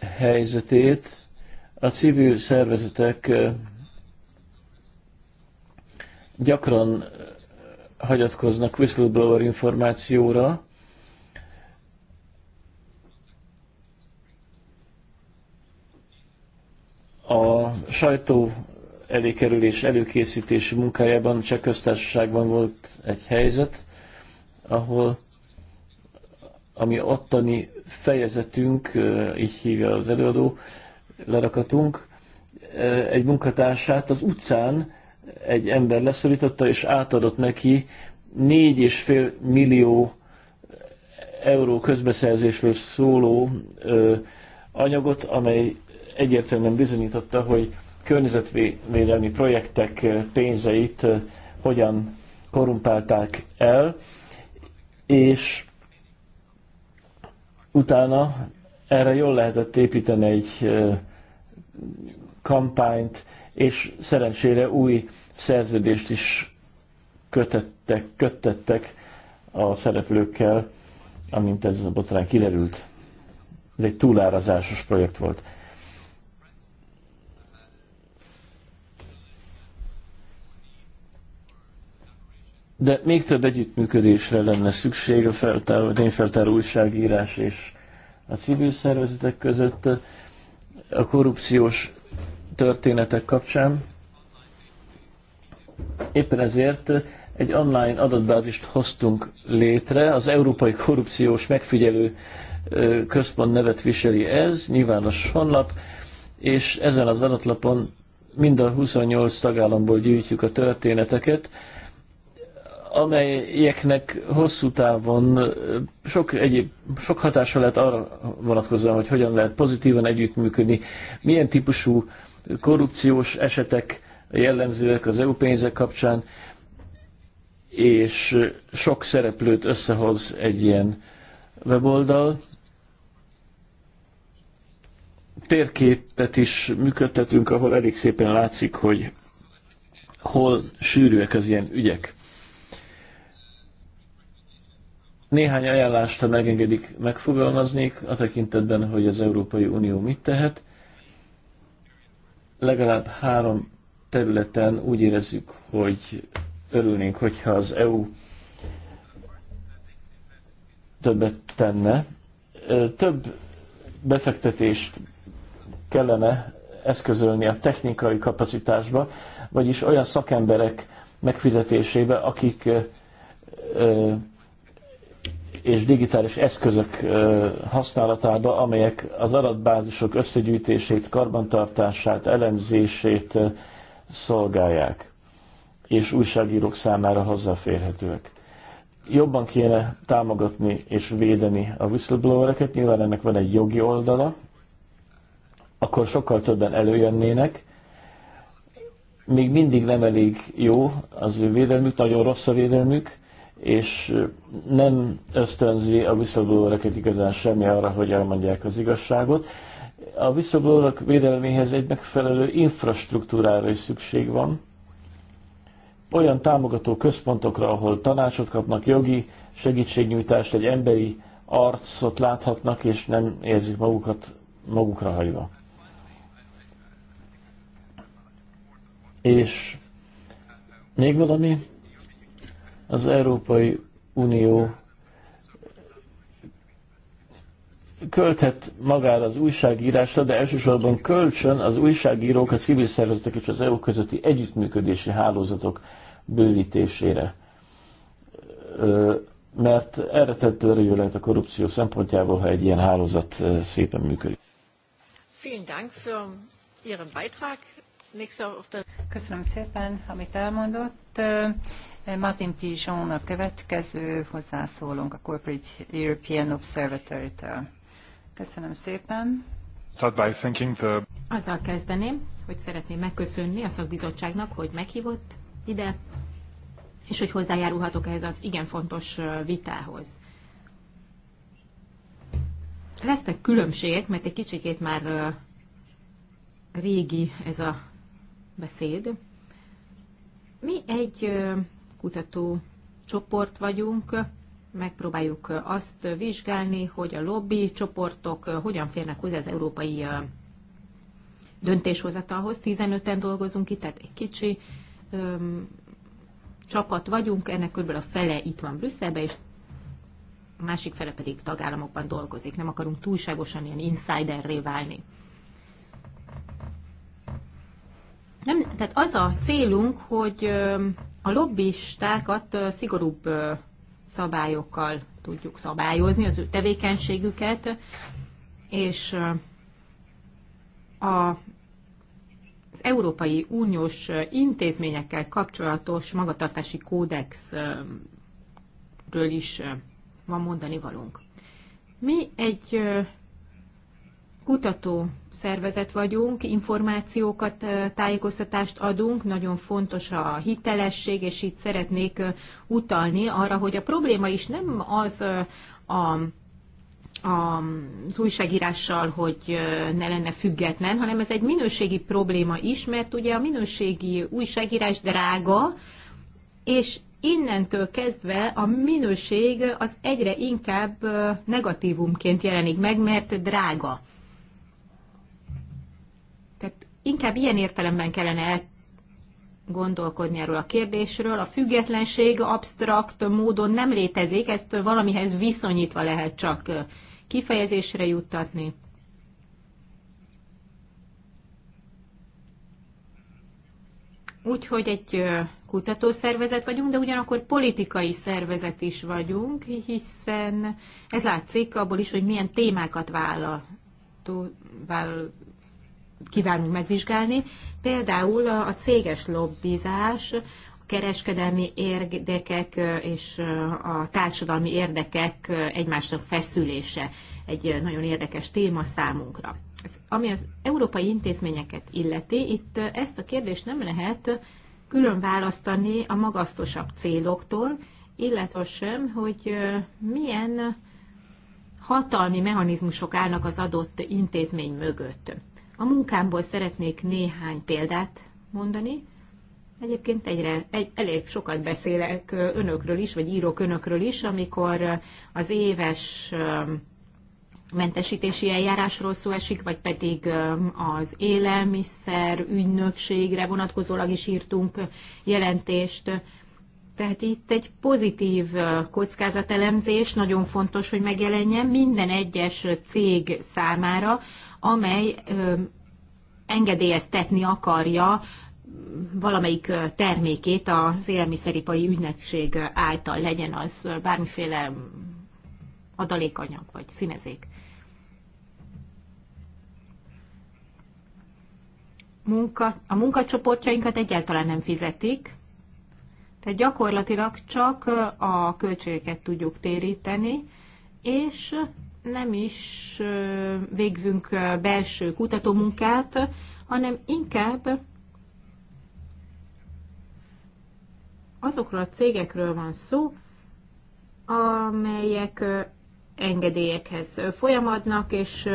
helyzetét. A civil szervezetek gyakran hagyatkoznak whistleblower információra, a sajtó elékerülés előkészítési munkájában csak köztársaságban volt egy helyzet, ahol ami ottani fejezetünk, így hívja az előadó, lerakatunk, egy munkatársát az utcán egy ember leszorította, és átadott neki 4,5 millió euró közbeszerzésről szóló anyagot, amely egyértelműen bizonyította, hogy környezetvédelmi projektek pénzeit hogyan korumpálták el, és utána erre jól lehetett építeni egy kampányt, és szerencsére új szerződést is kötöttek, köttettek a szereplőkkel, amint ez a botrány kiderült. Ez egy túlárazásos projekt volt. De még több együttműködésre lenne szükség a feltáró, tényfeltáró újságírás és a civil szervezetek között a korrupciós történetek kapcsán. Éppen ezért egy online adatbázist hoztunk létre, az Európai Korrupciós Megfigyelő Központ nevet viseli ez, nyilvános honlap, és ezen az adatlapon mind a 28 tagállamból gyűjtjük a történeteket, amelyeknek hosszú távon sok, egyéb, sok hatása lehet arra vonatkozóan, hogy hogyan lehet pozitívan együttműködni, milyen típusú korrupciós esetek jellemzőek az EU pénzek kapcsán, és sok szereplőt összehoz egy ilyen weboldal. Térképet is működtetünk, ahol elég szépen látszik, hogy hol sűrűek az ilyen ügyek. Néhány ajánlást, ha megengedik, megfogalmaznék a tekintetben, hogy az Európai Unió mit tehet. Legalább három területen úgy érezzük, hogy örülnénk, hogyha az EU többet tenne. Több befektetést kellene eszközölni a technikai kapacitásba, vagyis olyan szakemberek megfizetésébe, akik és digitális eszközök használatába, amelyek az adatbázisok összegyűjtését, karbantartását, elemzését szolgálják, és újságírók számára hozzáférhetőek. Jobban kéne támogatni és védeni a whistleblowereket, nyilván ennek van egy jogi oldala, akkor sokkal többen előjönnének. Még mindig nem elég jó az ő védelmük, nagyon rossz a védelmük, és nem ösztönzi a visszablóraket igazán semmi arra, hogy elmondják az igazságot. A visszablórak védelméhez egy megfelelő infrastruktúrára is szükség van, olyan támogató központokra, ahol tanácsot kapnak, jogi segítségnyújtást, egy emberi arcot láthatnak, és nem érzik magukat magukra hagyva. És még valami? Az Európai Unió költhet magára az újságírásra, de elsősorban kölcsön az újságírók, a civil szervezetek és az EU közötti együttműködési hálózatok bővítésére. Mert erre tett törő lehet a korrupció szempontjából, ha egy ilyen hálózat szépen működik. Köszönöm szépen, amit elmondott. Martin Pigeon a következő hozzászólunk a Corporate European Observatory-től. Köszönöm szépen. Azzal kezdeném, hogy szeretném megköszönni a szakbizottságnak, hogy meghívott ide, és hogy hozzájárulhatok ehhez az igen fontos vitához. Lesznek különbségek, mert egy kicsikét már régi ez a beszéd. Mi egy kutató csoport vagyunk, megpróbáljuk azt vizsgálni, hogy a lobby csoportok hogyan férnek hozzá az európai döntéshozatalhoz. 15-en dolgozunk itt, tehát egy kicsi öm, csapat vagyunk, ennek körülbelül a fele itt van Brüsszelben, és a másik fele pedig tagállamokban dolgozik. Nem akarunk túlságosan ilyen insiderré válni. Nem, tehát az a célunk, hogy a lobbistákat szigorúbb szabályokkal tudjuk szabályozni, az ő tevékenységüket, és a az Európai Uniós intézményekkel kapcsolatos magatartási kódexről is van mondani valunk. Mi egy kutató szervezet vagyunk, információkat, tájékoztatást adunk, nagyon fontos a hitelesség, és itt szeretnék utalni arra, hogy a probléma is nem az a az újságírással, hogy ne lenne független, hanem ez egy minőségi probléma is, mert ugye a minőségi újságírás drága, és innentől kezdve a minőség az egyre inkább negatívumként jelenik meg, mert drága inkább ilyen értelemben kellene gondolkodni erről a kérdésről. A függetlenség absztrakt módon nem létezik, ezt valamihez viszonyítva lehet csak kifejezésre juttatni. Úgyhogy egy kutatószervezet vagyunk, de ugyanakkor politikai szervezet is vagyunk, hiszen ez látszik abból is, hogy milyen témákat vállal, vállal kívánunk megvizsgálni. Például a céges lobbizás, a kereskedelmi érdekek és a társadalmi érdekek egymásnak feszülése egy nagyon érdekes téma számunkra. Ami az európai intézményeket illeti, itt ezt a kérdést nem lehet külön választani a magasztosabb céloktól, illetve sem, hogy milyen hatalmi mechanizmusok állnak az adott intézmény mögött. A munkámból szeretnék néhány példát mondani. Egyébként egyre, egy, elég sokat beszélek önökről is, vagy írok önökről is, amikor az éves mentesítési eljárásról szó esik, vagy pedig az élelmiszer ügynökségre vonatkozólag is írtunk jelentést. Tehát itt egy pozitív kockázatelemzés nagyon fontos, hogy megjelenjen minden egyes cég számára, amely engedélyeztetni akarja valamelyik termékét az élelmiszeripari ügynökség által legyen az bármiféle adalékanyag vagy színezék. Munka, a munkacsoportjainkat egyáltalán nem fizetik, tehát gyakorlatilag csak a költségeket tudjuk téríteni, és nem is végzünk belső kutatómunkát, hanem inkább azokról a cégekről van szó, amelyek engedélyekhez folyamadnak, és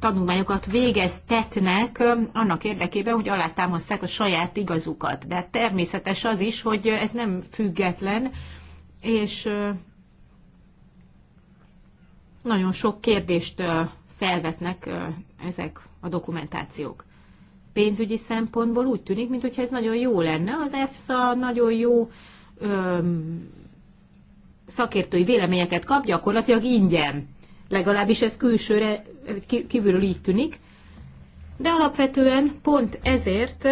tanulmányokat végeztetnek annak érdekében, hogy alátámasztják a saját igazukat. De természetes az is, hogy ez nem független, és nagyon sok kérdést felvetnek ezek a dokumentációk. Pénzügyi szempontból úgy tűnik, mintha ez nagyon jó lenne. Az EFSA nagyon jó öm, szakértői véleményeket kap, gyakorlatilag ingyen. Legalábbis ez külsőre, kívülről így tűnik. De alapvetően pont ezért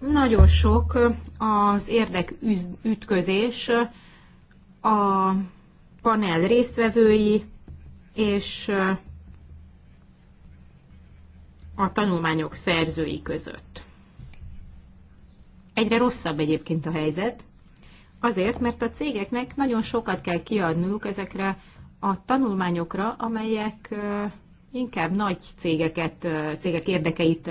nagyon sok az érdekütközés a panel résztvevői, és a tanulmányok szerzői között. Egyre rosszabb egyébként a helyzet, azért, mert a cégeknek nagyon sokat kell kiadniuk ezekre a tanulmányokra, amelyek inkább nagy cégeket, cégek érdekeit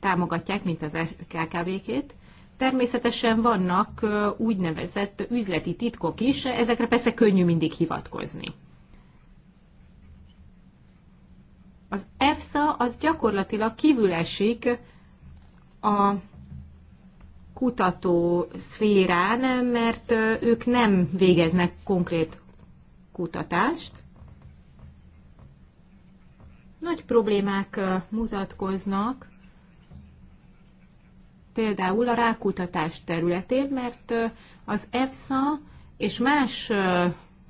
támogatják, mint az KKV-két. Természetesen vannak úgynevezett üzleti titkok is, ezekre persze könnyű mindig hivatkozni. Az EFSA az gyakorlatilag kívül esik a kutató szférán, mert ők nem végeznek konkrét kutatást. Nagy problémák mutatkoznak például a rákutatás területén, mert az EFSA és más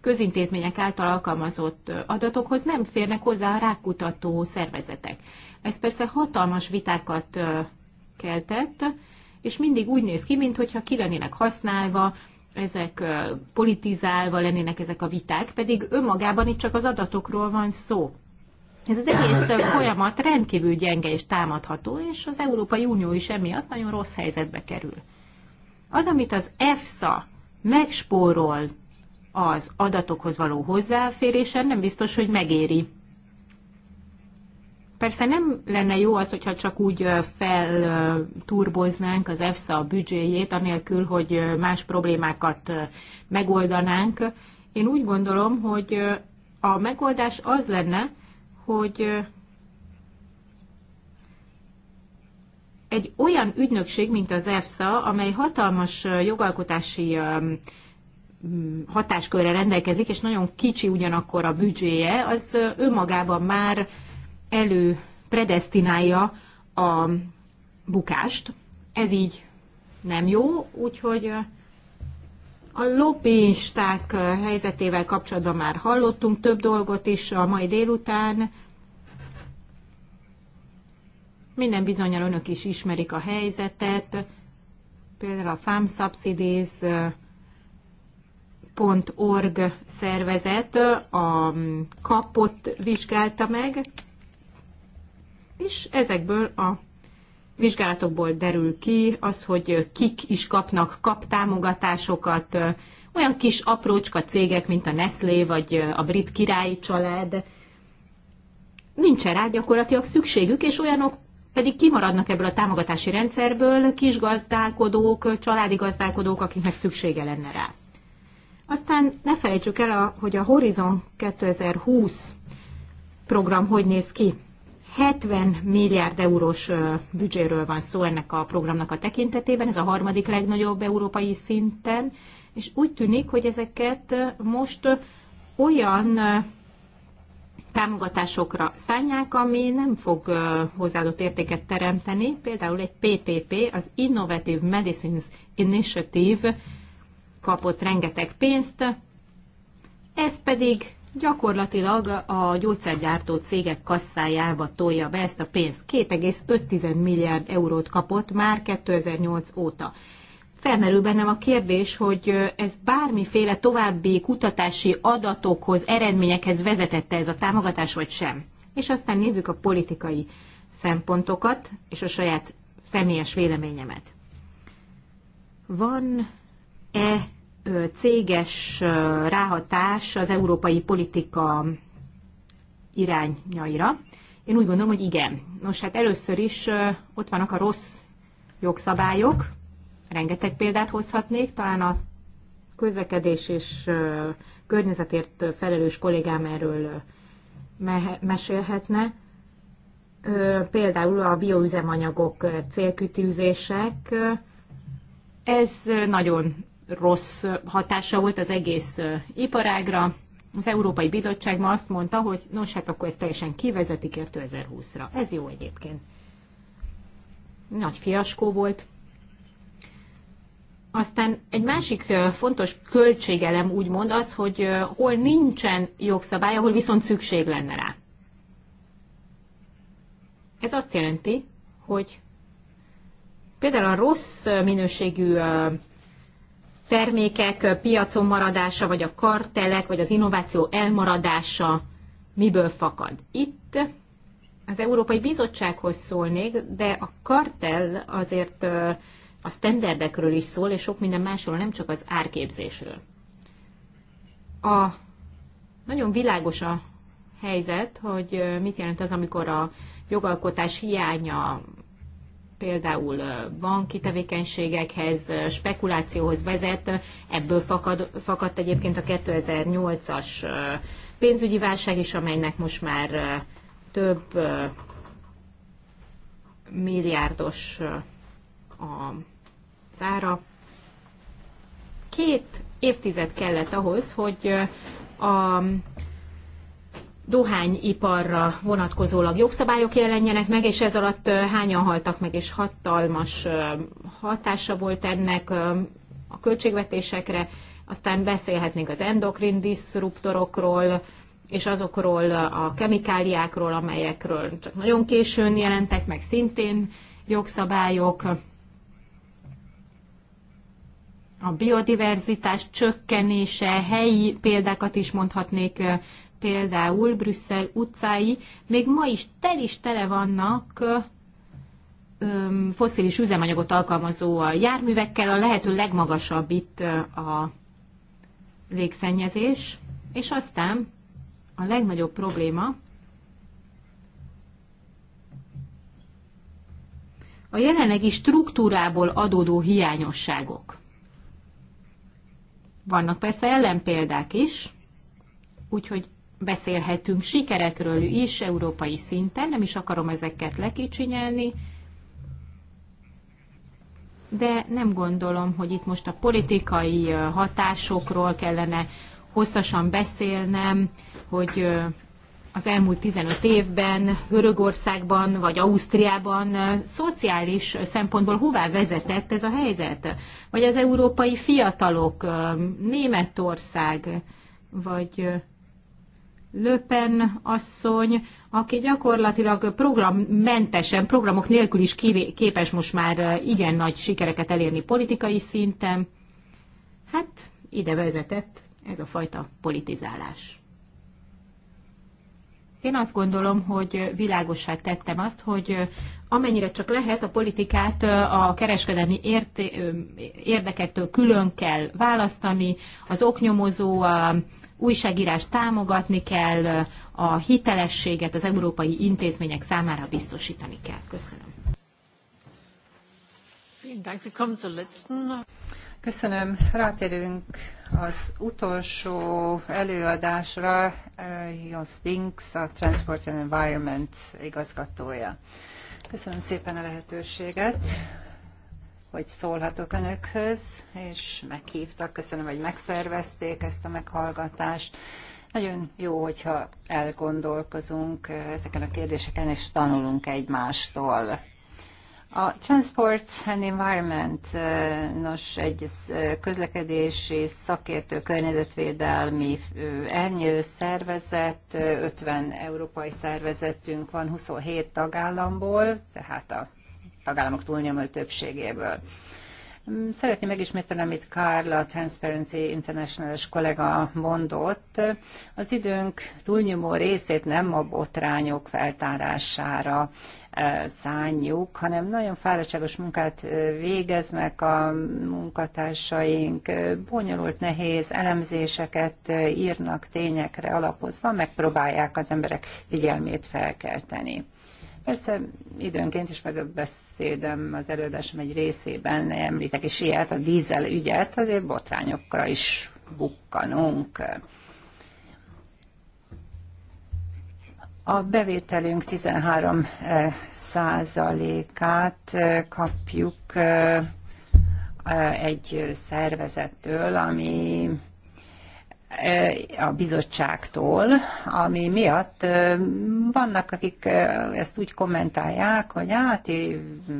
közintézmények által alkalmazott adatokhoz nem férnek hozzá a rákutató szervezetek. Ez persze hatalmas vitákat keltett, és mindig úgy néz ki, mintha ki lennének használva, ezek politizálva lennének ezek a viták, pedig önmagában itt csak az adatokról van szó. Ez az egész folyamat rendkívül gyenge és támadható, és az Európai Unió is emiatt nagyon rossz helyzetbe kerül. Az, amit az EFSA megspórol az adatokhoz való hozzáférésen, nem biztos, hogy megéri. Persze nem lenne jó az, hogyha csak úgy felturboznánk az EFSA büdzséjét, anélkül, hogy más problémákat megoldanánk. Én úgy gondolom, hogy a megoldás az lenne, hogy egy olyan ügynökség, mint az EFSA, amely hatalmas jogalkotási hatáskörre rendelkezik, és nagyon kicsi ugyanakkor a büdzséje, az önmagában már elő predestinálja a bukást. Ez így nem jó, úgyhogy a lobbyisták helyzetével kapcsolatban már hallottunk több dolgot is a mai délután. Minden bizonyal önök is ismerik a helyzetet, például a FAM Subsidies .org szervezet a kapot vizsgálta meg, és ezekből a vizsgálatokból derül ki az, hogy kik is kapnak kaptámogatásokat, olyan kis aprócska cégek, mint a Nestlé vagy a brit királyi család, nincsen rá gyakorlatilag szükségük, és olyanok pedig kimaradnak ebből a támogatási rendszerből, kis gazdálkodók, családi gazdálkodók, akiknek szüksége lenne rá. Aztán ne felejtsük el, hogy a Horizon 2020 program hogy néz ki. 70 milliárd eurós büdzséről van szó ennek a programnak a tekintetében, ez a harmadik legnagyobb európai szinten, és úgy tűnik, hogy ezeket most olyan támogatásokra szállják, ami nem fog hozzáadott értéket teremteni, például egy PPP, az Innovative Medicines Initiative kapott rengeteg pénzt, ez pedig gyakorlatilag a gyógyszergyártó cégek kasszájába tolja be ezt a pénzt. 2,5 milliárd eurót kapott már 2008 óta. Felmerül bennem a kérdés, hogy ez bármiféle további kutatási adatokhoz, eredményekhez vezetette ez a támogatás, vagy sem. És aztán nézzük a politikai szempontokat és a saját személyes véleményemet. Van-e céges ráhatás az európai politika irányaira? Én úgy gondolom, hogy igen. Nos, hát először is ott vannak a rossz jogszabályok, rengeteg példát hozhatnék, talán a közlekedés és környezetért felelős kollégám erről mesélhetne. Például a bioüzemanyagok célkütűzések, ez nagyon rossz hatása volt az egész iparágra. Az Európai Bizottság ma azt mondta, hogy nos, hát akkor ezt teljesen kivezetik 2020-ra. Ez jó egyébként. Nagy fiaskó volt. Aztán egy másik fontos költségelem úgymond az, hogy hol nincsen jogszabály, ahol viszont szükség lenne rá. Ez azt jelenti, hogy például a rossz minőségű termékek piacon maradása, vagy a kartelek, vagy az innováció elmaradása miből fakad. Itt az Európai Bizottsághoz szólnék, de a kartel azért a standardekről is szól, és sok minden másról, nem csak az árképzésről. A nagyon világos a helyzet, hogy mit jelent az, amikor a jogalkotás hiánya például banki tevékenységekhez, spekulációhoz vezet, ebből fakad, fakadt egyébként a 2008-as pénzügyi válság is, amelynek most már több milliárdos a zára. Két évtized kellett ahhoz, hogy a dohányiparra vonatkozólag jogszabályok jelenjenek meg, és ez alatt hányan haltak meg, és hatalmas hatása volt ennek a költségvetésekre. Aztán beszélhetnénk az endokrin diszruptorokról, és azokról a kemikáliákról, amelyekről csak nagyon későn jelentek meg szintén jogszabályok. A biodiverzitás csökkenése, helyi példákat is mondhatnék például Brüsszel utcái még ma is tel is tele vannak foszilis üzemanyagot alkalmazó a járművekkel, a lehető legmagasabb itt a légszennyezés, és aztán a legnagyobb probléma a jelenlegi struktúrából adódó hiányosságok. Vannak persze ellenpéldák is, úgyhogy beszélhetünk sikerekről is európai szinten, nem is akarom ezeket lekicsinyelni, de nem gondolom, hogy itt most a politikai hatásokról kellene hosszasan beszélnem, hogy az elmúlt 15 évben Görögországban vagy Ausztriában szociális szempontból hová vezetett ez a helyzet? Vagy az európai fiatalok, Németország, vagy Löpen asszony, aki gyakorlatilag programmentesen, programok nélkül is képes most már eh, igen nagy sikereket elérni politikai szinten. Hát ide vezetett ez a fajta politizálás. Én azt gondolom, hogy világossá tettem azt, hogy eh, amennyire csak lehet, a politikát eh, a kereskedelmi érte, érdekektől külön kell választani, az oknyomozó újságírást támogatni kell, a hitelességet az európai intézmények számára biztosítani kell. Köszönöm. Köszönöm. Rátérünk az utolsó előadásra, a Dinks, a Transport and Environment igazgatója. Köszönöm szépen a lehetőséget hogy szólhatok Önökhöz, és meghívtak. Köszönöm, hogy megszervezték ezt a meghallgatást. Nagyon jó, hogyha elgondolkozunk eh, ezeken a kérdéseken, és tanulunk egymástól. A Transport and Environment, eh, nos, egy eh, közlekedési szakértő környezetvédelmi ernyő szervezet, 50 európai szervezetünk van 27 tagállamból, tehát a tagállamok túlnyomó többségéből. Szeretném megismételni, amit Karl, a Transparency International-es kollega mondott. Az időnk túlnyomó részét nem a botrányok feltárására eh, szánjuk, hanem nagyon fáradtságos munkát eh, végeznek a munkatársaink, bonyolult, nehéz elemzéseket eh, írnak tényekre alapozva, megpróbálják az emberek figyelmét felkelteni. Persze időnként, is meg beszédem az előadásom egy részében említek is ilyet, a dízel ügyet, azért botrányokra is bukkanunk. A bevételünk 13 eh, százalékát eh, kapjuk eh, egy szervezettől, ami a bizottságtól, ami miatt vannak, akik ezt úgy kommentálják, hogy hát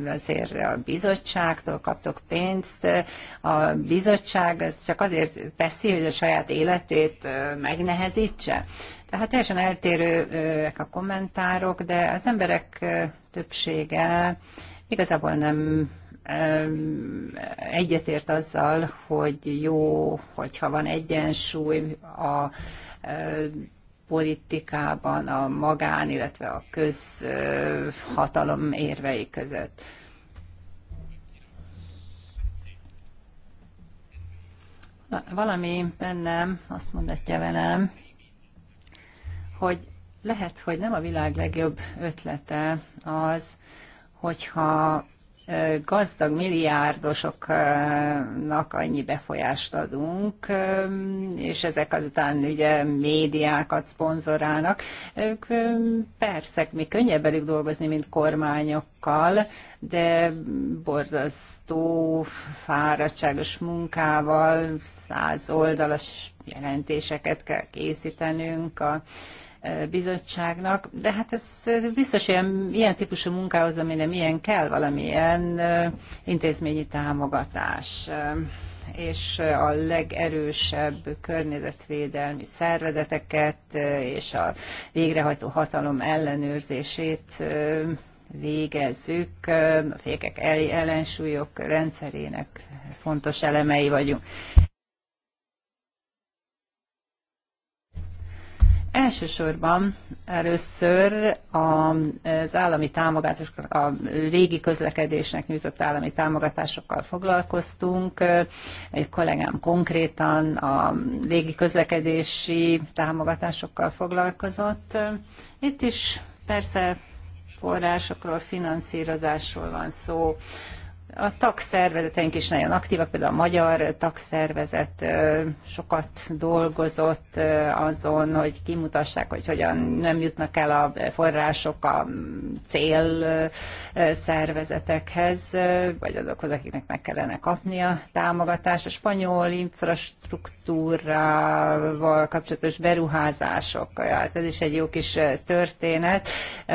azért a bizottságtól kaptok pénzt, a bizottság ez csak azért teszi, hogy a saját életét megnehezítse. Tehát teljesen eltérőek a kommentárok, de az emberek többsége igazából nem egyetért azzal, hogy jó, hogyha van egyensúly a e, politikában a magán, illetve a közhatalom érvei között. Valami bennem azt mondatja velem, hogy lehet, hogy nem a világ legjobb ötlete az, hogyha gazdag milliárdosoknak annyi befolyást adunk, és ezek azután ugye médiákat szponzorálnak. Ők persze, mi könnyebb velük dolgozni, mint kormányokkal, de borzasztó, fáradtságos munkával, száz oldalas jelentéseket kell készítenünk a bizottságnak, de hát ez biztos ilyen, ilyen típusú munkához, amire ilyen kell valamilyen intézményi támogatás és a legerősebb környezetvédelmi szervezeteket és a végrehajtó hatalom ellenőrzését végezzük, a fékek ellensúlyok rendszerének fontos elemei vagyunk. Elsősorban először az állami támogatások, a légi közlekedésnek nyújtott állami támogatásokkal foglalkoztunk. Egy kollégám konkrétan a légi közlekedési támogatásokkal foglalkozott. Itt is persze forrásokról, finanszírozásról van szó. A tagszervezeteink is nagyon aktívak, például a magyar tagszervezet sokat dolgozott azon, hogy kimutassák, hogy hogyan nem jutnak el a források a cél szervezetekhez, vagy azokhoz, akiknek meg kellene kapni a támogatást. A spanyol infrastruktúrával kapcsolatos beruházások, hát ez is egy jó kis történet,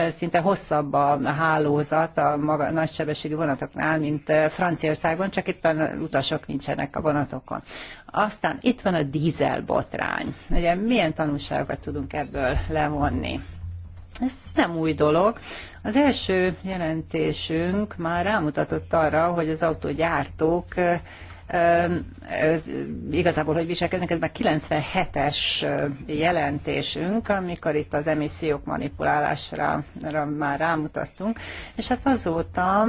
szinte hosszabb a hálózat a maga, nagysebességű vonatoknál, mint Franciaországban, csak éppen utasok nincsenek a vonatokon. Aztán itt van a dízel botrány. Ugye milyen tanulságokat tudunk ebből levonni? Ez nem új dolog. Az első jelentésünk már rámutatott arra, hogy az autógyártók igazából, hogy viselkednek, ez már 97-es jelentésünk, amikor itt az emissziók manipulálásra már rámutattunk, és hát azóta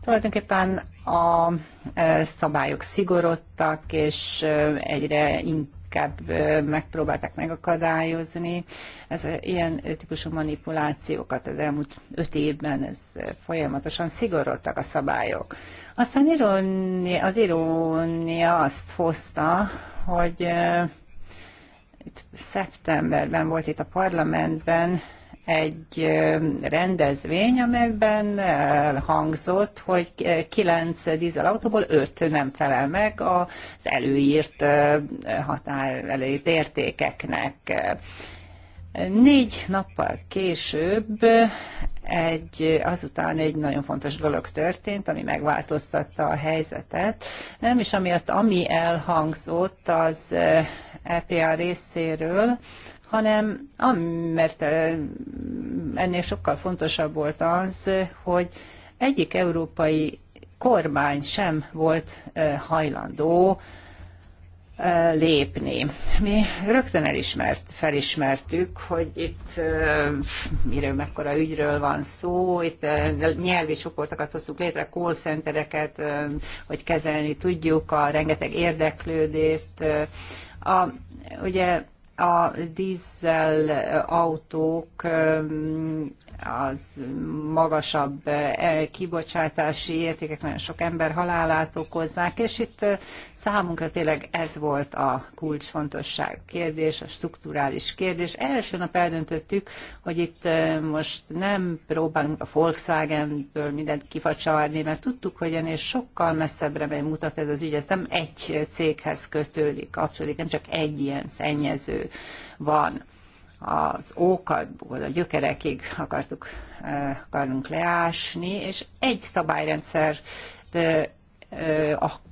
Tulajdonképpen a e, szabályok szigorodtak, és e, egyre inkább e, megpróbálták megakadályozni. Ez ilyen típusú manipulációkat az elmúlt öt évben ez folyamatosan szigorodtak a szabályok. Aztán irónia, az irónia azt hozta, hogy itt szeptemberben volt itt a parlamentben egy rendezvény, amelyben hangzott, hogy kilenc dízelautóból öt nem felel meg az előírt határ előírt értékeknek. Négy nappal később egy, azután egy nagyon fontos dolog történt, ami megváltoztatta a helyzetet. Nem is amiatt, ami elhangzott az EPA részéről, hanem mert ennél sokkal fontosabb volt az, hogy egyik európai kormány sem volt hajlandó lépni. Mi rögtön elismert, felismertük, hogy itt miről, mekkora ügyről van szó, itt nyelvi csoportokat hoztuk létre, call centereket, hogy kezelni tudjuk a rengeteg érdeklődést. A, ugye a dízel autók az magasabb eh, kibocsátási értékek nagyon sok ember halálát okozzák, és itt eh, Számunkra tényleg ez volt a kulcsfontosság kérdés, a strukturális kérdés. Első nap eldöntöttük, hogy itt most nem próbálunk a Volkswagen-ből mindent kifacsarni, mert tudtuk, hogy ennél sokkal messzebbre megy mutat ez az ügy, ez nem egy céghez kötődik, kapcsolódik, nem csak egy ilyen szennyező van az ókadból, a gyökerekig akartuk, akarunk leásni, és egy szabályrendszer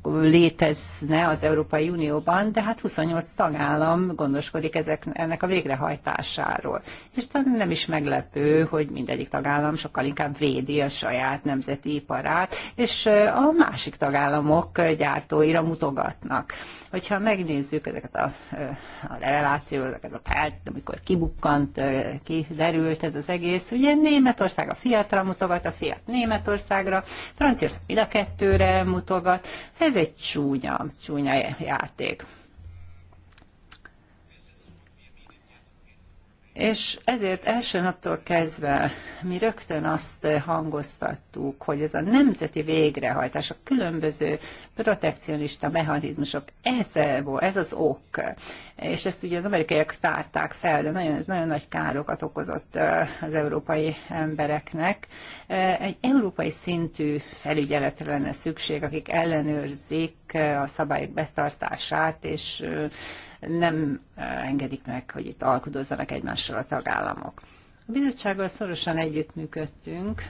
létezne az Európai Unióban, de hát 28 tagállam gondoskodik ezek, ennek a végrehajtásáról. És talán nem is meglepő, hogy mindegyik tagállam sokkal inkább védi a saját nemzeti iparát, és a másik tagállamok gyártóira mutogatnak. Hogyha megnézzük ezeket a, a reláció, ezeket a pert, amikor kibukkant, kiderült ez az egész, ugye Németország a fiatra mutogat, a fiat Németországra, Franciaország mind a kettőre mutogat, ez egy csúnya, csúnya játék. És ezért első naptól kezdve mi rögtön azt hangoztattuk, hogy ez a nemzeti végrehajtás, a különböző protekcionista mechanizmusok, ez, ez az ok. És ezt ugye az amerikaiak tárták fel, de nagyon, ez nagyon nagy károkat okozott az európai embereknek. Egy európai szintű felügyeletre lenne szükség, akik ellenőrzik a szabályok betartását, és nem eh, engedik meg, hogy itt alkudozzanak egymással a tagállamok. A bizottsággal szorosan együttműködtünk,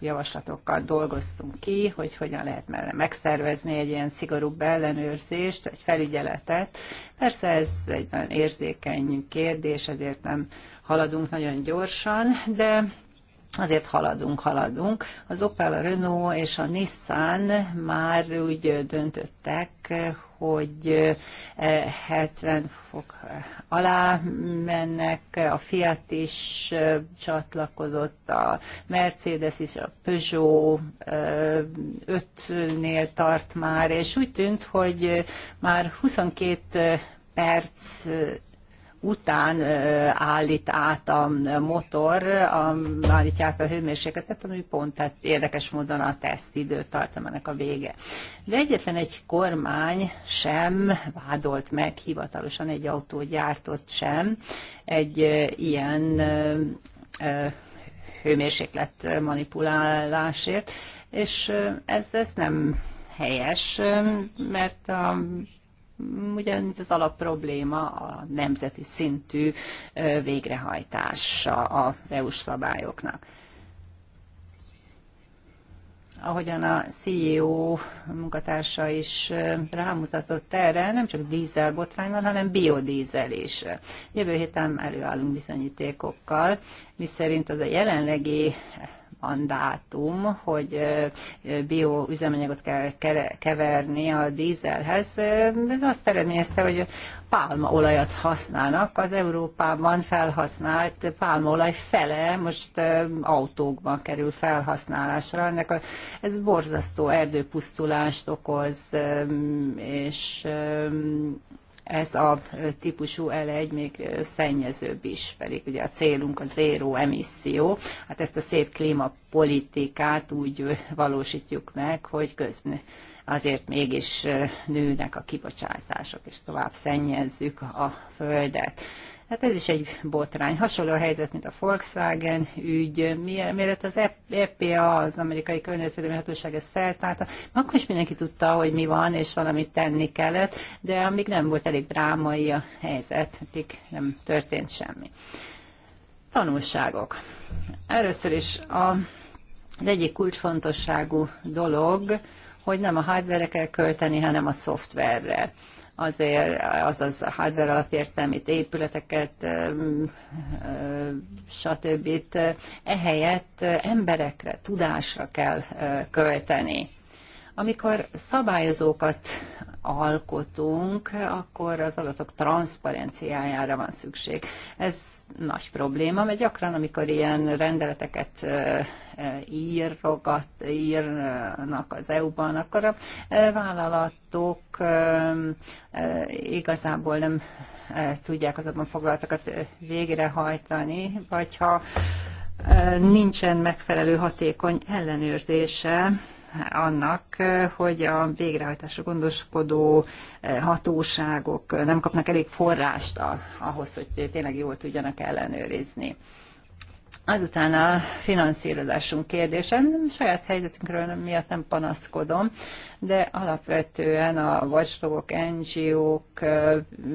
javaslatokkal dolgoztunk ki, hogy hogyan lehet megszervezni egy ilyen szigorúbb ellenőrzést, egy felügyeletet. Persze ez egy nagyon érzékeny kérdés, ezért nem haladunk nagyon gyorsan, de azért haladunk, haladunk. Az Opel, a Renault és a Nissan már úgy döntöttek, hogy 70 eh, fok eh, alá mennek, a Fiat is eh, csatlakozott, a Mercedes is, a Peugeot 5-nél tart már, és úgy tűnt, hogy már 22 perc után állít át a motor, a, állítják a hőmérsékletet, ami pont tehát érdekes módon a teszt időtartamának a vége. De egyetlen egy kormány sem vádolt meg hivatalosan egy autógyártót sem egy ilyen hőmérséklet manipulálásért, és ez, ez nem helyes, mert a ugyanis az alapprobléma a nemzeti szintű végrehajtása a EU-s szabályoknak. Ahogyan a CEO munkatársa is rámutatott erre, nem csak dízel botrány van, hanem biodízel is. Jövő héten előállunk bizonyítékokkal, miszerint az a jelenlegi mandátum, hogy bioüzemanyagot kell keverni a dízelhez. Ez azt eredményezte, hogy pálmaolajat használnak. Az Európában felhasznált pálmaolaj fele most autókban kerül felhasználásra. Ennek a, ez borzasztó erdőpusztulást okoz, és ez a típusú elegy még szennyezőbb is, pedig ugye a célunk a zéró emisszió. Hát ezt a szép klímapolitikát úgy valósítjuk meg, hogy közben azért mégis nőnek a kibocsátások, és tovább szennyezzük a földet. Hát ez is egy botrány. Hasonló a helyzet, mint a Volkswagen ügy, mielőtt az EPA, e az amerikai környezetvédelmi hatóság ezt feltárta, akkor is mindenki tudta, hogy mi van, és valamit tenni kellett, de amíg nem volt elég drámai a helyzet, addig nem történt semmi. Tanulságok. Először is a, az egyik kulcsfontosságú dolog, hogy nem a hardware kell költeni, hanem a szoftverre azért, azaz az hardware alatt értem itt épületeket, stb. Ehelyett emberekre, tudásra kell költeni. Amikor szabályozókat alkotunk, akkor az adatok transzparenciájára van szükség. Ez nagy probléma, mert gyakran, amikor ilyen rendeleteket írogat, írnak az EU-ban, akkor a vállalatok igazából nem tudják azokban foglaltakat végrehajtani, vagy ha nincsen megfelelő hatékony ellenőrzése annak, hogy a végrehajtásra gondoskodó eh, hatóságok eh, nem kapnak elég forrást ahhoz, hogy tényleg jól tudjanak ellenőrizni. Azután a finanszírozásunk kérdése. Saját helyzetünkről miatt nem panaszkodom, de alapvetően a vagyslogok, NGO-k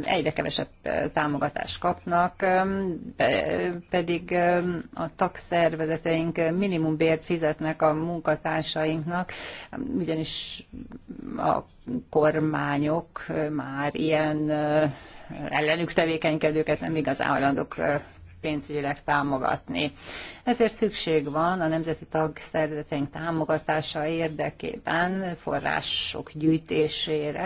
egyre kevesebb támogatást kapnak, pedig a tagszervezeteink bért fizetnek a munkatársainknak, ugyanis a kormányok már ilyen ellenük tevékenykedőket nem igazán hajlandók pénzügyileg támogatni. Ezért szükség van a nemzeti tagszervezeteink támogatása érdekében források gyűjtésére.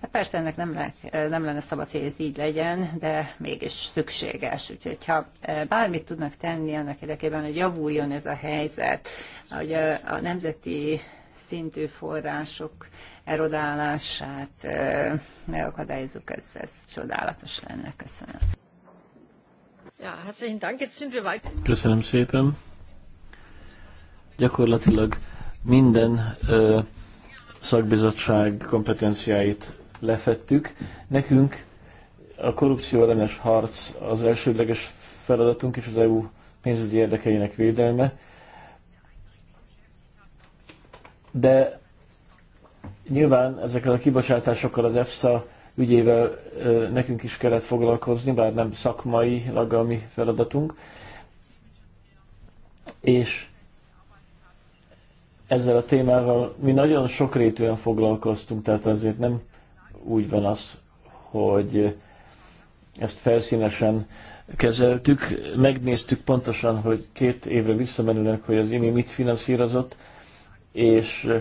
Hát persze ennek nem, le, nem lenne szabad, hogy ez így legyen, de mégis szükséges. Úgyhogy ha e, bármit tudnak tenni annak érdekében, hogy javuljon ez a helyzet, hogy a, e, a nemzeti szintű források erodálását e, megakadályozunk, ez, ez csodálatos lenne. Köszönöm. Köszönöm szépen. Gyakorlatilag minden ö, szakbizottság kompetenciáit lefettük. Nekünk a korrupció ellenes harc az elsődleges feladatunk és az EU pénzügyi érdekeinek védelme. De nyilván ezekkel a kibocsátásokkal az EFSA ügyével nekünk is kellett foglalkozni, bár nem szakmai a mi feladatunk. És ezzel a témával mi nagyon sokrétűen foglalkoztunk, tehát azért nem úgy van az, hogy ezt felszínesen kezeltük. Megnéztük pontosan, hogy két évre visszamenőnek, hogy az IMI mit finanszírozott, és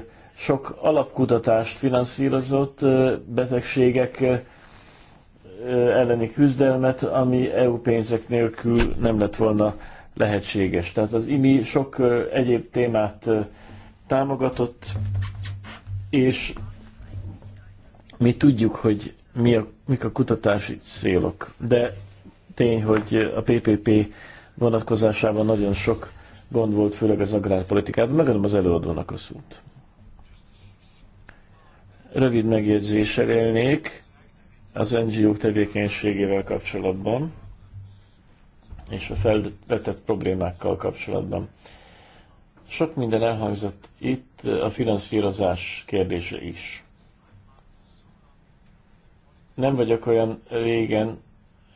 sok alapkutatást finanszírozott, betegségek elleni küzdelmet, ami EU pénzek nélkül nem lett volna lehetséges. Tehát az IMI sok egyéb témát támogatott, és mi tudjuk, hogy mi a, mik a kutatási célok, de tény, hogy a PPP vonatkozásában nagyon sok gond volt, főleg az agrárpolitikában. Megadom az előadónak a szót rövid megjegyzéssel élnék az NGO-k tevékenységével kapcsolatban és a felvetett problémákkal kapcsolatban. Sok minden elhangzott itt, a finanszírozás kérdése is. Nem vagyok olyan régen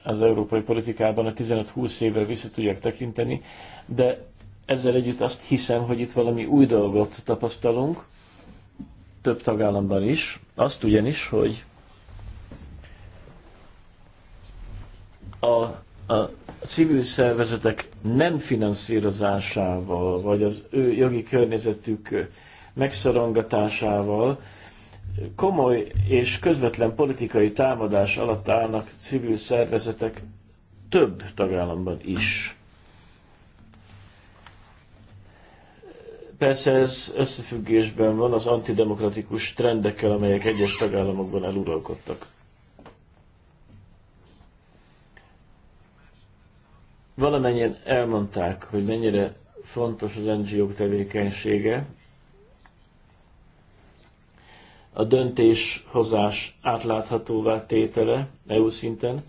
az európai politikában, a 15-20 évvel vissza tudják tekinteni, de ezzel együtt azt hiszem, hogy itt valami új dolgot tapasztalunk, több tagállamban is, azt ugyanis, hogy a, a civil szervezetek nem finanszírozásával, vagy az ő jogi környezetük megszorongatásával komoly és közvetlen politikai támadás alatt állnak civil szervezetek több tagállamban is. Persze ez összefüggésben van az antidemokratikus trendekkel, amelyek egyes tagállamokban eluralkodtak. Valamennyien elmondták, hogy mennyire fontos az NGO-k tevékenysége, a döntéshozás átláthatóvá tétele EU szinten,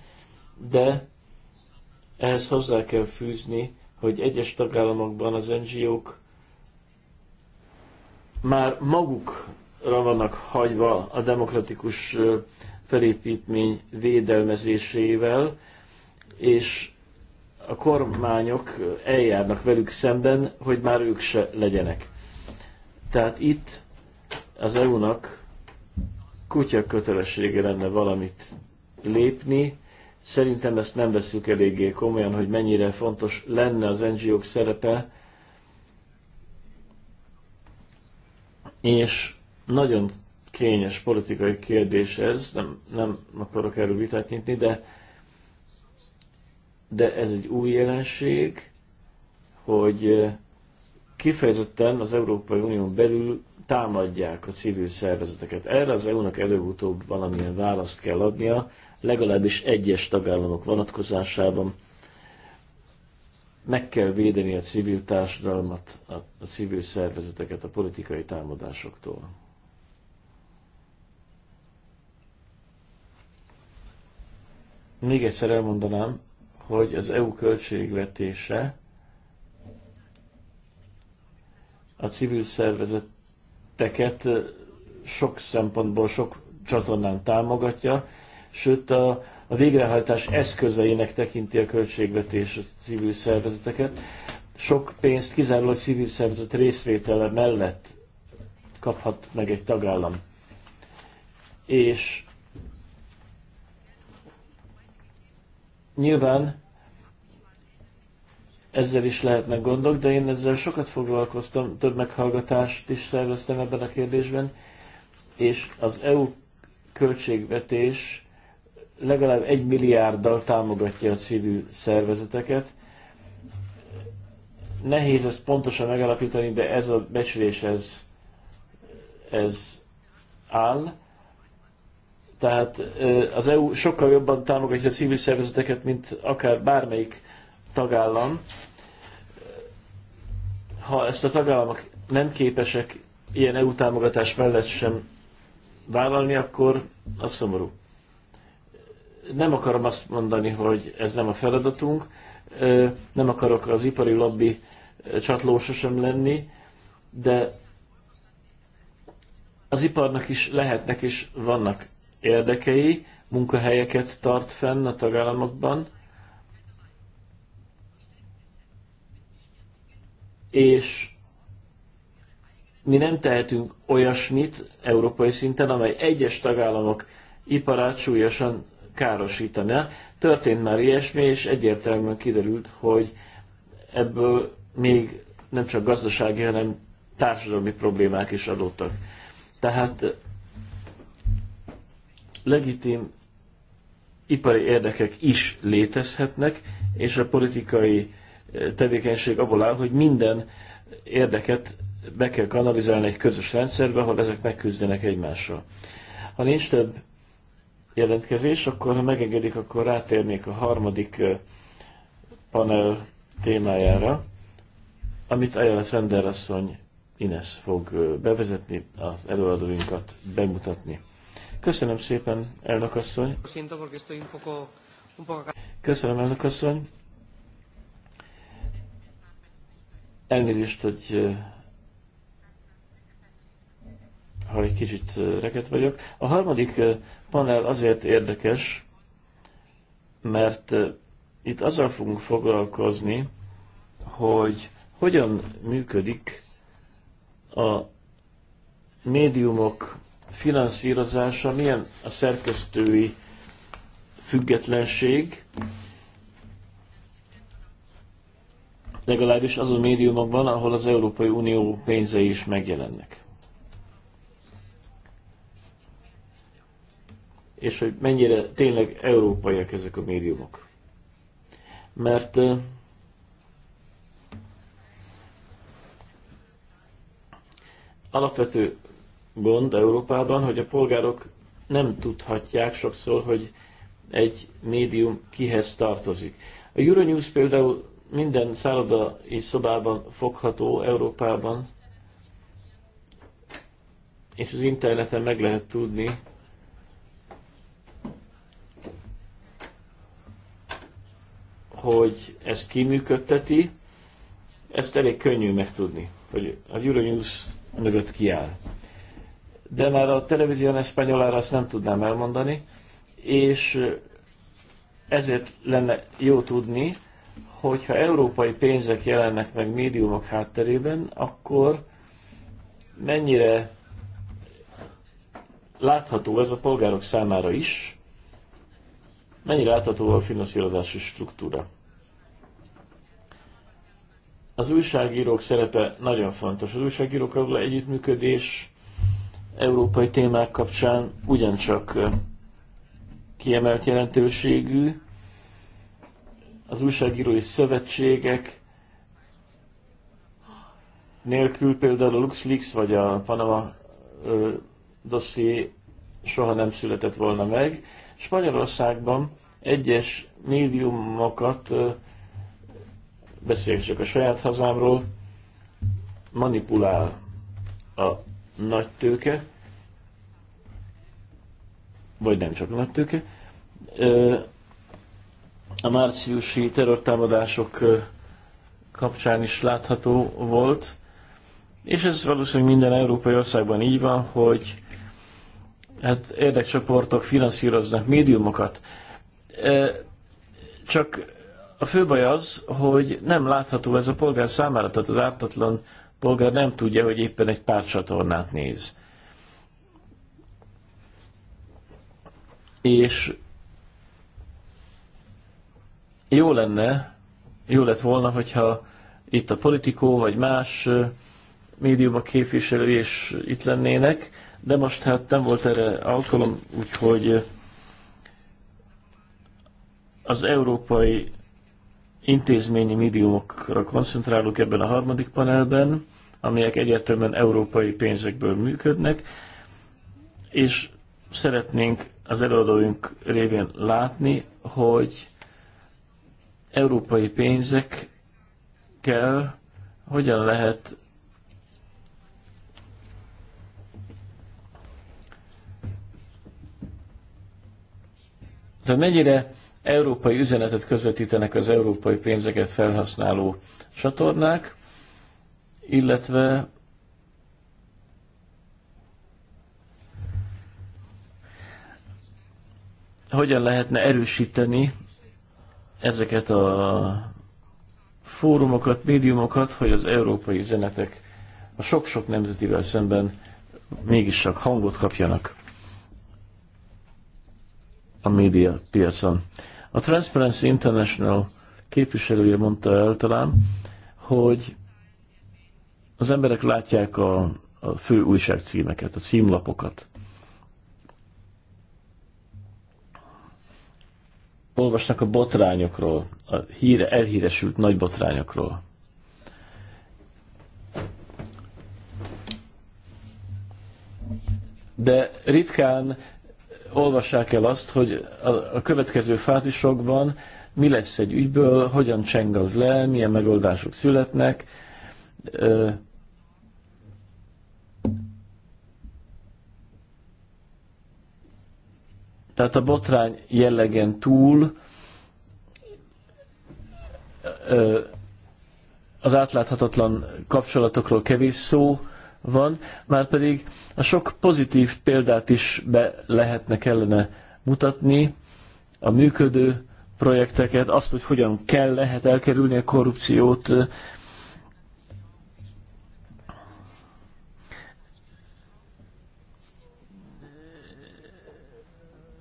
de ehhez hozzá kell fűzni, hogy egyes tagállamokban az NGO-k már magukra vannak hagyva a demokratikus felépítmény védelmezésével, és a kormányok eljárnak velük szemben, hogy már ők se legyenek. Tehát itt az EU-nak kutya kötelessége lenne valamit lépni. Szerintem ezt nem veszük eléggé komolyan, hogy mennyire fontos lenne az NGO-k szerepe És nagyon kényes politikai kérdés ez, nem, nem akarok erről vitát nyitni, de, de ez egy új jelenség, hogy kifejezetten az Európai Unión belül támadják a civil szervezeteket. Erre az EU-nak előbb-utóbb valamilyen választ kell adnia, legalábbis egyes tagállamok vonatkozásában meg kell védeni a civil társadalmat, a civil szervezeteket a politikai támadásoktól. Még egyszer elmondanám, hogy az EU költségvetése a civil szervezeteket sok szempontból, sok csatornán támogatja, sőt a, a végrehajtás eszközeinek tekinti a költségvetés a civil szervezeteket. Sok pénzt kizárólag civil szervezet részvétele mellett kaphat meg egy tagállam. És nyilván ezzel is lehetnek gondok, de én ezzel sokat foglalkoztam, több meghallgatást is szerveztem ebben a kérdésben, és az EU költségvetés legalább egy milliárddal támogatja a civil szervezeteket. Nehéz ezt pontosan megalapítani, de ez a becslés ez, ez áll. Tehát az EU sokkal jobban támogatja a civil szervezeteket, mint akár bármelyik tagállam. Ha ezt a tagállamok nem képesek ilyen EU támogatás mellett sem vállalni, akkor az szomorú nem akarom azt mondani, hogy ez nem a feladatunk, nem akarok az ipari lobby csatlósa sem lenni, de az iparnak is lehetnek és vannak érdekei, munkahelyeket tart fenn a tagállamokban, és mi nem tehetünk olyasmit európai szinten, amely egyes tagállamok iparát súlyosan károsítaná. Történt már ilyesmi, és egyértelműen kiderült, hogy ebből még nem csak gazdasági, hanem társadalmi problémák is adottak. Tehát legitim ipari érdekek is létezhetnek, és a politikai eh, tevékenység abból áll, hogy minden érdeket be kell kanalizálni egy közös rendszerbe, ahol ezek megküzdenek egymással. Ha nincs több jelentkezés, akkor ha megengedik, akkor rátérnék a harmadik panel témájára, amit Ayala Sender asszony Ines fog bevezetni, az előadóinkat bemutatni. Köszönöm szépen, elnök asszony. Köszönöm, elnök asszony. Elnézést, hogy ha egy kicsit reket vagyok. A harmadik panel azért érdekes, mert eh, itt azzal fogunk foglalkozni, hogy hogyan működik a médiumok finanszírozása, milyen a szerkesztői függetlenség, legalábbis azon médiumokban, ahol az Európai Unió pénzei is megjelennek. és hogy mennyire tényleg európaiak ezek a médiumok. Mert alapvető gond Európában, hogy a polgárok nem tudhatják sokszor, hogy egy médium kihez tartozik. A Euronews például minden szállodai szobában fogható Európában, és az interneten meg lehet tudni, hogy ezt kiműködteti, ezt elég könnyű megtudni, hogy a Euronews mögött kiáll. De már a televízión eszpanyolára azt nem tudnám elmondani, és ezért lenne jó tudni, hogyha európai pénzek jelennek meg médiumok hátterében, akkor mennyire látható ez a polgárok számára is, Mennyire látható a finanszírozási struktúra? Az újságírók szerepe nagyon fontos. Az újságírókkal együttműködés európai témák kapcsán ugyancsak kiemelt jelentőségű. Az újságírói szövetségek nélkül például a LuxLeaks vagy a Panama dosszié soha nem született volna meg Spanyolországban egyes médiumokat, beszéljük csak a saját hazámról, manipulál a nagy tőke, vagy nem csak a nagy tőke. A márciusi terrortámadások kapcsán is látható volt, és ez valószínűleg minden európai országban így van, hogy hát érdekcsoportok finanszíroznak médiumokat. Csak a fő baj az, hogy nem látható ez a polgár számára, tehát az ártatlan polgár nem tudja, hogy éppen egy pár csatornát néz. És jó lenne, jó lett volna, hogyha itt a politikó vagy más médiumok képviselői is itt lennének, de most hát nem volt erre alkalom, úgyhogy az európai intézményi médiumokra koncentrálok ebben a harmadik panelben, amelyek egyértelműen európai pénzekből működnek, és szeretnénk az előadóink révén látni, hogy európai pénzekkel hogyan lehet Tehát mennyire európai üzenetet közvetítenek az európai pénzeket felhasználó csatornák, illetve hogyan lehetne erősíteni ezeket a fórumokat, médiumokat, hogy az európai üzenetek a sok-sok nemzetivel szemben mégis csak hangot kapjanak a média piacon. A Transparency International képviselője mondta el talán, hogy az emberek látják a, a fő újságcímeket, a címlapokat. Olvasnak a botrányokról, a híre, elhíresült nagy botrányokról. De ritkán olvassák el azt, hogy a, a következő fázisokban mi lesz egy ügyből, hogyan cseng az le, milyen megoldások születnek. Tehát a botrány jellegen túl az átláthatatlan kapcsolatokról kevés szó van, már pedig a sok pozitív példát is be lehetne kellene mutatni, a működő projekteket, azt, hogy hogyan kell, lehet elkerülni a korrupciót,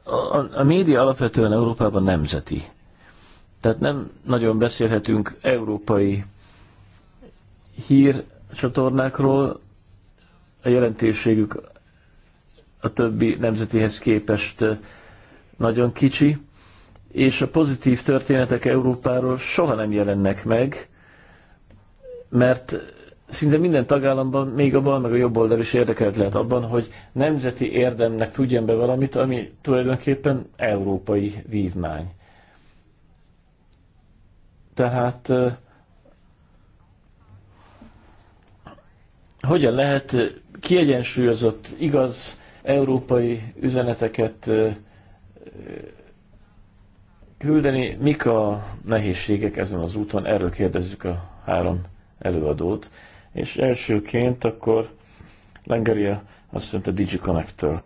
a, a média alapvetően Európában nemzeti. Tehát nem nagyon beszélhetünk európai hírcsatornákról, a jelentőségük a többi nemzetihez képest eh, nagyon kicsi, és a pozitív történetek Európáról soha nem jelennek meg, mert szinte minden tagállamban, még a bal meg a jobb oldal is érdekelt lehet abban, hogy nemzeti érdemnek tudjon be valamit, ami tulajdonképpen európai vívmány. Tehát eh, hogyan lehet eh, kiegyensúlyozott, igaz európai üzeneteket eh, eh, küldeni. Mik a nehézségek ezen az úton? Erről kérdezzük a három előadót. És elsőként akkor Lengeria azt a DigiConnect-től.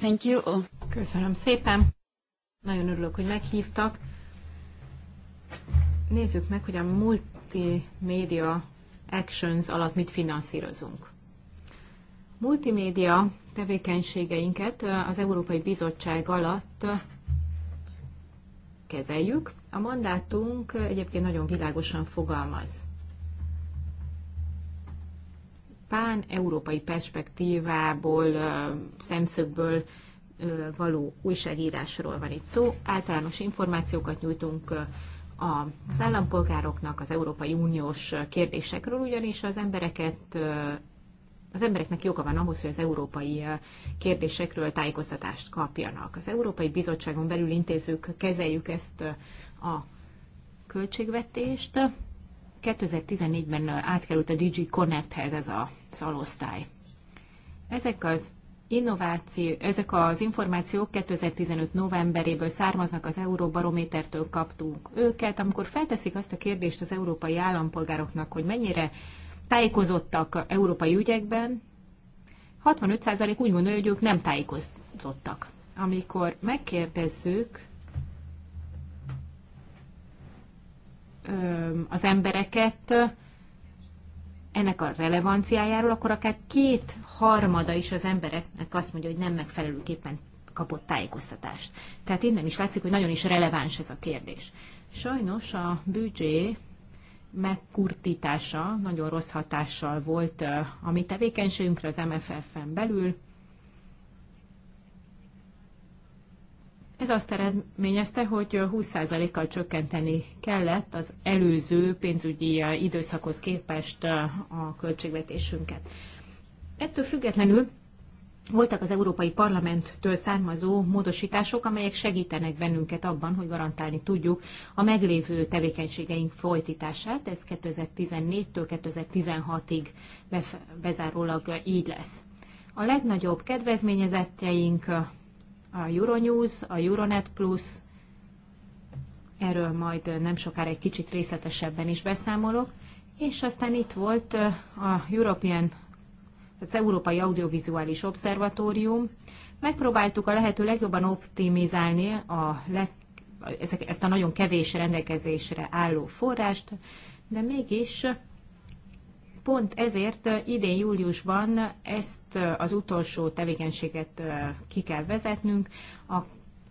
Thank you. Köszönöm szépen. Nagyon örülök, hogy meghívtak. Nézzük meg, hogy a multimédia Actions alatt mit finanszírozunk. Multimédia tevékenységeinket eh, az Európai Bizottság alatt eh, kezeljük. A mandátunk eh, egyébként nagyon világosan fogalmaz. Pán-európai perspektívából, szemszögből való újságírásról van itt szó. Általános információkat nyújtunk az állampolgároknak az Európai Uniós kérdésekről, ugyanis az embereket az embereknek joga van ahhoz, hogy az európai kérdésekről tájékoztatást kapjanak. Az Európai Bizottságon belül intézők kezeljük ezt a költségvetést. 2014-ben átkerült a DG Connecthez ez a szalosztály. Ezek az innováció, ezek az információk 2015 novemberéből származnak, az Euróbarométertől kaptunk őket. Amikor felteszik azt a kérdést az európai állampolgároknak, hogy mennyire tájékozottak európai ügyekben, 65% úgy gondolja, hogy ők nem tájékozottak. Amikor megkérdezzük az embereket ennek a relevanciájáról, akkor akár két harmada is az embereknek azt mondja, hogy nem megfelelőképpen kapott tájékoztatást. Tehát innen is látszik, hogy nagyon is releváns ez a kérdés. Sajnos a büdzsé megkurtítása nagyon rossz hatással volt a mi tevékenységünkre az MFF-en belül. Ez azt eredményezte, hogy 20%-kal csökkenteni kellett az előző pénzügyi időszakhoz képest a költségvetésünket. Ettől függetlenül voltak az Európai Parlamenttől származó módosítások, amelyek segítenek bennünket abban, hogy garantálni tudjuk a meglévő tevékenységeink folytítását. Ez 2014-től 2016-ig bezárólag így lesz. A legnagyobb kedvezményezettjeink a Euronews, a Euronet Plus, erről majd nem sokára egy kicsit részletesebben is beszámolok, és aztán itt volt a European az Európai Audiovizuális Obszervatórium. Megpróbáltuk a lehető legjobban optimizálni a le, ezek, ezt a nagyon kevés rendelkezésre álló forrást, de mégis pont ezért idén júliusban ezt az utolsó tevékenységet ki kell vezetnünk. A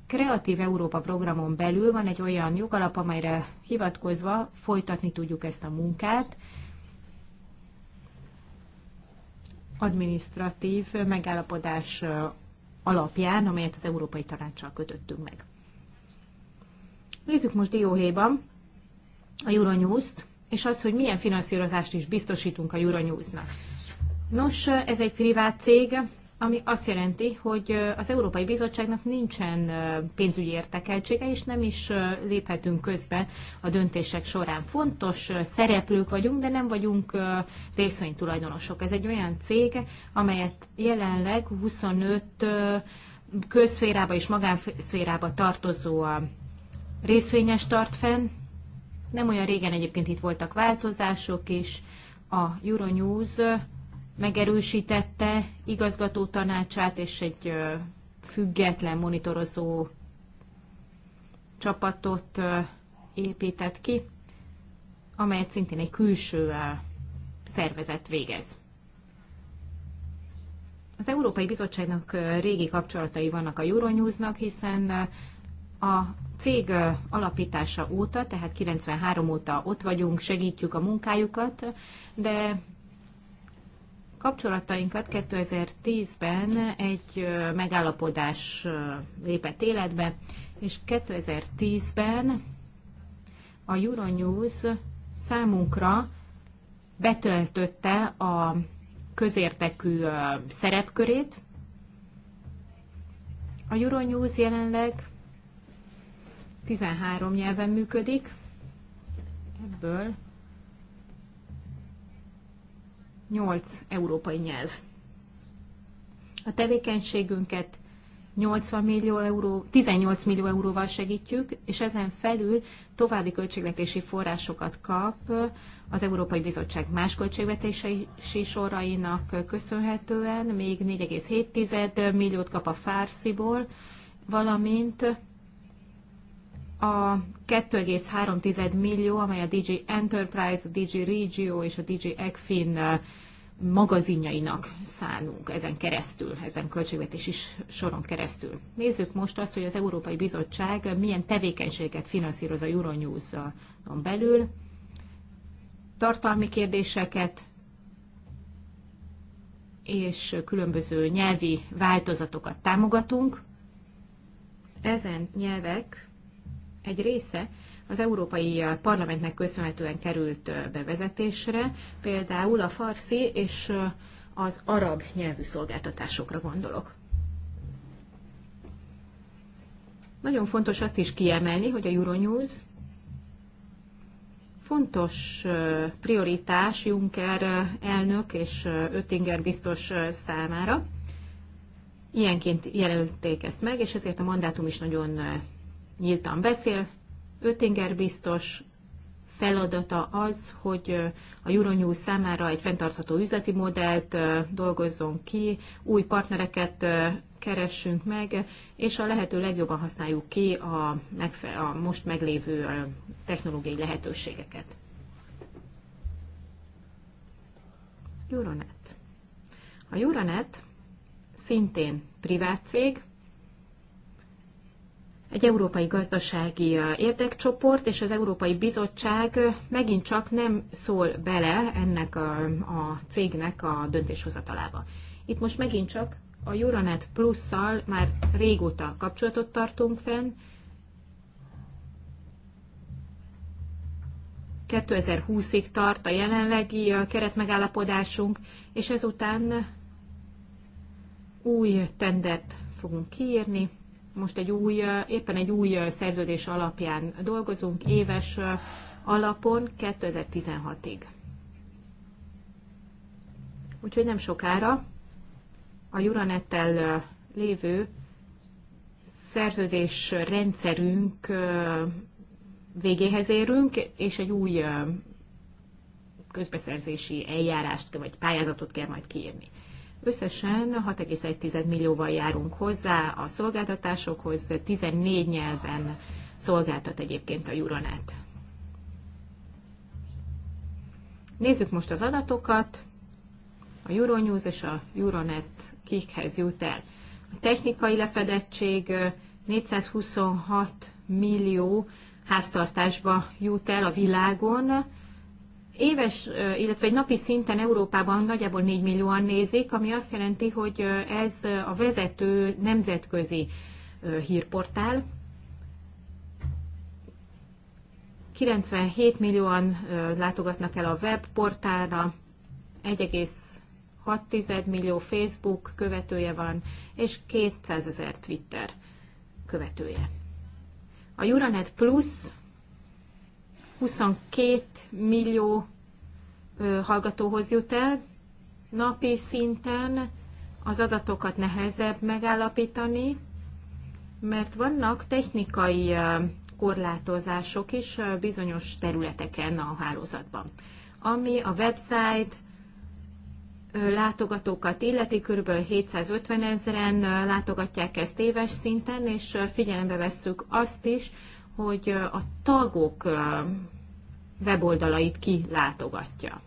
Kreatív Európa programon belül van egy olyan jogalap, amelyre hivatkozva folytatni tudjuk ezt a munkát, administratív megállapodás alapján, amelyet az Európai Tanácssal kötöttünk meg. Nézzük most dióhéjban a Euronews-t, és az, hogy milyen finanszírozást is biztosítunk a Euronews-nak. Nos, ez egy privát cég, ami azt jelenti, hogy az Európai Bizottságnak nincsen pénzügyi értekeltsége, és nem is léphetünk közbe a döntések során. Fontos szereplők vagyunk, de nem vagyunk részvénytulajdonosok. Ez egy olyan cég, amelyet jelenleg 25 közszférába és magánszférába tartozó részvényes tart fenn. Nem olyan régen egyébként itt voltak változások is. A Euronews megerősítette igazgató tanácsát és egy független monitorozó csapatot épített ki, amelyet szintén egy külső szervezet végez. Az Európai Bizottságnak régi kapcsolatai vannak a Euronewsnak, hiszen a cég alapítása óta, tehát 93 óta ott vagyunk, segítjük a munkájukat, de kapcsolatainkat 2010-ben egy megállapodás lépett életbe, és 2010-ben a Euronews számunkra betöltötte a közértekű szerepkörét. A Euronews jelenleg 13 nyelven működik, ebből 8 európai nyelv. A tevékenységünket 80 millió euró, 18 millió euróval segítjük, és ezen felül további költségvetési forrásokat kap az Európai Bizottság más költségvetési sorainak köszönhetően, még 4,7 milliót kap a Fársziból, valamint a 2,3 millió, amely a DJ Enterprise, a DJ Regio és a DJ Ekfin magazinjainak szánunk ezen keresztül, ezen költségvetési soron keresztül. Nézzük most azt, hogy az Európai Bizottság milyen tevékenységet finanszíroz a Euronews-on belül, tartalmi kérdéseket, és különböző nyelvi változatokat támogatunk. Ezen nyelvek egy része az Európai Parlamentnek köszönhetően került bevezetésre, például a farsi és az arab nyelvű szolgáltatásokra gondolok. Nagyon fontos azt is kiemelni, hogy a Euronews fontos prioritás Juncker elnök és Öttinger biztos számára. Ilyenként jelölték ezt meg, és ezért a mandátum is nagyon nyíltan beszél. Öttinger biztos feladata az, hogy a Euronews számára egy fenntartható üzleti modellt dolgozzon ki, új partnereket keressünk meg, és a lehető legjobban használjuk ki a, a most meglévő technológiai lehetőségeket. Euronet. A Euronet szintén privát cég, egy európai gazdasági érdekcsoport, és az Európai Bizottság megint csak nem szól bele ennek a, a cégnek a döntéshozatalába. Itt most megint csak a Euronet Plus-szal már régóta kapcsolatot tartunk fenn. 2020-ig tart a jelenlegi keretmegállapodásunk, és ezután új tendert fogunk kiírni, most egy új, éppen egy új szerződés alapján dolgozunk, éves alapon 2016-ig. Úgyhogy nem sokára a Juranettel lévő szerződés rendszerünk végéhez érünk, és egy új közbeszerzési eljárást vagy pályázatot kell majd kiírni. Összesen 6,1 millióval járunk hozzá a szolgáltatásokhoz, 14 nyelven szolgáltat egyébként a Juronet. Nézzük most az adatokat. A Euronews és a Euronet kikhez jut el. A technikai lefedettség 426 millió háztartásba jut el a világon, éves, illetve egy napi szinten Európában nagyjából 4 millióan nézik, ami azt jelenti, hogy ez a vezető nemzetközi hírportál. 97 millióan látogatnak el a webportálra, 1,6 millió Facebook követője van, és 200 ezer Twitter követője. A Juranet Plus 22 millió hallgatóhoz jut el napi szinten, az adatokat nehezebb megállapítani, mert vannak technikai korlátozások is bizonyos területeken a hálózatban. Ami a website látogatókat illeti, kb. 750 ezeren látogatják ezt éves szinten, és figyelembe vesszük azt is, hogy a tagok weboldalait kilátogatja.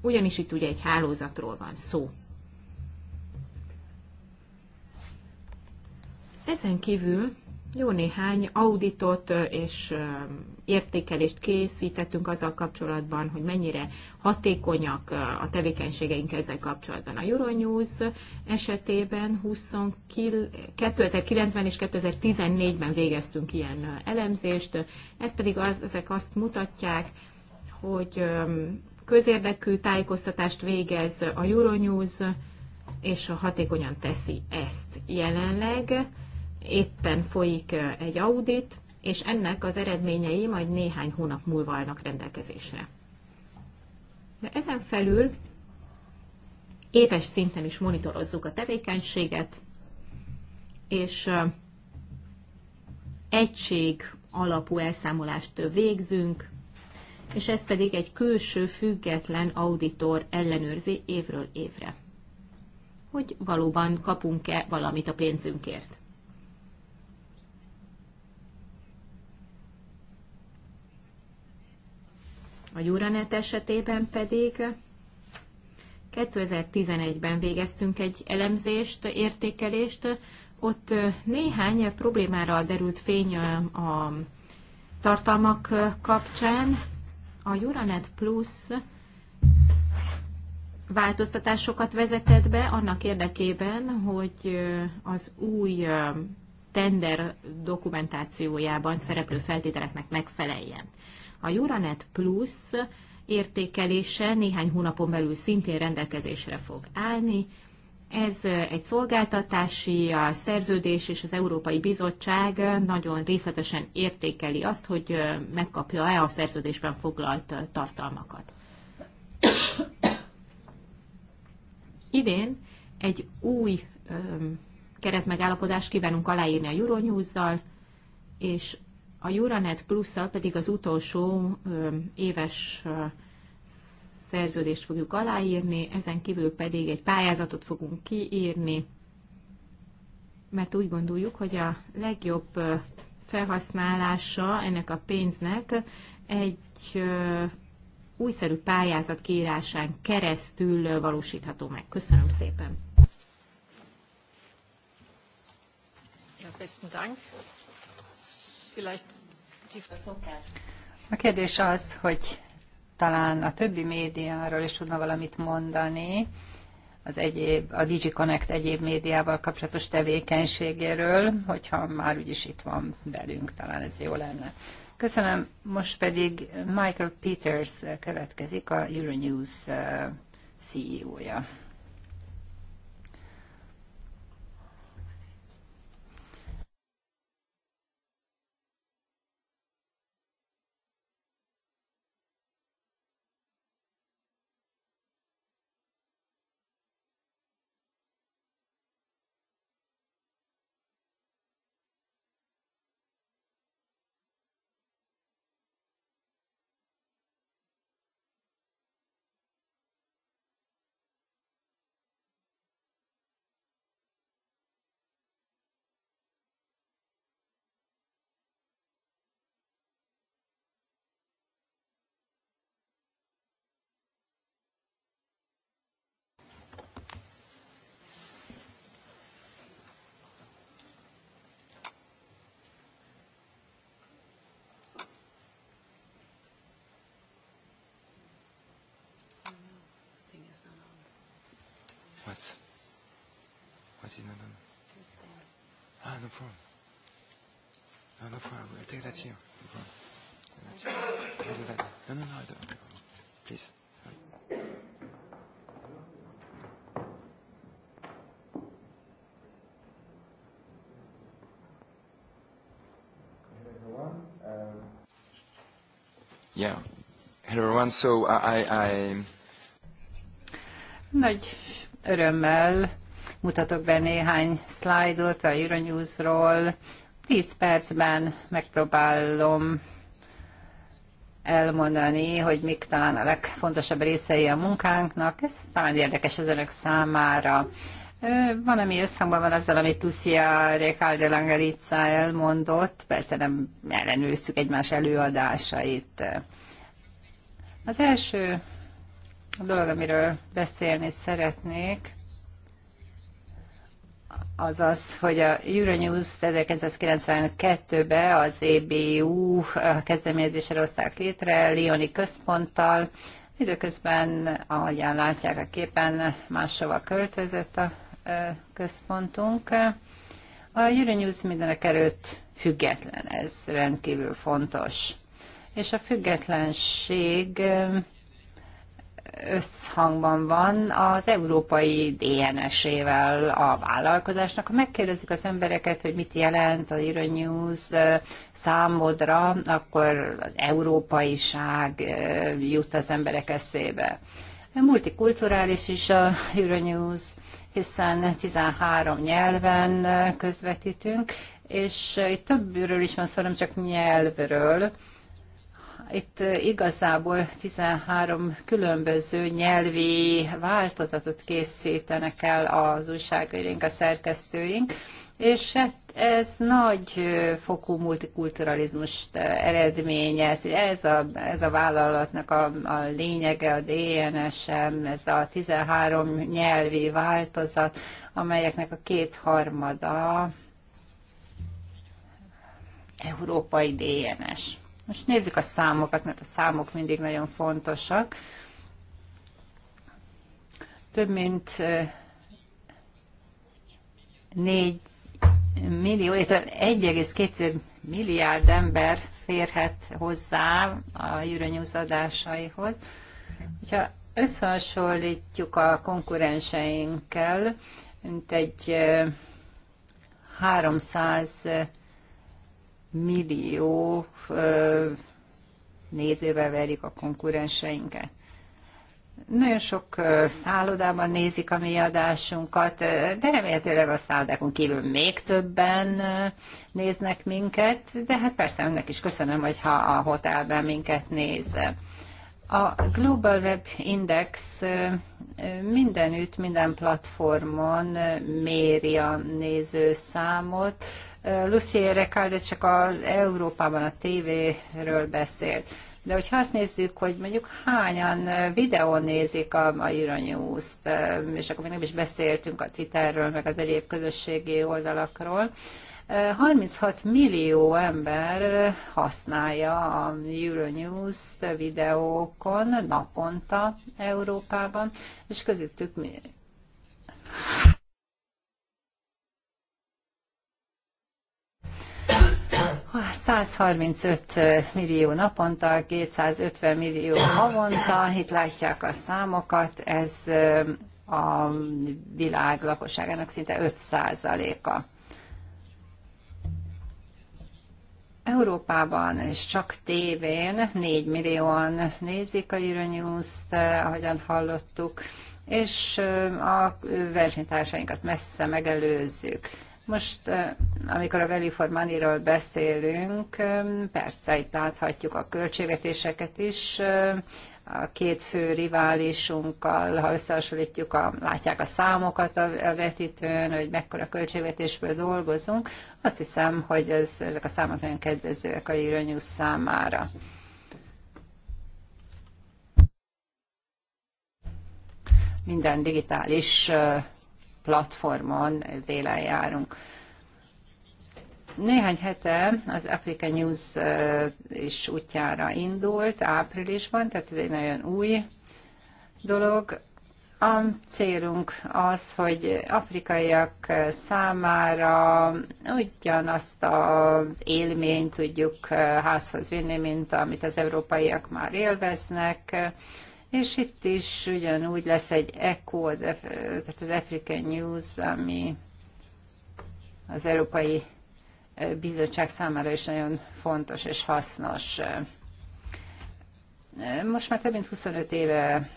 Ugyanis itt ugye egy hálózatról van szó. Ezen kívül jó néhány auditot és értékelést készítettünk azzal kapcsolatban, hogy mennyire hatékonyak a tevékenységeink ezzel kapcsolatban. A Euronews esetében 2009-ben és 2014-ben végeztünk ilyen elemzést, ez pedig az, ezek azt mutatják, hogy közérdekű tájékoztatást végez a Euronews, és hatékonyan teszi ezt jelenleg éppen folyik egy audit, és ennek az eredményei majd néhány hónap múlva állnak rendelkezésre. De ezen felül éves szinten is monitorozzuk a tevékenységet, és egység alapú elszámolást végzünk, és ez pedig egy külső független auditor ellenőrzi évről évre, hogy valóban kapunk-e valamit a pénzünkért. A Juranet esetében pedig 2011-ben végeztünk egy elemzést, értékelést, ott néhány problémára derült fény a tartalmak kapcsán. A Juranet Plus változtatásokat vezetett be annak érdekében, hogy az új tender dokumentációjában szereplő feltételeknek megfeleljen. A Juranet Plus értékelése néhány hónapon belül szintén rendelkezésre fog állni. Ez egy szolgáltatási a szerződés, és az Európai Bizottság nagyon részletesen értékeli azt, hogy megkapja-e a szerződésben foglalt tartalmakat. Idén egy új keretmegállapodást kívánunk aláírni a Euronews-zal, és a Juranet plus pedig az utolsó éves szerződést fogjuk aláírni, ezen kívül pedig egy pályázatot fogunk kiírni, mert úgy gondoljuk, hogy a legjobb felhasználása ennek a pénznek egy újszerű pályázat kiírásán keresztül valósítható meg. Köszönöm szépen! Ja, besten Dank. Vielleicht a kérdés az, hogy talán a többi médiáról is tudna valamit mondani, az egyéb, a DigiConnect egyéb médiával kapcsolatos tevékenységéről, hogyha már úgyis itt van velünk, talán ez jó lenne. Köszönöm, most pedig Michael Peters következik, a Euronews eh, CEO-ja. What? What did you not done? Ah, no problem. No, no problem. I'll take that here. No problem. I'll do that. No, no, no, I don't. Please. Sorry. Yeah. Hello everyone. So I, I, I... Nagy örömmel mutatok be néhány szlájdot a Euronews-ról. tíz percben megpróbálom elmondani, hogy mik talán a legfontosabb részei a munkánknak. Ez talán érdekes az önök számára. Van, ami összhangban van azzal, amit Tuszia Recalde Langelica elmondott. Persze nem ellenőriztük egymás előadásait. Az első dolog, amiről beszélni szeretnék, az az, hogy a Euronews 1992-ben az EBU kezdeményezésre hozták létre, Lioni központtal. Időközben, ahogyan látják a képen, máshova költözött a központunk. A Euronews mindenek előtt független, ez rendkívül fontos. És a függetlenség összhangban van az európai DNS-ével a vállalkozásnak. Ha megkérdezzük az embereket, hogy mit jelent a Euronews számodra, akkor az európaiság jut az emberek eszébe. Multikulturális is a Euronews, hiszen 13 nyelven közvetítünk, és itt többről is van szó, nem csak nyelvről, itt eh, igazából 13 különböző nyelvi változatot készítenek el az újságíróink, a szerkesztőink, és hát ez nagy eh, fokú multikulturalizmust eh, eredményez. Ez a, ez a vállalatnak a, a lényege, a DNS-em, ez a 13 nyelvi változat, amelyeknek a kétharmada európai DNS. Most nézzük a számokat, mert a számok mindig nagyon fontosak. Több mint 4 millió, 1,2 milliárd ember férhet hozzá a Euronews adásaihoz. Hogyha összehasonlítjuk a konkurenseinkkel, mint egy 300 millió nézővel verik a konkurenseinket. Nagyon sok szállodában nézik a mi adásunkat, de remélhetőleg a szállodákon kívül még többen néznek minket, de hát persze önnek is köszönöm, hogyha a hotelben minket néz. A Global Web Index mindenütt, minden platformon méri a nézőszámot. Lucie Recalde csak az Európában a tévéről beszélt. De hogyha azt nézzük, hogy mondjuk hányan videón nézik a, a Euronews-t, és akkor még nem is beszéltünk a Twitterről, meg az egyéb közösségi oldalakról, 36 millió ember használja a Euronews-t videókon naponta Európában, és közöttük mi? A 135 millió naponta, 250 millió havonta, itt látják a számokat, ez a világ lakosságának szinte 5 a Európában és csak tévén 4 millióan nézik a Euronews-t, ahogyan hallottuk, és a versenytársainkat messze megelőzzük. Most, amikor a Value for Money-ról beszélünk, persze itt láthatjuk a költségvetéseket is, a két fő riválisunkkal, ha összehasonlítjuk, a, látják a számokat a vetítőn, hogy mekkora költségvetésből dolgozunk, azt hiszem, hogy ez, ezek a számok nagyon kedvezőek a Euronews számára. Minden digitális platformon délen járunk. Néhány hete az Africa News eh, is útjára indult áprilisban, tehát ez egy nagyon új dolog. A célunk az, hogy afrikaiak számára ugyanazt az élményt tudjuk eh, házhoz vinni, mint amit az európaiak már élveznek, és itt is ugyanúgy lesz egy ECO, az, eh, tehát az African News, ami az európai bizottság számára is nagyon fontos és hasznos. Most már több mint 25 éve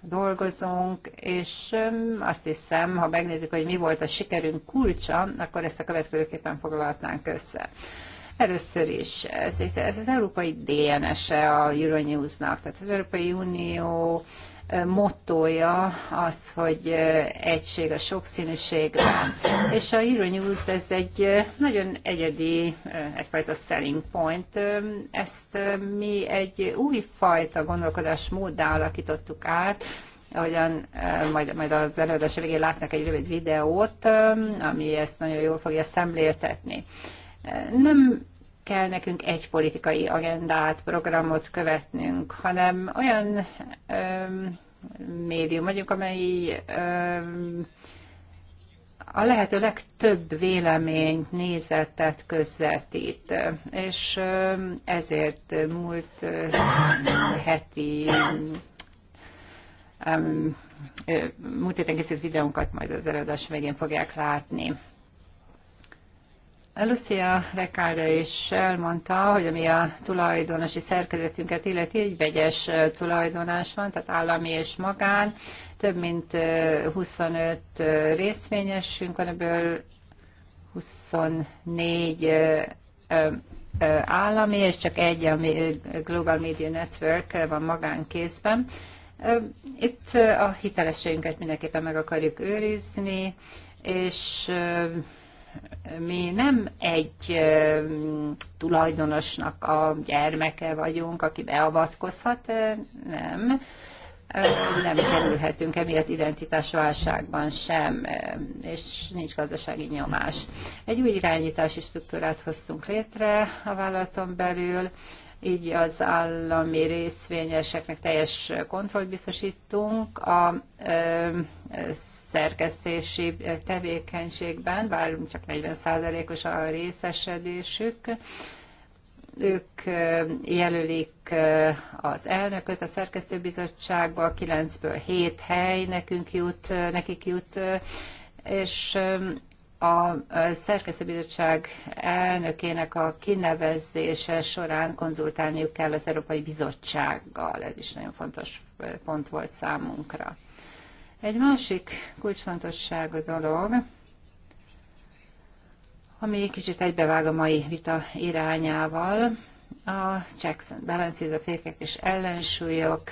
dolgozunk, és azt hiszem, ha megnézzük, hogy mi volt a sikerünk kulcsa, akkor ezt a következőképpen foglalhatnánk össze. Először is, ez, ez az európai DNS-e a Euronews-nak, tehát az Európai Unió mottoja az, hogy egység a sokszínűségben. És a News ez egy nagyon egyedi, egyfajta selling point. Ezt mi egy új fajta gondolkodásmóddá alakítottuk át, ahogyan majd, majd az előadás végén látnak egy rövid videót, ami ezt nagyon jól fogja szemléltetni. Nem kell nekünk egy politikai agendát, programot követnünk, hanem olyan öm, médium vagyunk, amely öm, a lehető legtöbb véleményt, nézetet közvetít. És ezért múlt heti múlt héten készült videónkat majd az előadás végén fogják látni. Lucia Rekára is elmondta, hogy ami a tulajdonosi szerkezetünket illeti, egy vegyes tulajdonás van, tehát állami és magán. Több mint 25 részvényesünk van, ebből 24 állami, és csak egy a Global Media Network van magánkézben. Itt a hitelességünket mindenképpen meg akarjuk őrizni, és mi nem egy tulajdonosnak a gyermeke vagyunk, aki beavatkozhat, nem nem kerülhetünk emiatt identitásválságban sem, és nincs gazdasági nyomás. Egy új irányítási struktúrát hoztunk létre a vállalaton belül, így az állami részvényeseknek teljes kontrollt biztosítunk a szerkesztési tevékenységben, bár csak 40%-os a részesedésük, ők jelölik az elnököt a szerkesztőbizottságba, 9-ből 7 hely nekünk jut, nekik jut, és a szerkesztőbizottság elnökének a kinevezése során konzultálniuk kell az Európai Bizottsággal. Ez is nagyon fontos pont volt számunkra. Egy másik kulcsfontosságú dolog, ami kicsit egybevág a mai vita irányával, a checks and balances, a fékek és ellensúlyok,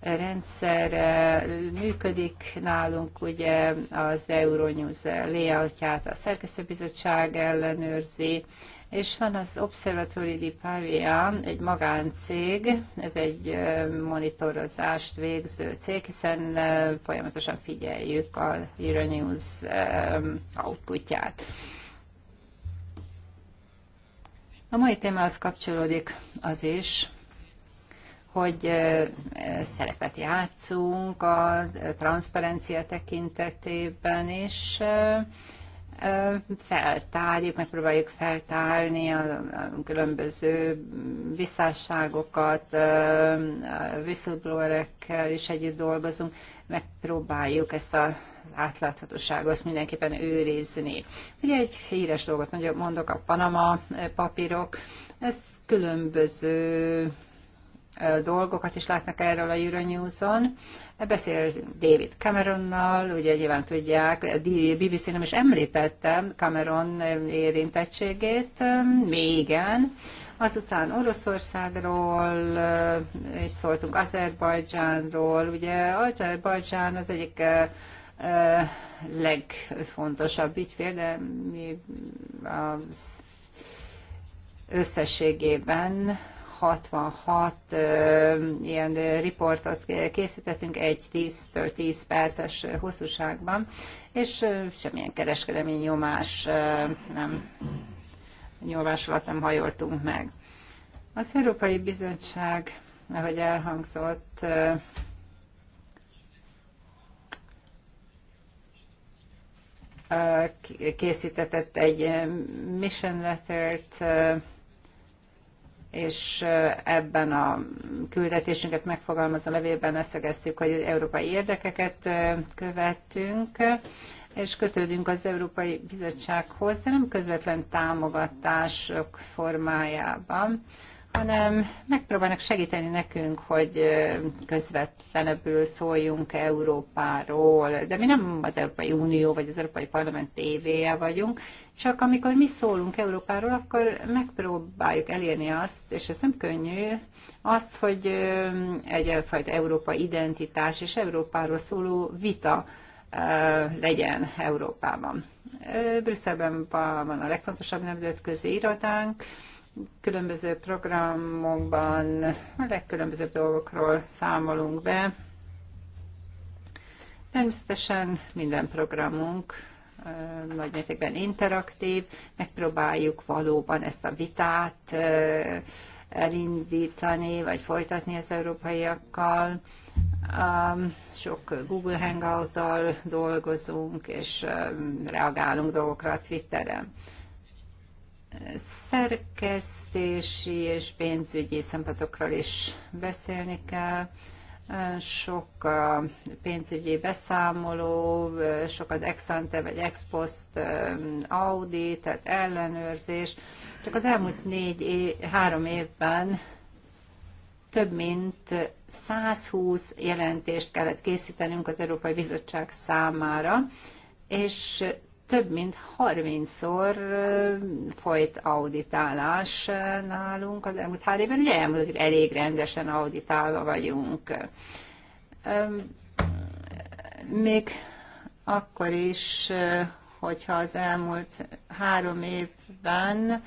rendszer eh, működik nálunk, ugye az Euronews léjátját a szerkesztőbizottság ellenőrzi, és van az Observatory di Pavia, egy magáncég, ez egy eh, monitorozást végző cég, hiszen eh, folyamatosan figyeljük a Euronews outputját. A mai témához kapcsolódik az is, hogy szerepet játszunk a transzparencia tekintetében, és feltárjuk, megpróbáljuk feltárni a különböző visszásságokat, whistleblowerekkel is együtt dolgozunk, megpróbáljuk ezt a átláthatóságot mindenképpen őrizni. Ugye egy híres dolgot mondok, a Panama papírok, ez különböző dolgokat is látnak erről a Euronews-on. Beszél David Cameronnal, ugye nyilván tudják, a BBC nem is említette Cameron érintettségét, még igen. Azután Oroszországról és szóltunk, Azerbajdzsánról. Ugye Azerbajdzsán az egyik legfontosabb ügyfél, de mi az összességében 66 ilyen riportot készítettünk, egy 10-től 10 perces hosszúságban, és semmilyen kereskedelmi nyomás nem, nyomás alatt nem hajoltunk meg. Az Európai Bizottság, ahogy elhangzott, készítetett egy mission lettert, és ebben a küldetésünket megfogalmazva levélben leszögeztük, hogy európai érdekeket követtünk, és kötődünk az Európai Bizottsághoz, de nem közvetlen támogatások formájában, hanem megpróbálnak segíteni nekünk, hogy közvetlenebbül szóljunk Európáról, de mi nem az Európai Unió vagy az Európai Parlament tévéje vagyunk, csak amikor mi szólunk Európáról, akkor megpróbáljuk elérni azt, és ez nem könnyű, azt, hogy egy egyfajta Európa identitás és Európáról szóló vita legyen Európában. Brüsszelben van a legfontosabb nemzetközi irodánk, különböző programokban a legkülönbözőbb dolgokról számolunk be. Természetesen minden programunk nagy mértékben interaktív, megpróbáljuk valóban ezt a vitát elindítani, vagy folytatni az európaiakkal. Sok Google Hangout-tal dolgozunk, és reagálunk dolgokra a Twitteren. Szerkesztési és pénzügyi szempontokról is beszélni kell. Sok a pénzügyi beszámoló, sok az ex ante vagy ex post um, audit, tehát ellenőrzés. Csak az elmúlt négy, három évben több mint 120 jelentést kellett készítenünk az Európai Bizottság számára, és több mint 30-szor folyt auditálás nálunk az elmúlt három évben. Ugye elmondott, hogy elég rendesen auditálva vagyunk. Még akkor is, hogyha az elmúlt három évben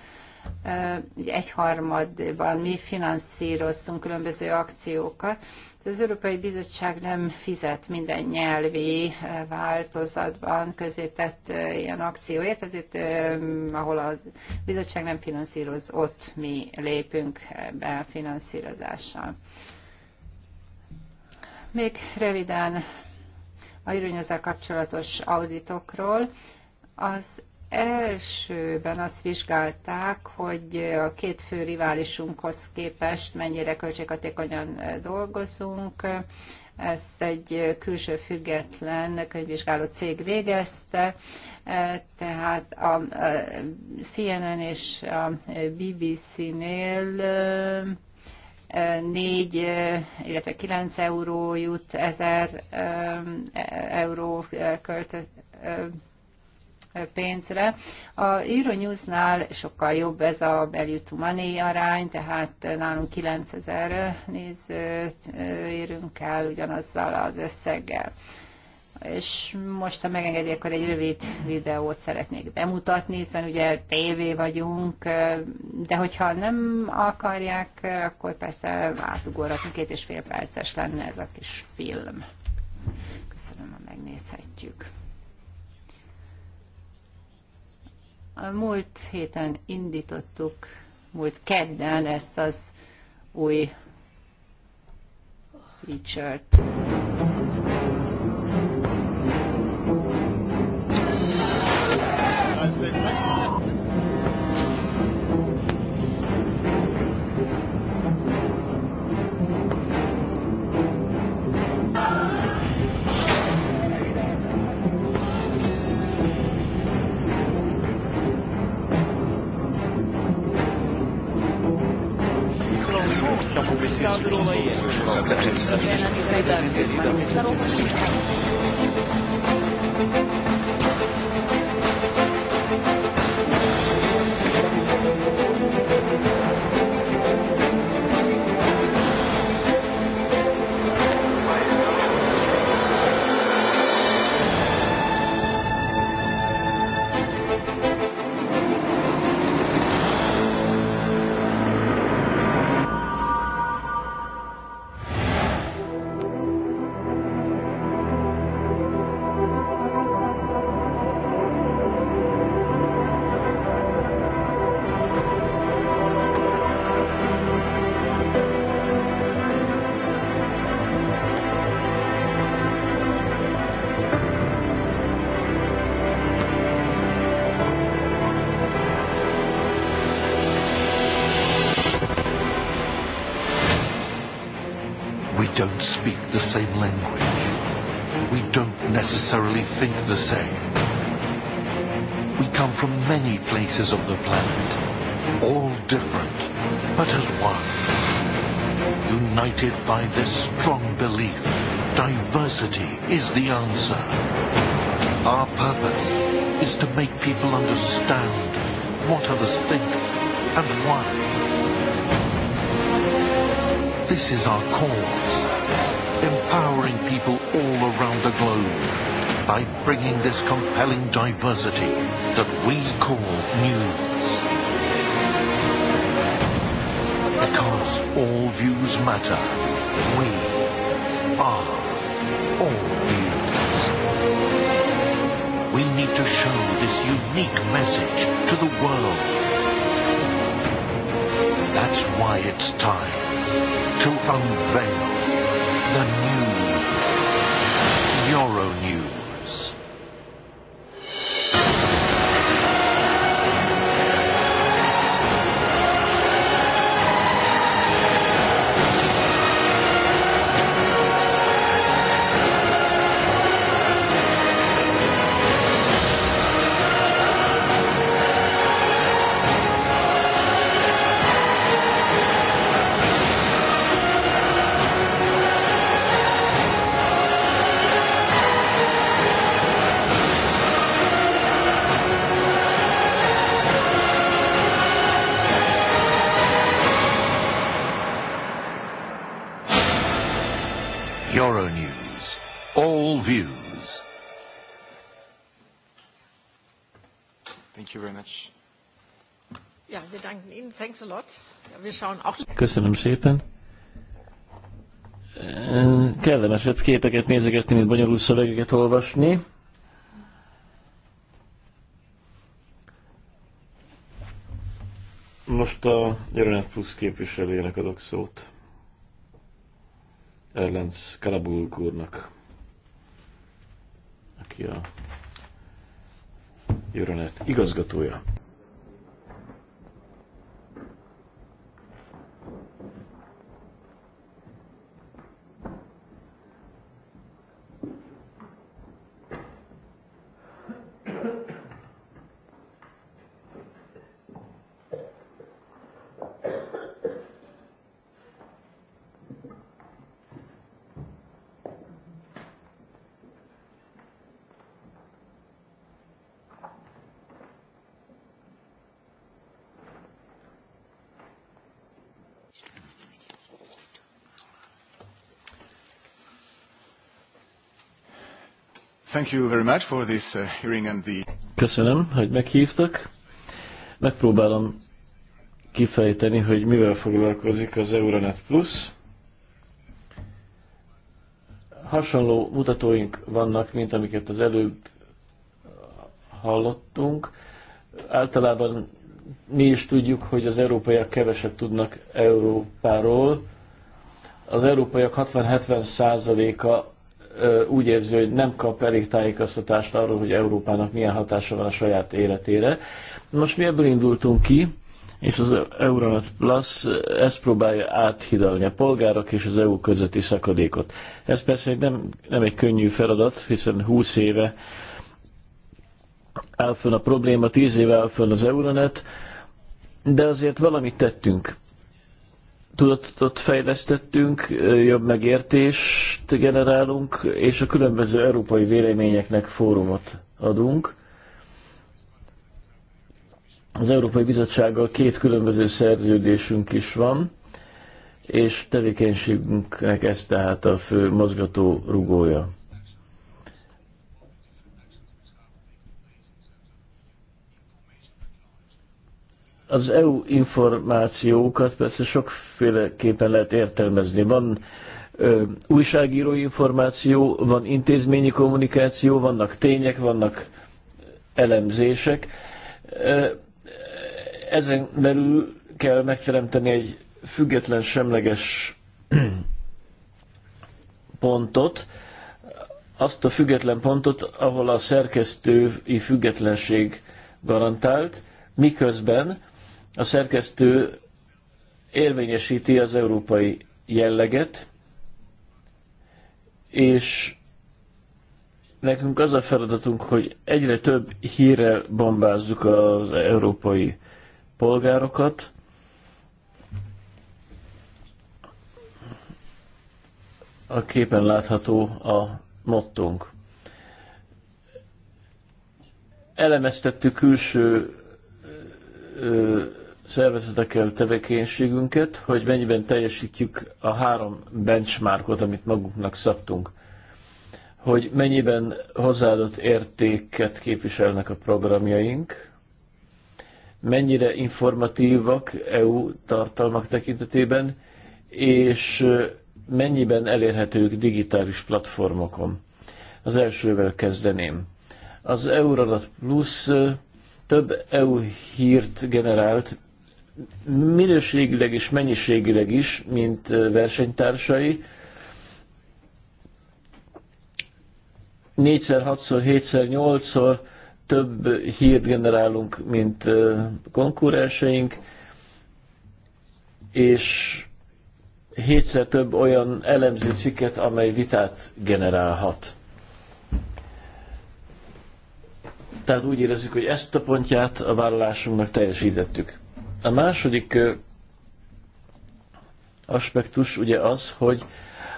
egyharmadban mi finanszíroztunk különböző akciókat, az Európai Bizottság nem fizet minden nyelvi változatban közétett ilyen akcióért, ezért ahol a bizottság nem finanszíroz, ott mi lépünk be finanszírozással. Még röviden a jövőnyözzel kapcsolatos auditokról. Az elsőben azt vizsgálták, hogy a két fő riválisunkhoz képest mennyire költséghatékonyan dolgozunk. Ezt egy külső független könyvvizsgáló cég végezte, tehát a CNN és a BBC-nél négy, illetve 9 euró jut, 1000 euró költött pénzre. A Euronews-nál sokkal jobb ez a value to money arány, tehát nálunk 9000 nézőt érünk el ugyanazzal az összeggel. És most, ha megengedi, akkor egy rövid videót szeretnék bemutatni, hiszen ugye tévé vagyunk, de hogyha nem akarják, akkor persze átugorhatunk, két és fél perces lenne ez a kis film. Köszönöm, ha megnézhetjük. A múlt héten indítottuk, múlt kedden ezt az új feature-t. Manifestando no Bahia. language. We don't necessarily think the same. We come from many places of the planet, all different, but as one. United by this strong belief, diversity is the answer. Our purpose is to make people understand what others think and why. This is our cause empowering people all around the globe by bringing this compelling diversity that we call news. Because all views matter, we are all views. We need to show this unique message to the world. That's why it's time to unveil The new Euro News. Köszönöm szépen. Kellemesebb képeket nézegetni, mint bonyolult szövegeket olvasni. Most a Jelenet Plusz képviselőjének adok szót. Erlenc Kalabul úrnak, aki a Jelenet igazgatója. Köszönöm, hogy meghívtak. Megpróbálom kifejteni, hogy mivel foglalkozik az Euronet Plus. Hasonló mutatóink vannak, mint amiket az előbb hallottunk. Általában mi is tudjuk, hogy az európaiak keveset tudnak Európáról. Az európaiak 60-70 százaléka úgy érzi, hogy nem kap elég tájékoztatást arról, hogy Európának milyen hatása van a saját életére. Most mi ebből indultunk ki, és az Euronet Plus ezt próbálja áthidalni a polgárok és az EU közötti szakadékot. Ez persze nem, nem egy könnyű feladat, hiszen 20 éve áll fönn a probléma, 10 éve áll fönn az Euronet, de azért valamit tettünk tudatot fejlesztettünk, jobb megértést generálunk, és a különböző európai véleményeknek fórumot adunk. Az Európai Bizottsággal két különböző szerződésünk is van, és tevékenységünknek ez tehát a fő mozgató rugója. az EU információkat persze sokféleképpen lehet értelmezni. Van ö, újságíró információ, van intézményi kommunikáció, vannak tények, vannak elemzések. Ezen belül kell megteremteni egy független, semleges pontot, azt a független pontot, ahol a szerkesztői függetlenség garantált, miközben a szerkesztő érvényesíti az európai jelleget, és nekünk az a feladatunk, hogy egyre több hírrel bombázzuk az európai polgárokat. A képen látható a mottunk. Elemeztettük külső szervezetekkel tevékenységünket, hogy mennyiben teljesítjük a három benchmarkot, amit magunknak szabtunk. Hogy mennyiben hozzáadott értéket képviselnek a programjaink, mennyire informatívak EU tartalmak tekintetében, és mennyiben elérhetők digitális platformokon. Az elsővel kezdeném. Az Euronat Plus több EU hírt generált, minőségileg és mennyiségileg is, mint versenytársai. 4 hatszor, 6-szor, 7 8-szor több hírt generálunk, mint konkurenseink, és hétszer több olyan elemző cikket, amely vitát generálhat. Tehát úgy érezzük, hogy ezt a pontját a vállalásunknak teljesítettük. A második aspektus ugye az, hogy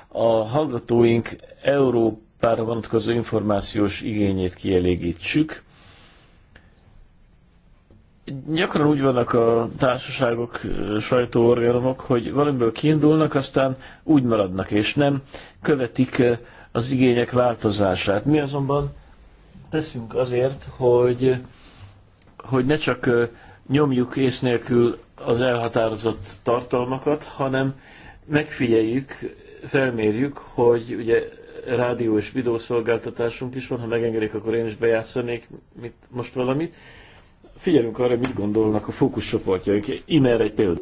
a hallgatóink Európára vonatkozó információs igényét kielégítsük. Gyakran úgy vannak a társaságok, sajtóorganok, hogy valamiből kiindulnak, aztán úgy maradnak, és nem követik az igények változását. Mi azonban teszünk azért, hogy, hogy ne csak nyomjuk ész nélkül az elhatározott tartalmakat, hanem megfigyeljük, felmérjük, hogy ugye rádió és videószolgáltatásunk is van, ha megengedik, akkor én is bejátszanék mit, most valamit. Figyelünk arra, mit gondolnak a fókuszcsoportjaink. Imer egy példa.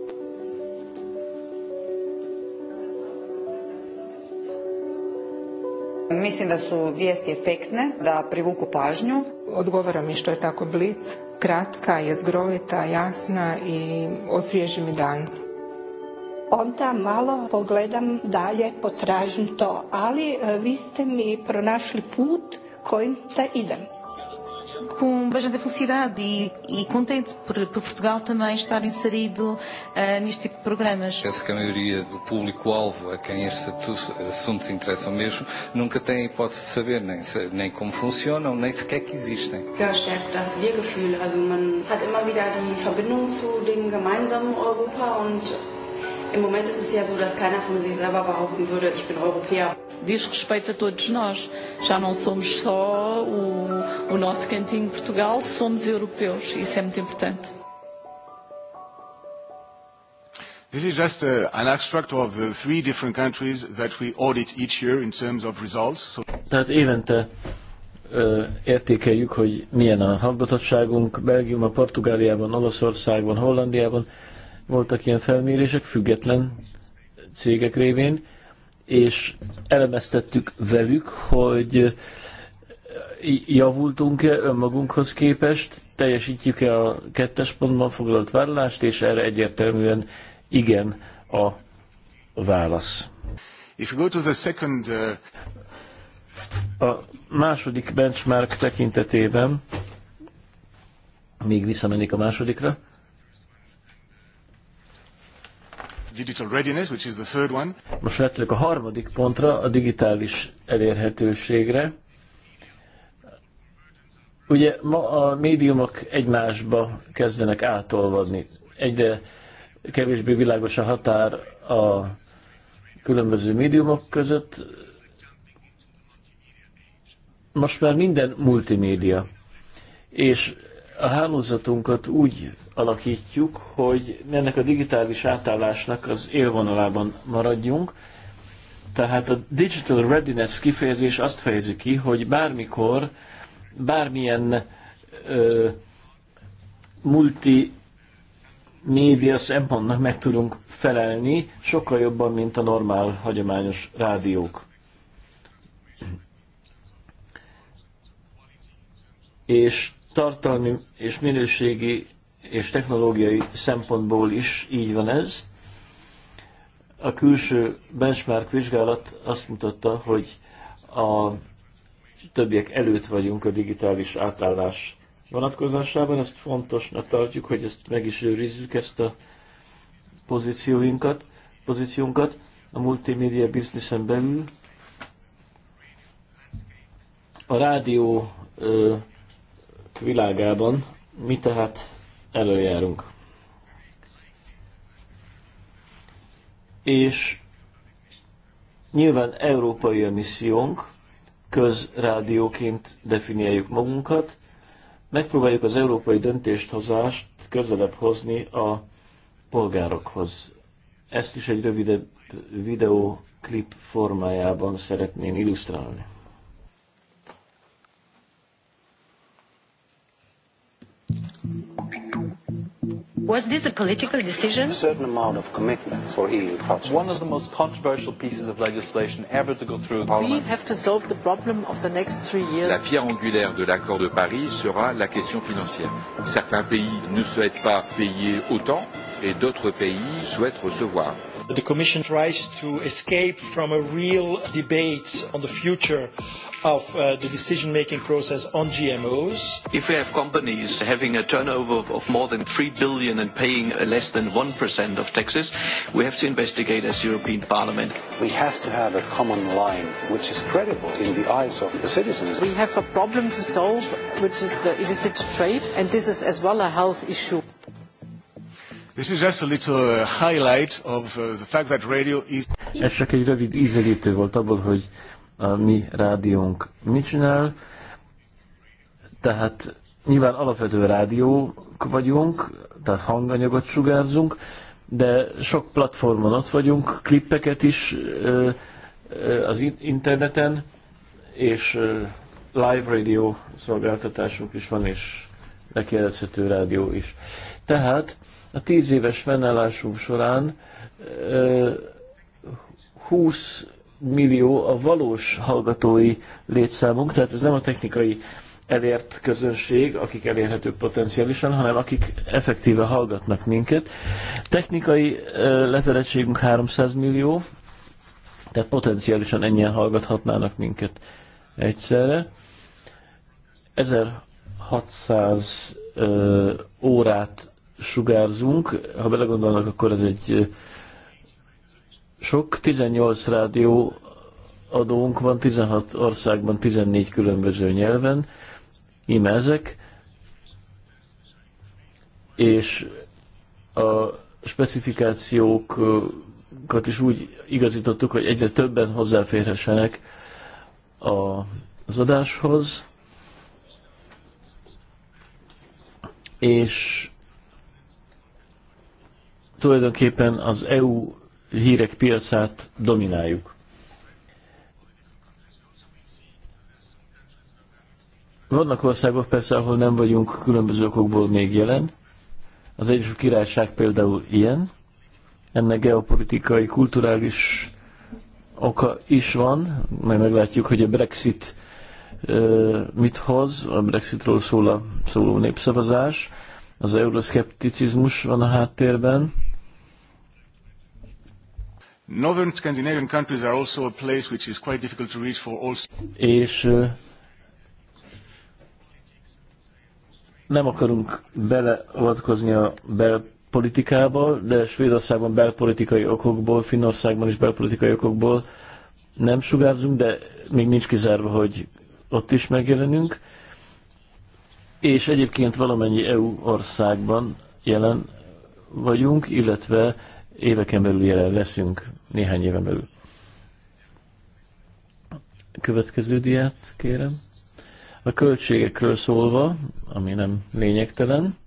Mislim da su vijesti efektne, da privuku pažnju. Odgovaram i što je tako blic kratka, jezgrovita, jasna i osvježi mi dan. Onda malo pogledam dalje, potražim to, ali e, vi ste mi pronašli put kojim da idem com bastante felicidade e, e contente por, por Portugal também estar inserido uh, neste tipo de programas. Penso que a maioria do público-alvo a quem estes assuntos interessam mesmo nunca tem a hipótese de saber nem, nem como funcionam, nem sequer que existem. Ja, stärkt das Wir-Gefühl. man hat immer wieder die Verbindung zu gemeinsamen Europa und Im Moment ist es ja so, dass keiner von sich selber behaupten würde, ich bin Europäer. Diz respeito a todos nós. Já não somos só o, o nosso cantinho Portugal, somos europeus. Isso é muito importante. This is just uh, an abstract of the uh, three different countries that we audit each year in terms of results. So Tehát évente ö, értékeljük, hogy milyen a hallgatottságunk Belgiumban, Portugáliában, Olaszországban, Hollandiában voltak ilyen felmérések független cégek révén, és elemeztettük velük, hogy javultunk-e önmagunkhoz képest, teljesítjük-e a kettes pontban foglalt vállalást, és erre egyértelműen igen a válasz. If you go to the second, uh... A második benchmark tekintetében, még visszamennék a másodikra, digital readiness, which is the third one. Most lehetőleg a harmadik pontra, a digitális elérhetőségre. Ugye ma a médiumok egymásba kezdenek átolvadni. Egyre kevésbé világos a határ a különböző médiumok között. Most már minden multimédia. És a hálózatunkat úgy alakítjuk, hogy ennek a digitális átállásnak az élvonalában maradjunk. Tehát a digital readiness kifejezés azt fejezi ki, hogy bármikor, bármilyen ö, multi média szempontnak meg tudunk felelni, sokkal jobban, mint a normál, hagyományos rádiók. És tartalmi és minőségi és technológiai szempontból is így van ez. A külső benchmark vizsgálat azt mutatta, hogy a többiek előtt vagyunk a digitális átállás vonatkozásában. Ezt fontosnak tartjuk, hogy ezt meg is őrizzük, ezt a pozícióinkat, pozíciónkat a multimédia bizniszen belül. A rádió ö, világában mi tehát előjárunk. És nyilván európai a missziónk, közrádióként definiáljuk magunkat, megpróbáljuk az európai döntéshozást közelebb hozni a polgárokhoz. Ezt is egy rövidebb videóklip formájában szeretném illusztrálni. Was this a political decision? A certain amount of commitment for EU projects. One of the most controversial pieces of legislation ever to go through Parliament. We have to solve the problem of the next three years. La pierre angulaire de l'accord de Paris sera la question financière. Certains pays ne souhaitent pas payer autant et d'autres pays souhaitent recevoir. The Commission tries to escape from a real debate on the future of uh, the decision-making process on GMOs. If we have companies having a turnover of, of more than 3 billion and paying less than 1% of taxes, we have to investigate as European Parliament. We have to have a common line which is credible in the eyes of the citizens. We have a problem to solve, which is the illicit trade, and this is as well a health issue. This is just a little uh, highlight of uh, the fact that radio is... Ez csak egy rövid ízelítő volt abból, hogy a mi rádiónk mit csinál. Tehát nyilván alapvető rádiók vagyunk, tehát hanganyagot sugárzunk, de sok platformon ott vagyunk, klippeket is az interneten, és live radio szolgáltatásunk is van, és lekérdezhető rádió is. Tehát a tíz éves fennállásunk során 20 millió a valós hallgatói létszámunk, tehát ez nem a technikai elért közönség, akik elérhetők potenciálisan, hanem akik effektíve hallgatnak minket. Technikai lefedettségünk 300 millió, tehát potenciálisan ennyien hallgathatnának minket egyszerre. 1600 órát sugárzunk, ha belegondolnak, akkor ez egy sok, 18 rádió adónk van, 16 országban, 14 különböző nyelven, íme ezek, és a specifikációkat is úgy igazítottuk, hogy egyre többen hozzáférhessenek a, az adáshoz, és tulajdonképpen az EU hírek piacát domináljuk. Vannak országok persze, ahol nem vagyunk különböző okokból még jelen. Az Egyesült Királyság például ilyen. Ennek geopolitikai, kulturális oka is van. Majd meglátjuk, hogy a Brexit mit hoz. A Brexitról szól a szóló népszavazás. Az euroszkepticizmus van a háttérben Northern Scandinavian countries are also a place which is quite difficult to reach for all. És nem akarunk beleavatkozni a belpolitikába, de Svédországban belpolitikai okokból, Finnországban is belpolitikai okokból nem sugárzunk, de még nincs kizárva, hogy ott is megjelenünk. És egyébként valamennyi EU országban jelen vagyunk, illetve éveken belül jelen leszünk, néhány éven belül. Következő diát kérem. A költségekről szólva, ami nem lényegtelen,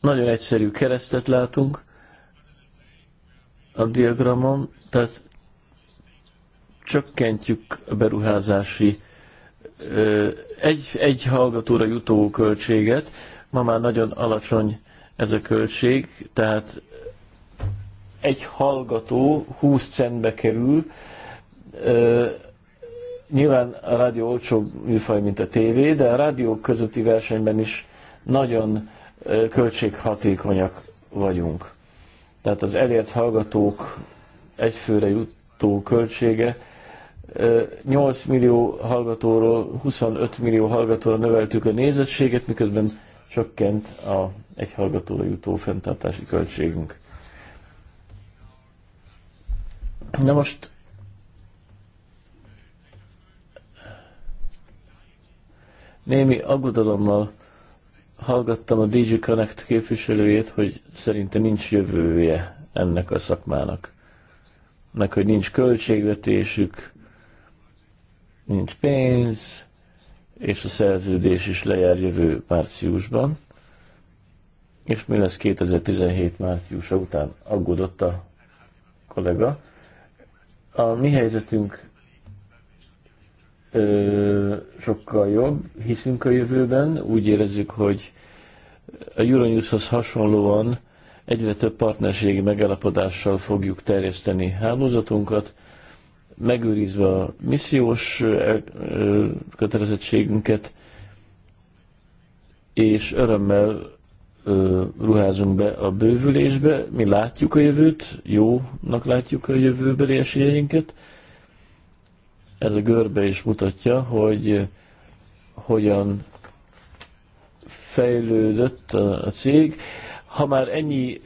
nagyon egyszerű keresztet látunk a diagramon, tehát csökkentjük a beruházási egy, egy hallgatóra jutó költséget, ma már nagyon alacsony ez a költség, tehát egy hallgató 20 centbe kerül, nyilván a rádió olcsóbb műfaj, mint a tévé, de a rádió közötti versenyben is nagyon költséghatékonyak vagyunk. Tehát az elért hallgatók egyfőre jutó költsége 8 millió hallgatóról 25 millió hallgatóra növeltük a nézettséget, miközben csökkent a egy hallgatóra jutó fenntartási költségünk. Na most némi aggodalommal hallgattam a DJ Connect képviselőjét, hogy szerinte nincs jövője ennek a szakmának. Meg, hogy nincs költségvetésük, nincs pénz, és a szerződés is lejár jövő márciusban. És mi lesz 2017 márciusa után? Aggódott a kollega. A mi helyzetünk ö, sokkal jobb, hiszünk a jövőben, úgy érezzük, hogy a Euronews-hoz hasonlóan egyre több partnerségi megállapodással fogjuk terjeszteni hálózatunkat, megőrizve a missziós kötelezettségünket, és örömmel ruházunk be a bővülésbe, mi látjuk a jövőt, jónak látjuk a jövőbeli esélyeinket. Ez a görbe is mutatja, hogy hogyan fejlődött a cég. Ha már ennyi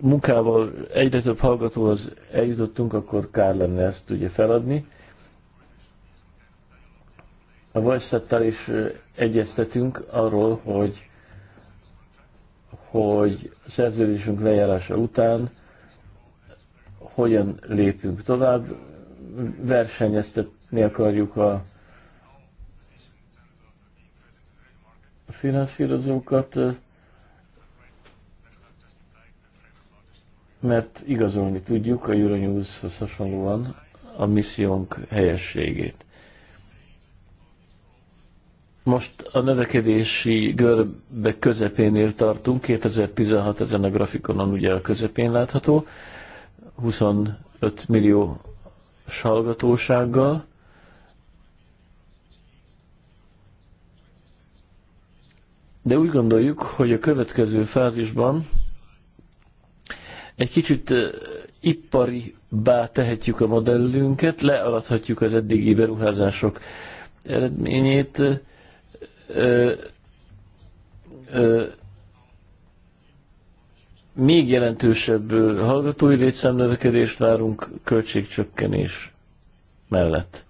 munkával egyre több hallgatóhoz eljutottunk, akkor kár lenne ezt ugye feladni. A Vajszettel is egyeztetünk arról, hogy, hogy szerződésünk lejárása után hogyan lépünk tovább, versenyeztetni akarjuk a finanszírozókat, mert igazolni tudjuk a Euronews-hoz hasonlóan a missziónk helyességét. Most a növekedési görbe közepénél tartunk, 2016 ezen a grafikonon ugye a közepén látható, 25 millió hallgatósággal. De úgy gondoljuk, hogy a következő fázisban egy kicsit bá tehetjük a modellünket, lealadhatjuk az eddigi beruházások eredményét. Ö, ö, még jelentősebb hallgatói létszámnövekedést várunk költségcsökkenés mellett.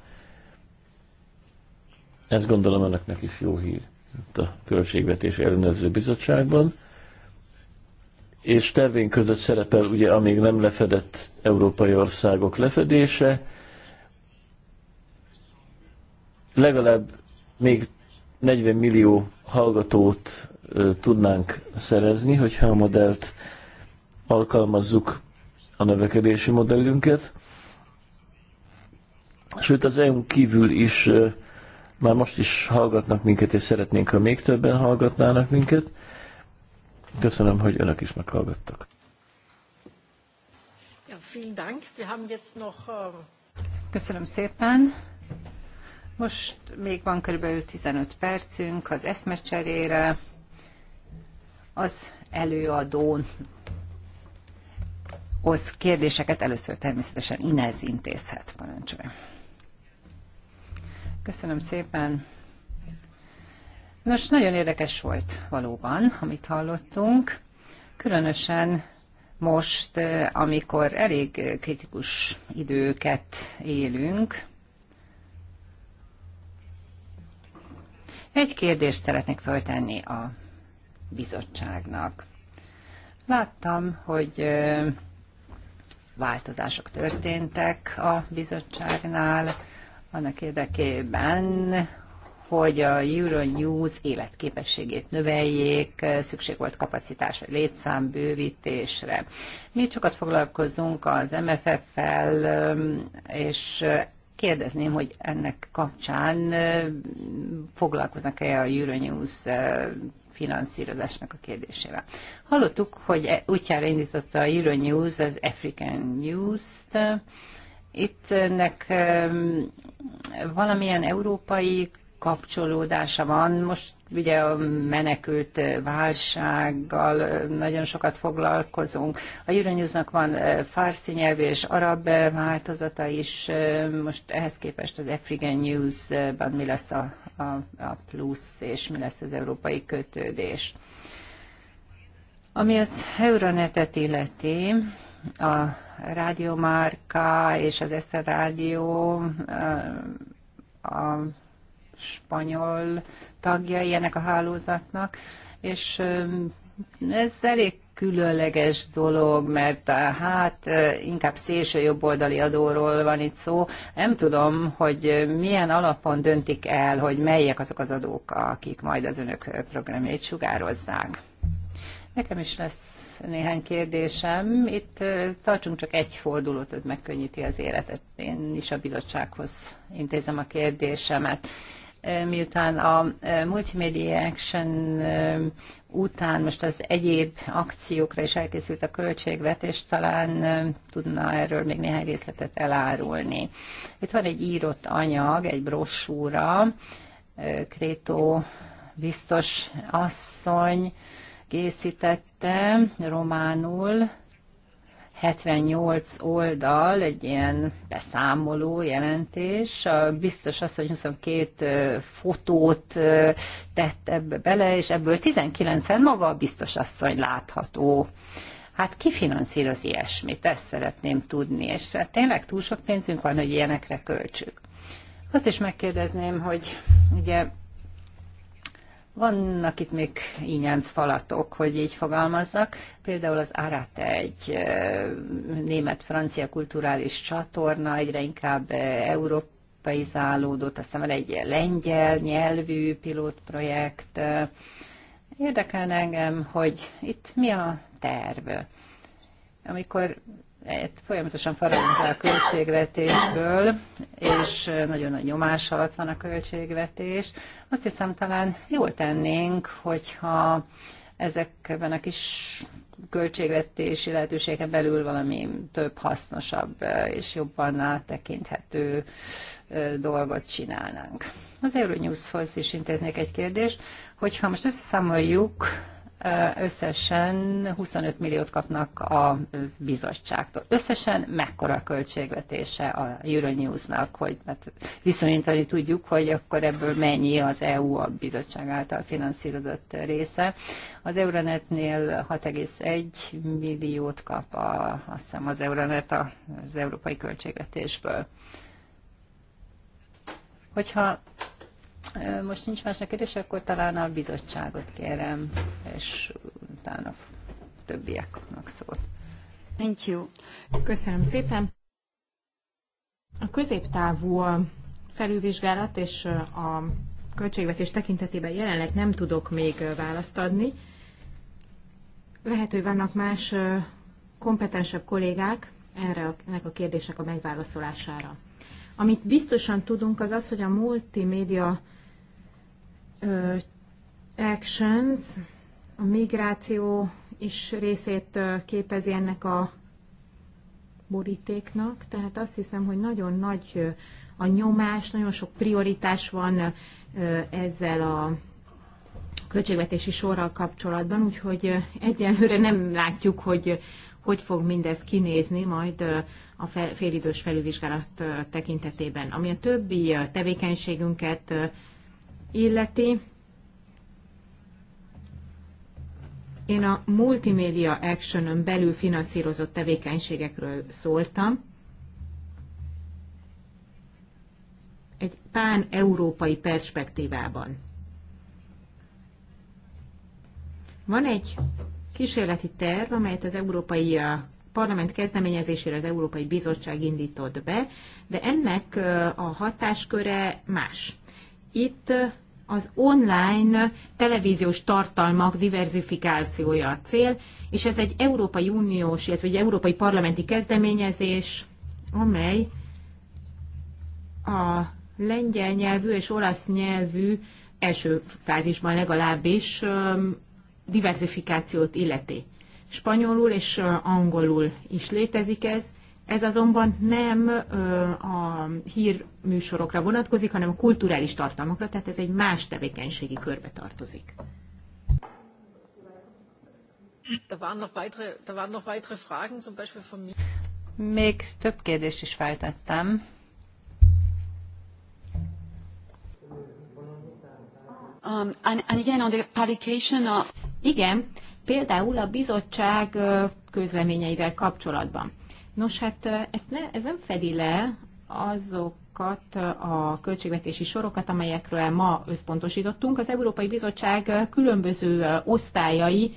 Ez gondolom önöknek is jó hír itt a Költségvetés Ellenőrző Bizottságban és tervén között szerepel ugye a még nem lefedett európai országok lefedése. Legalább még 40 millió hallgatót tudnánk szerezni, hogyha a modellt alkalmazzuk a növekedési modellünket. Sőt, az EU-n kívül is már most is hallgatnak minket, és szeretnénk, ha még többen hallgatnának minket. Köszönöm, hogy önök is meghallgattak. Ja, vielen Dank. Wir haben jetzt noch, ähm, Köszönöm szépen. Most még van kb. 15 percünk az eszmecserére. Az előadón hoz kérdéseket először természetesen Inez intézhet, parancsolja. Köszönöm szépen. Nos, nagyon érdekes volt valóban, amit hallottunk, különösen most, eh, amikor elég kritikus időket élünk. Egy kérdést szeretnék föltenni a bizottságnak. Láttam, hogy eh, változások történtek a bizottságnál annak érdekében, hogy a Euronews életképességét növeljék, szükség volt kapacitás vagy bővítésre. Mi sokat foglalkozunk az MFF-fel, és kérdezném, hogy ennek kapcsán foglalkoznak-e a Euronews finanszírozásnak a kérdésével. Hallottuk, hogy e, útjára indította a Euronews az African News-t. Itt ennek valamilyen európai kapcsolódása van. Most ugye a menekült válsággal nagyon sokat foglalkozunk. A Euronewsnak van farsi nyelvű és arab változata is. Most ehhez képest az African News-ban mi lesz a, a, a plusz, és mi lesz az európai kötődés. Ami az Euronetet illeti, a Rádiomárka és az Eszter Rádió a spanyol tagja ilyenek a hálózatnak, és ez elég különleges dolog, mert hát inkább szélső jobboldali adóról van itt szó. Nem tudom, hogy milyen alapon döntik el, hogy melyek azok az adók, akik majd az önök programjait sugározzák. Nekem is lesz néhány kérdésem. Itt tartsunk csak egy fordulót, ez megkönnyíti az életet. Én is a bizottsághoz intézem a kérdésemet miután a eh, Multimedia Action eh, után most az egyéb akciókra is elkészült a költségvetés, talán eh, tudna erről még néhány részletet elárulni. Itt van egy írott anyag, egy brosúra, Krétó biztos asszony készítette románul, 78 oldal, egy ilyen beszámoló jelentés. Biztos az, hogy 22 fotót tett ebbe bele, és ebből 19-en maga a biztos asszony látható. Hát ki finanszíroz ilyesmit? Ezt szeretném tudni. És hát tényleg túl sok pénzünk van, hogy ilyenekre költsük. Azt is megkérdezném, hogy ugye vannak itt még ínyenc falatok, hogy így fogalmazzak. Például az Arat egy német-francia kulturális csatorna, egyre inkább európai zálódott, aztán van egy lengyel nyelvű pilotprojekt. Érdekelne engem, hogy itt mi a terv. Amikor folyamatosan faragunk a költségvetésből, és nagyon nagy nyomás alatt van a költségvetés. Azt hiszem, talán jól tennénk, hogyha ezekben a kis költségvetési lehetőségen belül valami több hasznosabb eh, és jobban áttekinthető eh, dolgot csinálnánk. Az Euronewshoz is intéznék egy kérdést, hogyha most összeszámoljuk összesen 25 milliót kapnak a bizottságtól. Összesen mekkora a költségvetése a Euronews-nak, hogy mert hát, viszonyítani tudjuk, hogy akkor ebből mennyi az EU a bizottság által finanszírozott része. Az Euronetnél 6,1 milliót kap a, azt hiszem az Euronet az európai költségvetésből. Hogyha most nincs másnak kérdés, akkor talán a bizottságot kérem, és utána többiek kapnak szót. Thank you. Köszönöm szépen. A középtávú felülvizsgálat és a költségvetés tekintetében jelenleg nem tudok még választ adni. Lehet, hogy vannak más kompetensebb kollégák erre ennek a kérdések a megválaszolására. Amit biztosan tudunk, az az, hogy a multimédia Actions, a migráció is részét képezi ennek a borítéknak, tehát azt hiszem, hogy nagyon nagy a nyomás, nagyon sok prioritás van ezzel a költségvetési sorral kapcsolatban, úgyhogy egyelőre nem látjuk, hogy hogy fog mindez kinézni majd a félidős felülvizsgálat tekintetében. Ami a többi tevékenységünket illeti, én a Multimedia action belül finanszírozott tevékenységekről szóltam. Egy pán-európai perspektívában. Van egy kísérleti terv, amelyet az Európai Parlament kezdeményezésére az Európai Bizottság indított be, de ennek a hatásköre más. Itt az online televíziós tartalmak diverzifikációja a cél, és ez egy Európai Uniós, illetve egy Európai Parlamenti kezdeményezés, amely a lengyel nyelvű és olasz nyelvű első fázisban legalábbis diversifikációt illeti. Spanyolul és angolul is létezik ez, ez azonban nem a hírműsorokra vonatkozik, hanem a kulturális tartalmakra, tehát ez egy más tevékenységi körbe tartozik. Még több kérdést is feltettem. Um, Igen, például a bizottság közleményeivel kapcsolatban. Nos, hát ezt ne, ez nem fedi le azokat a költségvetési sorokat, amelyekről ma összpontosítottunk. Az Európai Bizottság különböző osztályai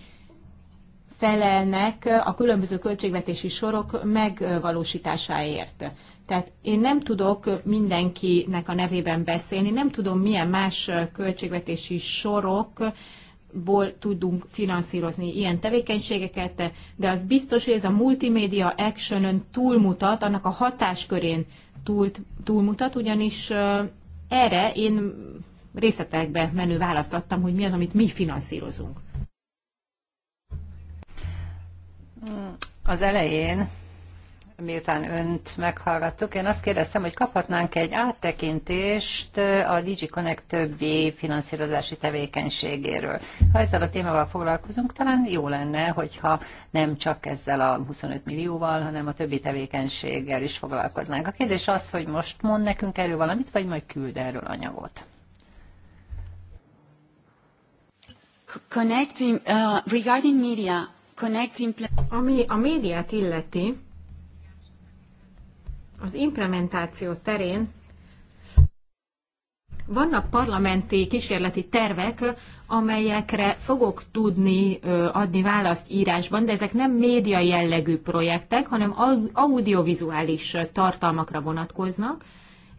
felelnek a különböző költségvetési sorok megvalósításáért. Tehát én nem tudok mindenkinek a nevében beszélni, nem tudom milyen más költségvetési sorok ból tudunk finanszírozni ilyen tevékenységeket, de az biztos, hogy ez a multimédia actionön túlmutat, annak a hatáskörén túl, túlmutat, ugyanis erre én részletekbe menő választattam, hogy mi az, amit mi finanszírozunk. Az elején miután önt meghallgattuk, én azt kérdeztem, hogy kaphatnánk egy áttekintést a DigiConnect többi finanszírozási tevékenységéről. Ha ezzel a témával foglalkozunk, talán jó lenne, hogyha nem csak ezzel a 25 millióval, hanem a többi tevékenységgel is foglalkoznánk. A kérdés az, hogy most mond nekünk erről valamit, vagy majd küld erről anyagot. Connecting, uh, regarding media, connecting... Ami a médiát illeti, az implementáció terén vannak parlamenti kísérleti tervek, amelyekre fogok tudni adni választ írásban, de ezek nem média jellegű projektek, hanem audiovizuális tartalmakra vonatkoznak,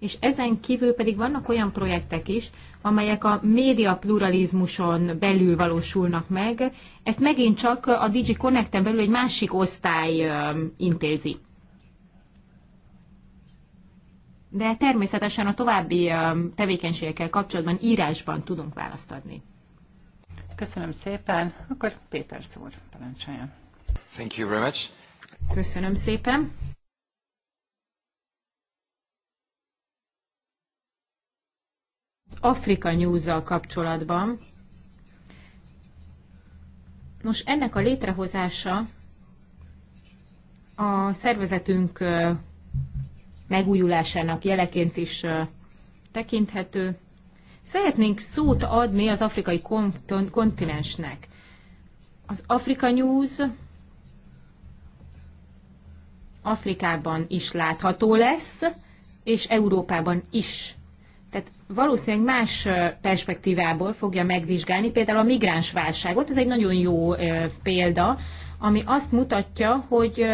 és ezen kívül pedig vannak olyan projektek is, amelyek a média pluralizmuson belül valósulnak meg. Ezt megint csak a Digi Connecten belül egy másik osztály intézi. de természetesen a további tevékenységekkel kapcsolatban írásban tudunk választ adni. Köszönöm szépen. Akkor Péter Szúr parancsoljon. Thank you very much. Köszönöm szépen. Az Afrika news kapcsolatban. Nos, ennek a létrehozása a szervezetünk megújulásának jeleként is tekinthető. Szeretnénk szót adni az afrikai kontinensnek. Az Afrika News Afrikában is látható lesz, és Európában is. Tehát valószínűleg más perspektívából fogja megvizsgálni, például a migráns válságot, ez egy nagyon jó példa, ami azt mutatja, hogy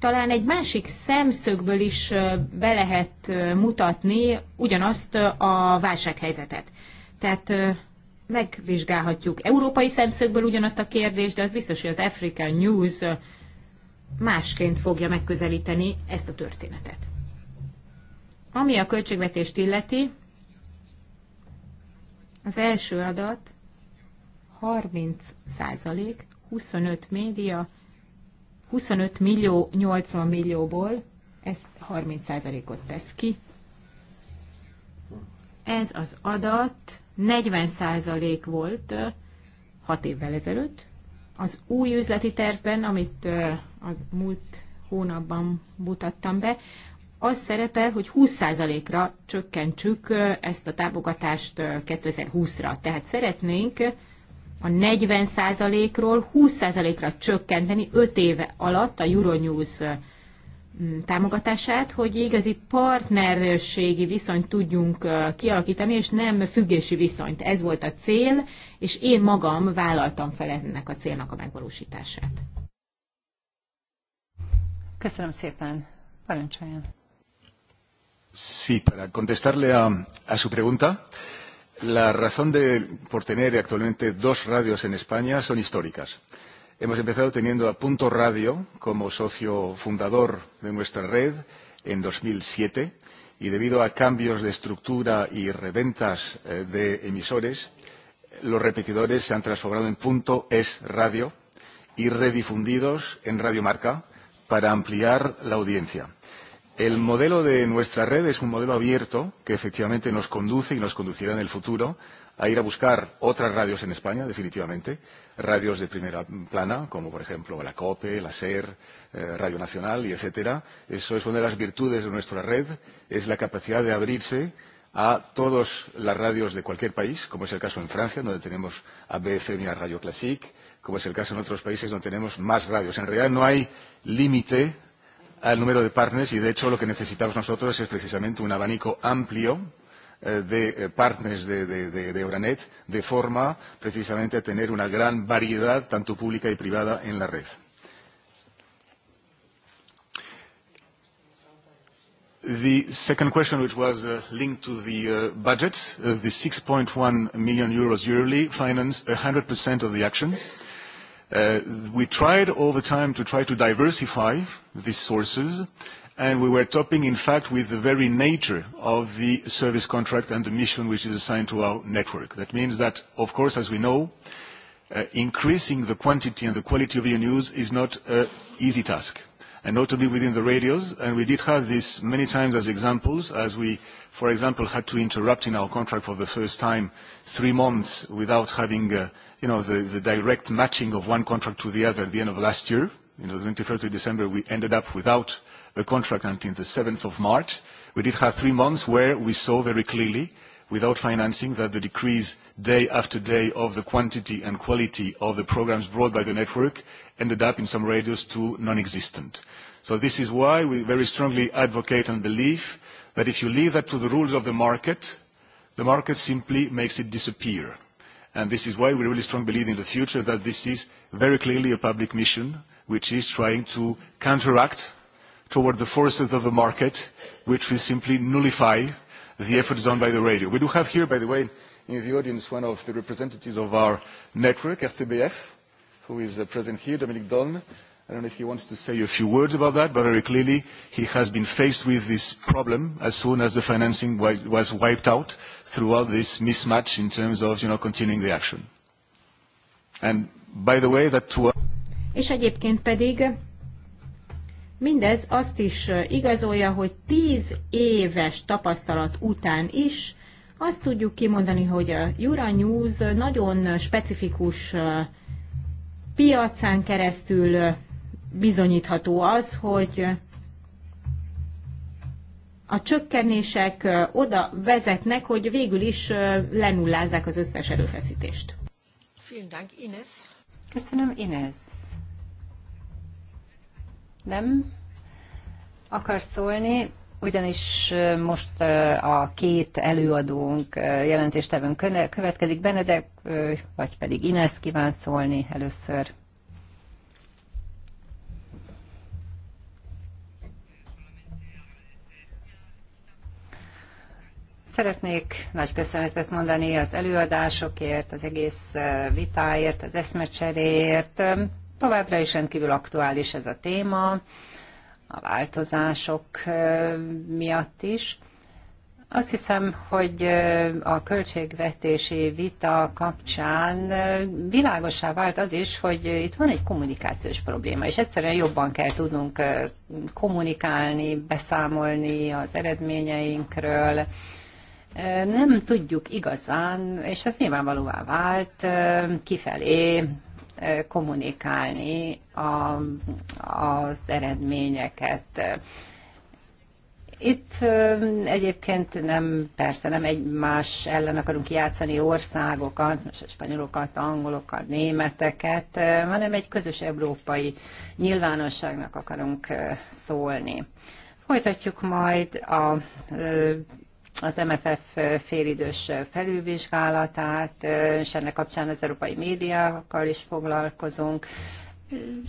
talán egy másik szemszögből is be lehet mutatni ugyanazt a válsághelyzetet. Tehát megvizsgálhatjuk európai szemszögből ugyanazt a kérdést, de az biztos, hogy az African News másként fogja megközelíteni ezt a történetet. Ami a költségvetést illeti, az első adat 30 százalék, 25 média, 25 millió 80 millióból ez 30%-ot tesz ki. Ez az adat 40% volt 6 évvel ezelőtt. Az új üzleti tervben, amit az múlt hónapban mutattam be, az szerepel, hogy 20%-ra csökkentsük ezt a támogatást 2020-ra. Tehát szeretnénk a 40%-ról 20%-ra csökkenteni 5 éve alatt a Euronews támogatását, hogy igazi partnerségi viszonyt tudjunk kialakítani, és nem függési viszonyt. Ez volt a cél, és én magam vállaltam fel ennek a célnak a megvalósítását. Köszönöm szépen. Parancsoljon. Sí, para contestarle a, a su pregunta. Eh, La razón de, por tener actualmente dos radios en España son históricas. Hemos empezado teniendo a Punto Radio como socio fundador de nuestra red en 2007 y debido a cambios de estructura y reventas eh, de emisores, los repetidores se han transformado en Punto Es Radio y redifundidos en Radio Marca para ampliar la audiencia. El modelo de nuestra red es un modelo abierto que efectivamente nos conduce y nos conducirá en el futuro a ir a buscar otras radios en España, definitivamente, radios de primera plana, como por ejemplo la COPE, la SER, eh, Radio Nacional, y etcétera. Eso es una de las virtudes de nuestra red, es la capacidad de abrirse a todas las radios de cualquier país, como es el caso en Francia, donde tenemos a BFM y a Radio Classique, como es el caso en otros países donde tenemos más radios. En realidad no hay límite al número de partners y, de hecho, lo que necesitamos nosotros es precisamente un abanico amplio eh, de eh, partners de, de, de, de Euronet, de forma precisamente a tener una gran variedad, tanto pública y privada, en la red. The second question, which was uh, linked to the uh, budgets, uh, the 6.1 million euros yearly financed 100% of the action. Uh, we tried all the time to try to diversify these sources, and we were topping, in fact, with the very nature of the service contract and the mission which is assigned to our network. That means that, of course, as we know, uh, increasing the quantity and the quality of your news is not an easy task and notably within the radios. And we did have this many times as examples, as we, for example, had to interrupt in our contract for the first time three months without having, uh, you know, the, the direct matching of one contract to the other at the end of last year. You know, the 21st of December, we ended up without a contract until the 7th of March. We did have three months where we saw very clearly, without financing, that the decrease day after day of the quantity and quality of the programs brought by the network ended up in some radios to non-existent. So this is why we very strongly advocate and believe that if you leave that to the rules of the market, the market simply makes it disappear. And this is why we really strongly believe in the future that this is very clearly a public mission, which is trying to counteract toward the forces of the market, which will simply nullify the efforts done by the radio. We do have here, by the way, in the audience one of the representatives of our network, RTBF, who is uh, present here, Dominic Don. I don't know if he wants to say a few words about that, but very clearly he has been faced with this problem as soon as the financing wi was wiped out throughout this mismatch in terms of you know, continuing the action. And by the way, that to És egyébként pedig mindez azt is uh, igazolja, hogy tíz éves tapasztalat után is azt tudjuk kimondani, hogy a Jura News nagyon specifikus piacán keresztül bizonyítható az, hogy a csökkenések oda vezetnek, hogy végül is lenullázzák az összes erőfeszítést. Köszönöm, Inez. Nem? Akar szólni? ugyanis most a két előadónk jelentéstevőn következik. Benedek, vagy pedig Ines kíván szólni először. Szeretnék nagy köszönetet mondani az előadásokért, az egész vitáért, az eszmecseréért. Továbbra is rendkívül aktuális ez a téma a változások miatt is. Azt hiszem, hogy a költségvetési vita kapcsán világosá vált az is, hogy itt van egy kommunikációs probléma, és egyszerűen jobban kell tudnunk kommunikálni, beszámolni az eredményeinkről. Nem tudjuk igazán, és ez nyilvánvalóvá vált kifelé, kommunikálni a, az eredményeket. Itt egyébként nem, persze nem egymás ellen akarunk játszani országokat, most spanyolokat, angolokat, németeket, hanem egy közös európai nyilvánosságnak akarunk szólni. Folytatjuk majd a az MFF félidős felülvizsgálatát, és ennek kapcsán az európai médiákkal is foglalkozunk.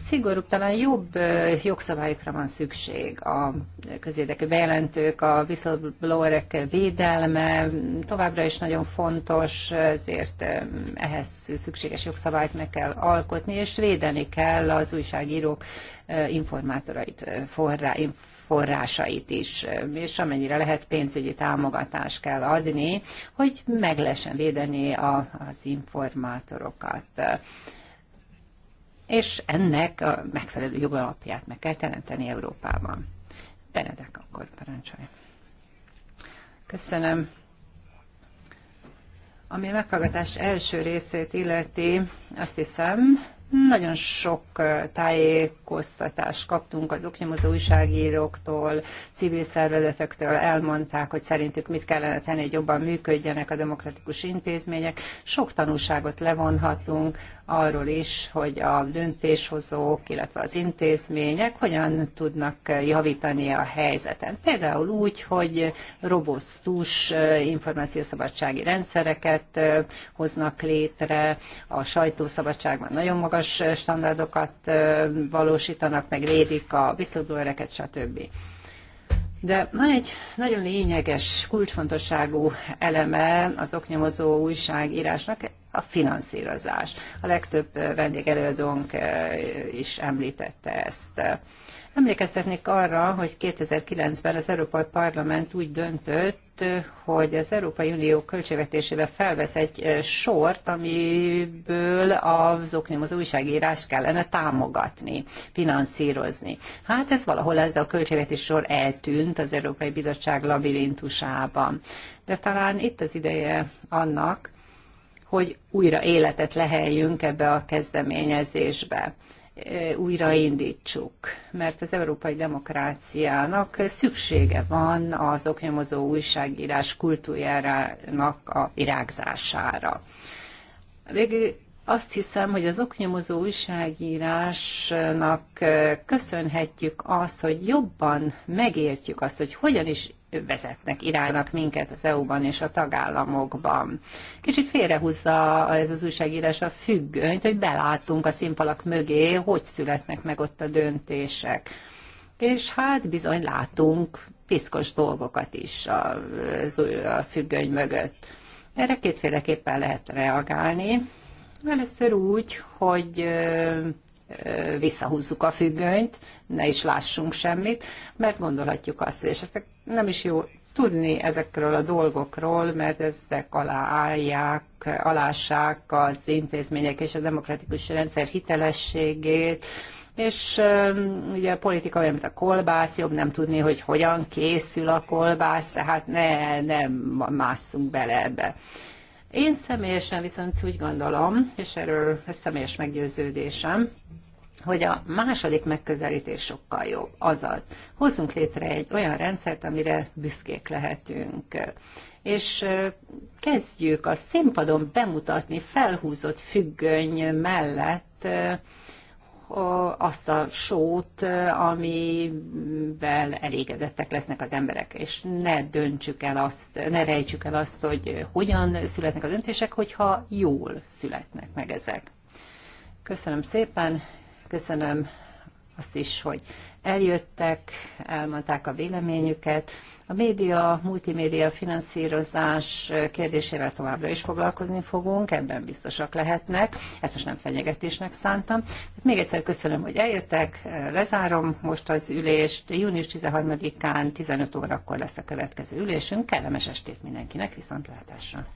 Szigorúbb, talán jobb jogszabályokra van szükség. A közérdekű bejelentők, a whistleblowerek védelme továbbra is nagyon fontos, ezért ehhez szükséges jogszabályt meg kell alkotni, és védeni kell az újságírók informátorait, forrá, forrásait is, és amennyire lehet pénzügyi támogatást kell adni, hogy meg lehessen védeni a, az informátorokat. És ennek a megfelelő jogalapját meg kell teremteni Európában. Benedek akkor parancsolj. Köszönöm. Ami a meghallgatás első részét illeti, azt hiszem, nagyon sok tájékoztatást kaptunk az oknyomozó újságíróktól, civil szervezetektől, elmondták, hogy szerintük mit kellene tenni, hogy jobban működjenek a demokratikus intézmények. Sok tanulságot levonhatunk arról is, hogy a döntéshozók, illetve az intézmények hogyan tudnak javítani a helyzeten. Például úgy, hogy robosztus eh, információszabadsági rendszereket eh, hoznak létre, a sajtószabadságban nagyon magas eh, standardokat valósítanak, meg védik a viszontlóereket, stb. De van egy nagyon lényeges, kulcsfontosságú eleme az oknyomozó újságírásnak, a finanszírozás. A legtöbb eh, vendégelődőnk eh, is említette ezt. Emlékeztetnék arra, hogy 2009-ben az Európai Parlament úgy döntött, hogy az Európai Unió költségvetésébe felvesz egy eh, sort, amiből az oknyomozó újságírás kellene támogatni, finanszírozni. Hát ez valahol ez a költségvetés sor eltűnt az Európai Bizottság labirintusában. De talán itt az ideje annak, hogy újra életet leheljünk ebbe a kezdeményezésbe újraindítsuk, mert az európai demokráciának szüksége van az oknyomozó újságírás kultúrájának a virágzására. Végül azt hiszem, hogy az oknyomozó újságírásnak köszönhetjük azt, hogy jobban megértjük azt, hogy hogyan is vezetnek, iránynak minket az EU-ban és a tagállamokban. Kicsit félrehúzza ez az újságírás a függönyt, hogy belátunk a színfalak mögé, hogy születnek meg ott a döntések. És hát bizony látunk piszkos dolgokat is a, a függöny mögött. Erre kétféleképpen lehet reagálni. Először úgy, hogy visszahúzzuk a függönyt, ne is lássunk semmit, mert gondolhatjuk azt, hogy esetleg nem is jó tudni ezekről a dolgokról, mert ezek alá állják, alássák az intézmények és a demokratikus rendszer hitelességét, és ugye a politika olyan, mint a kolbász, jobb nem tudni, hogy hogyan készül a kolbász, tehát ne, nem másszunk bele ebbe. Én személyesen viszont úgy gondolom, és erről ez személyes meggyőződésem, hogy a második megközelítés sokkal jobb. Azaz, hozzunk létre egy olyan rendszert, amire büszkék lehetünk. És kezdjük a színpadon bemutatni felhúzott függöny mellett azt a sót, amivel elégedettek lesznek az emberek, és ne döntsük el azt, ne rejtsük el azt, hogy hogyan születnek a döntések, hogyha jól születnek meg ezek. Köszönöm szépen, Köszönöm azt is, hogy eljöttek, elmondták a véleményüket. A média, multimédia finanszírozás kérdésével továbbra is foglalkozni fogunk, ebben biztosak lehetnek. Ezt most nem fenyegetésnek szántam. Még egyszer köszönöm, hogy eljöttek, lezárom most az ülést. Június 13-án 15 órakor lesz a következő ülésünk. Kellemes estét mindenkinek, viszontlátásra!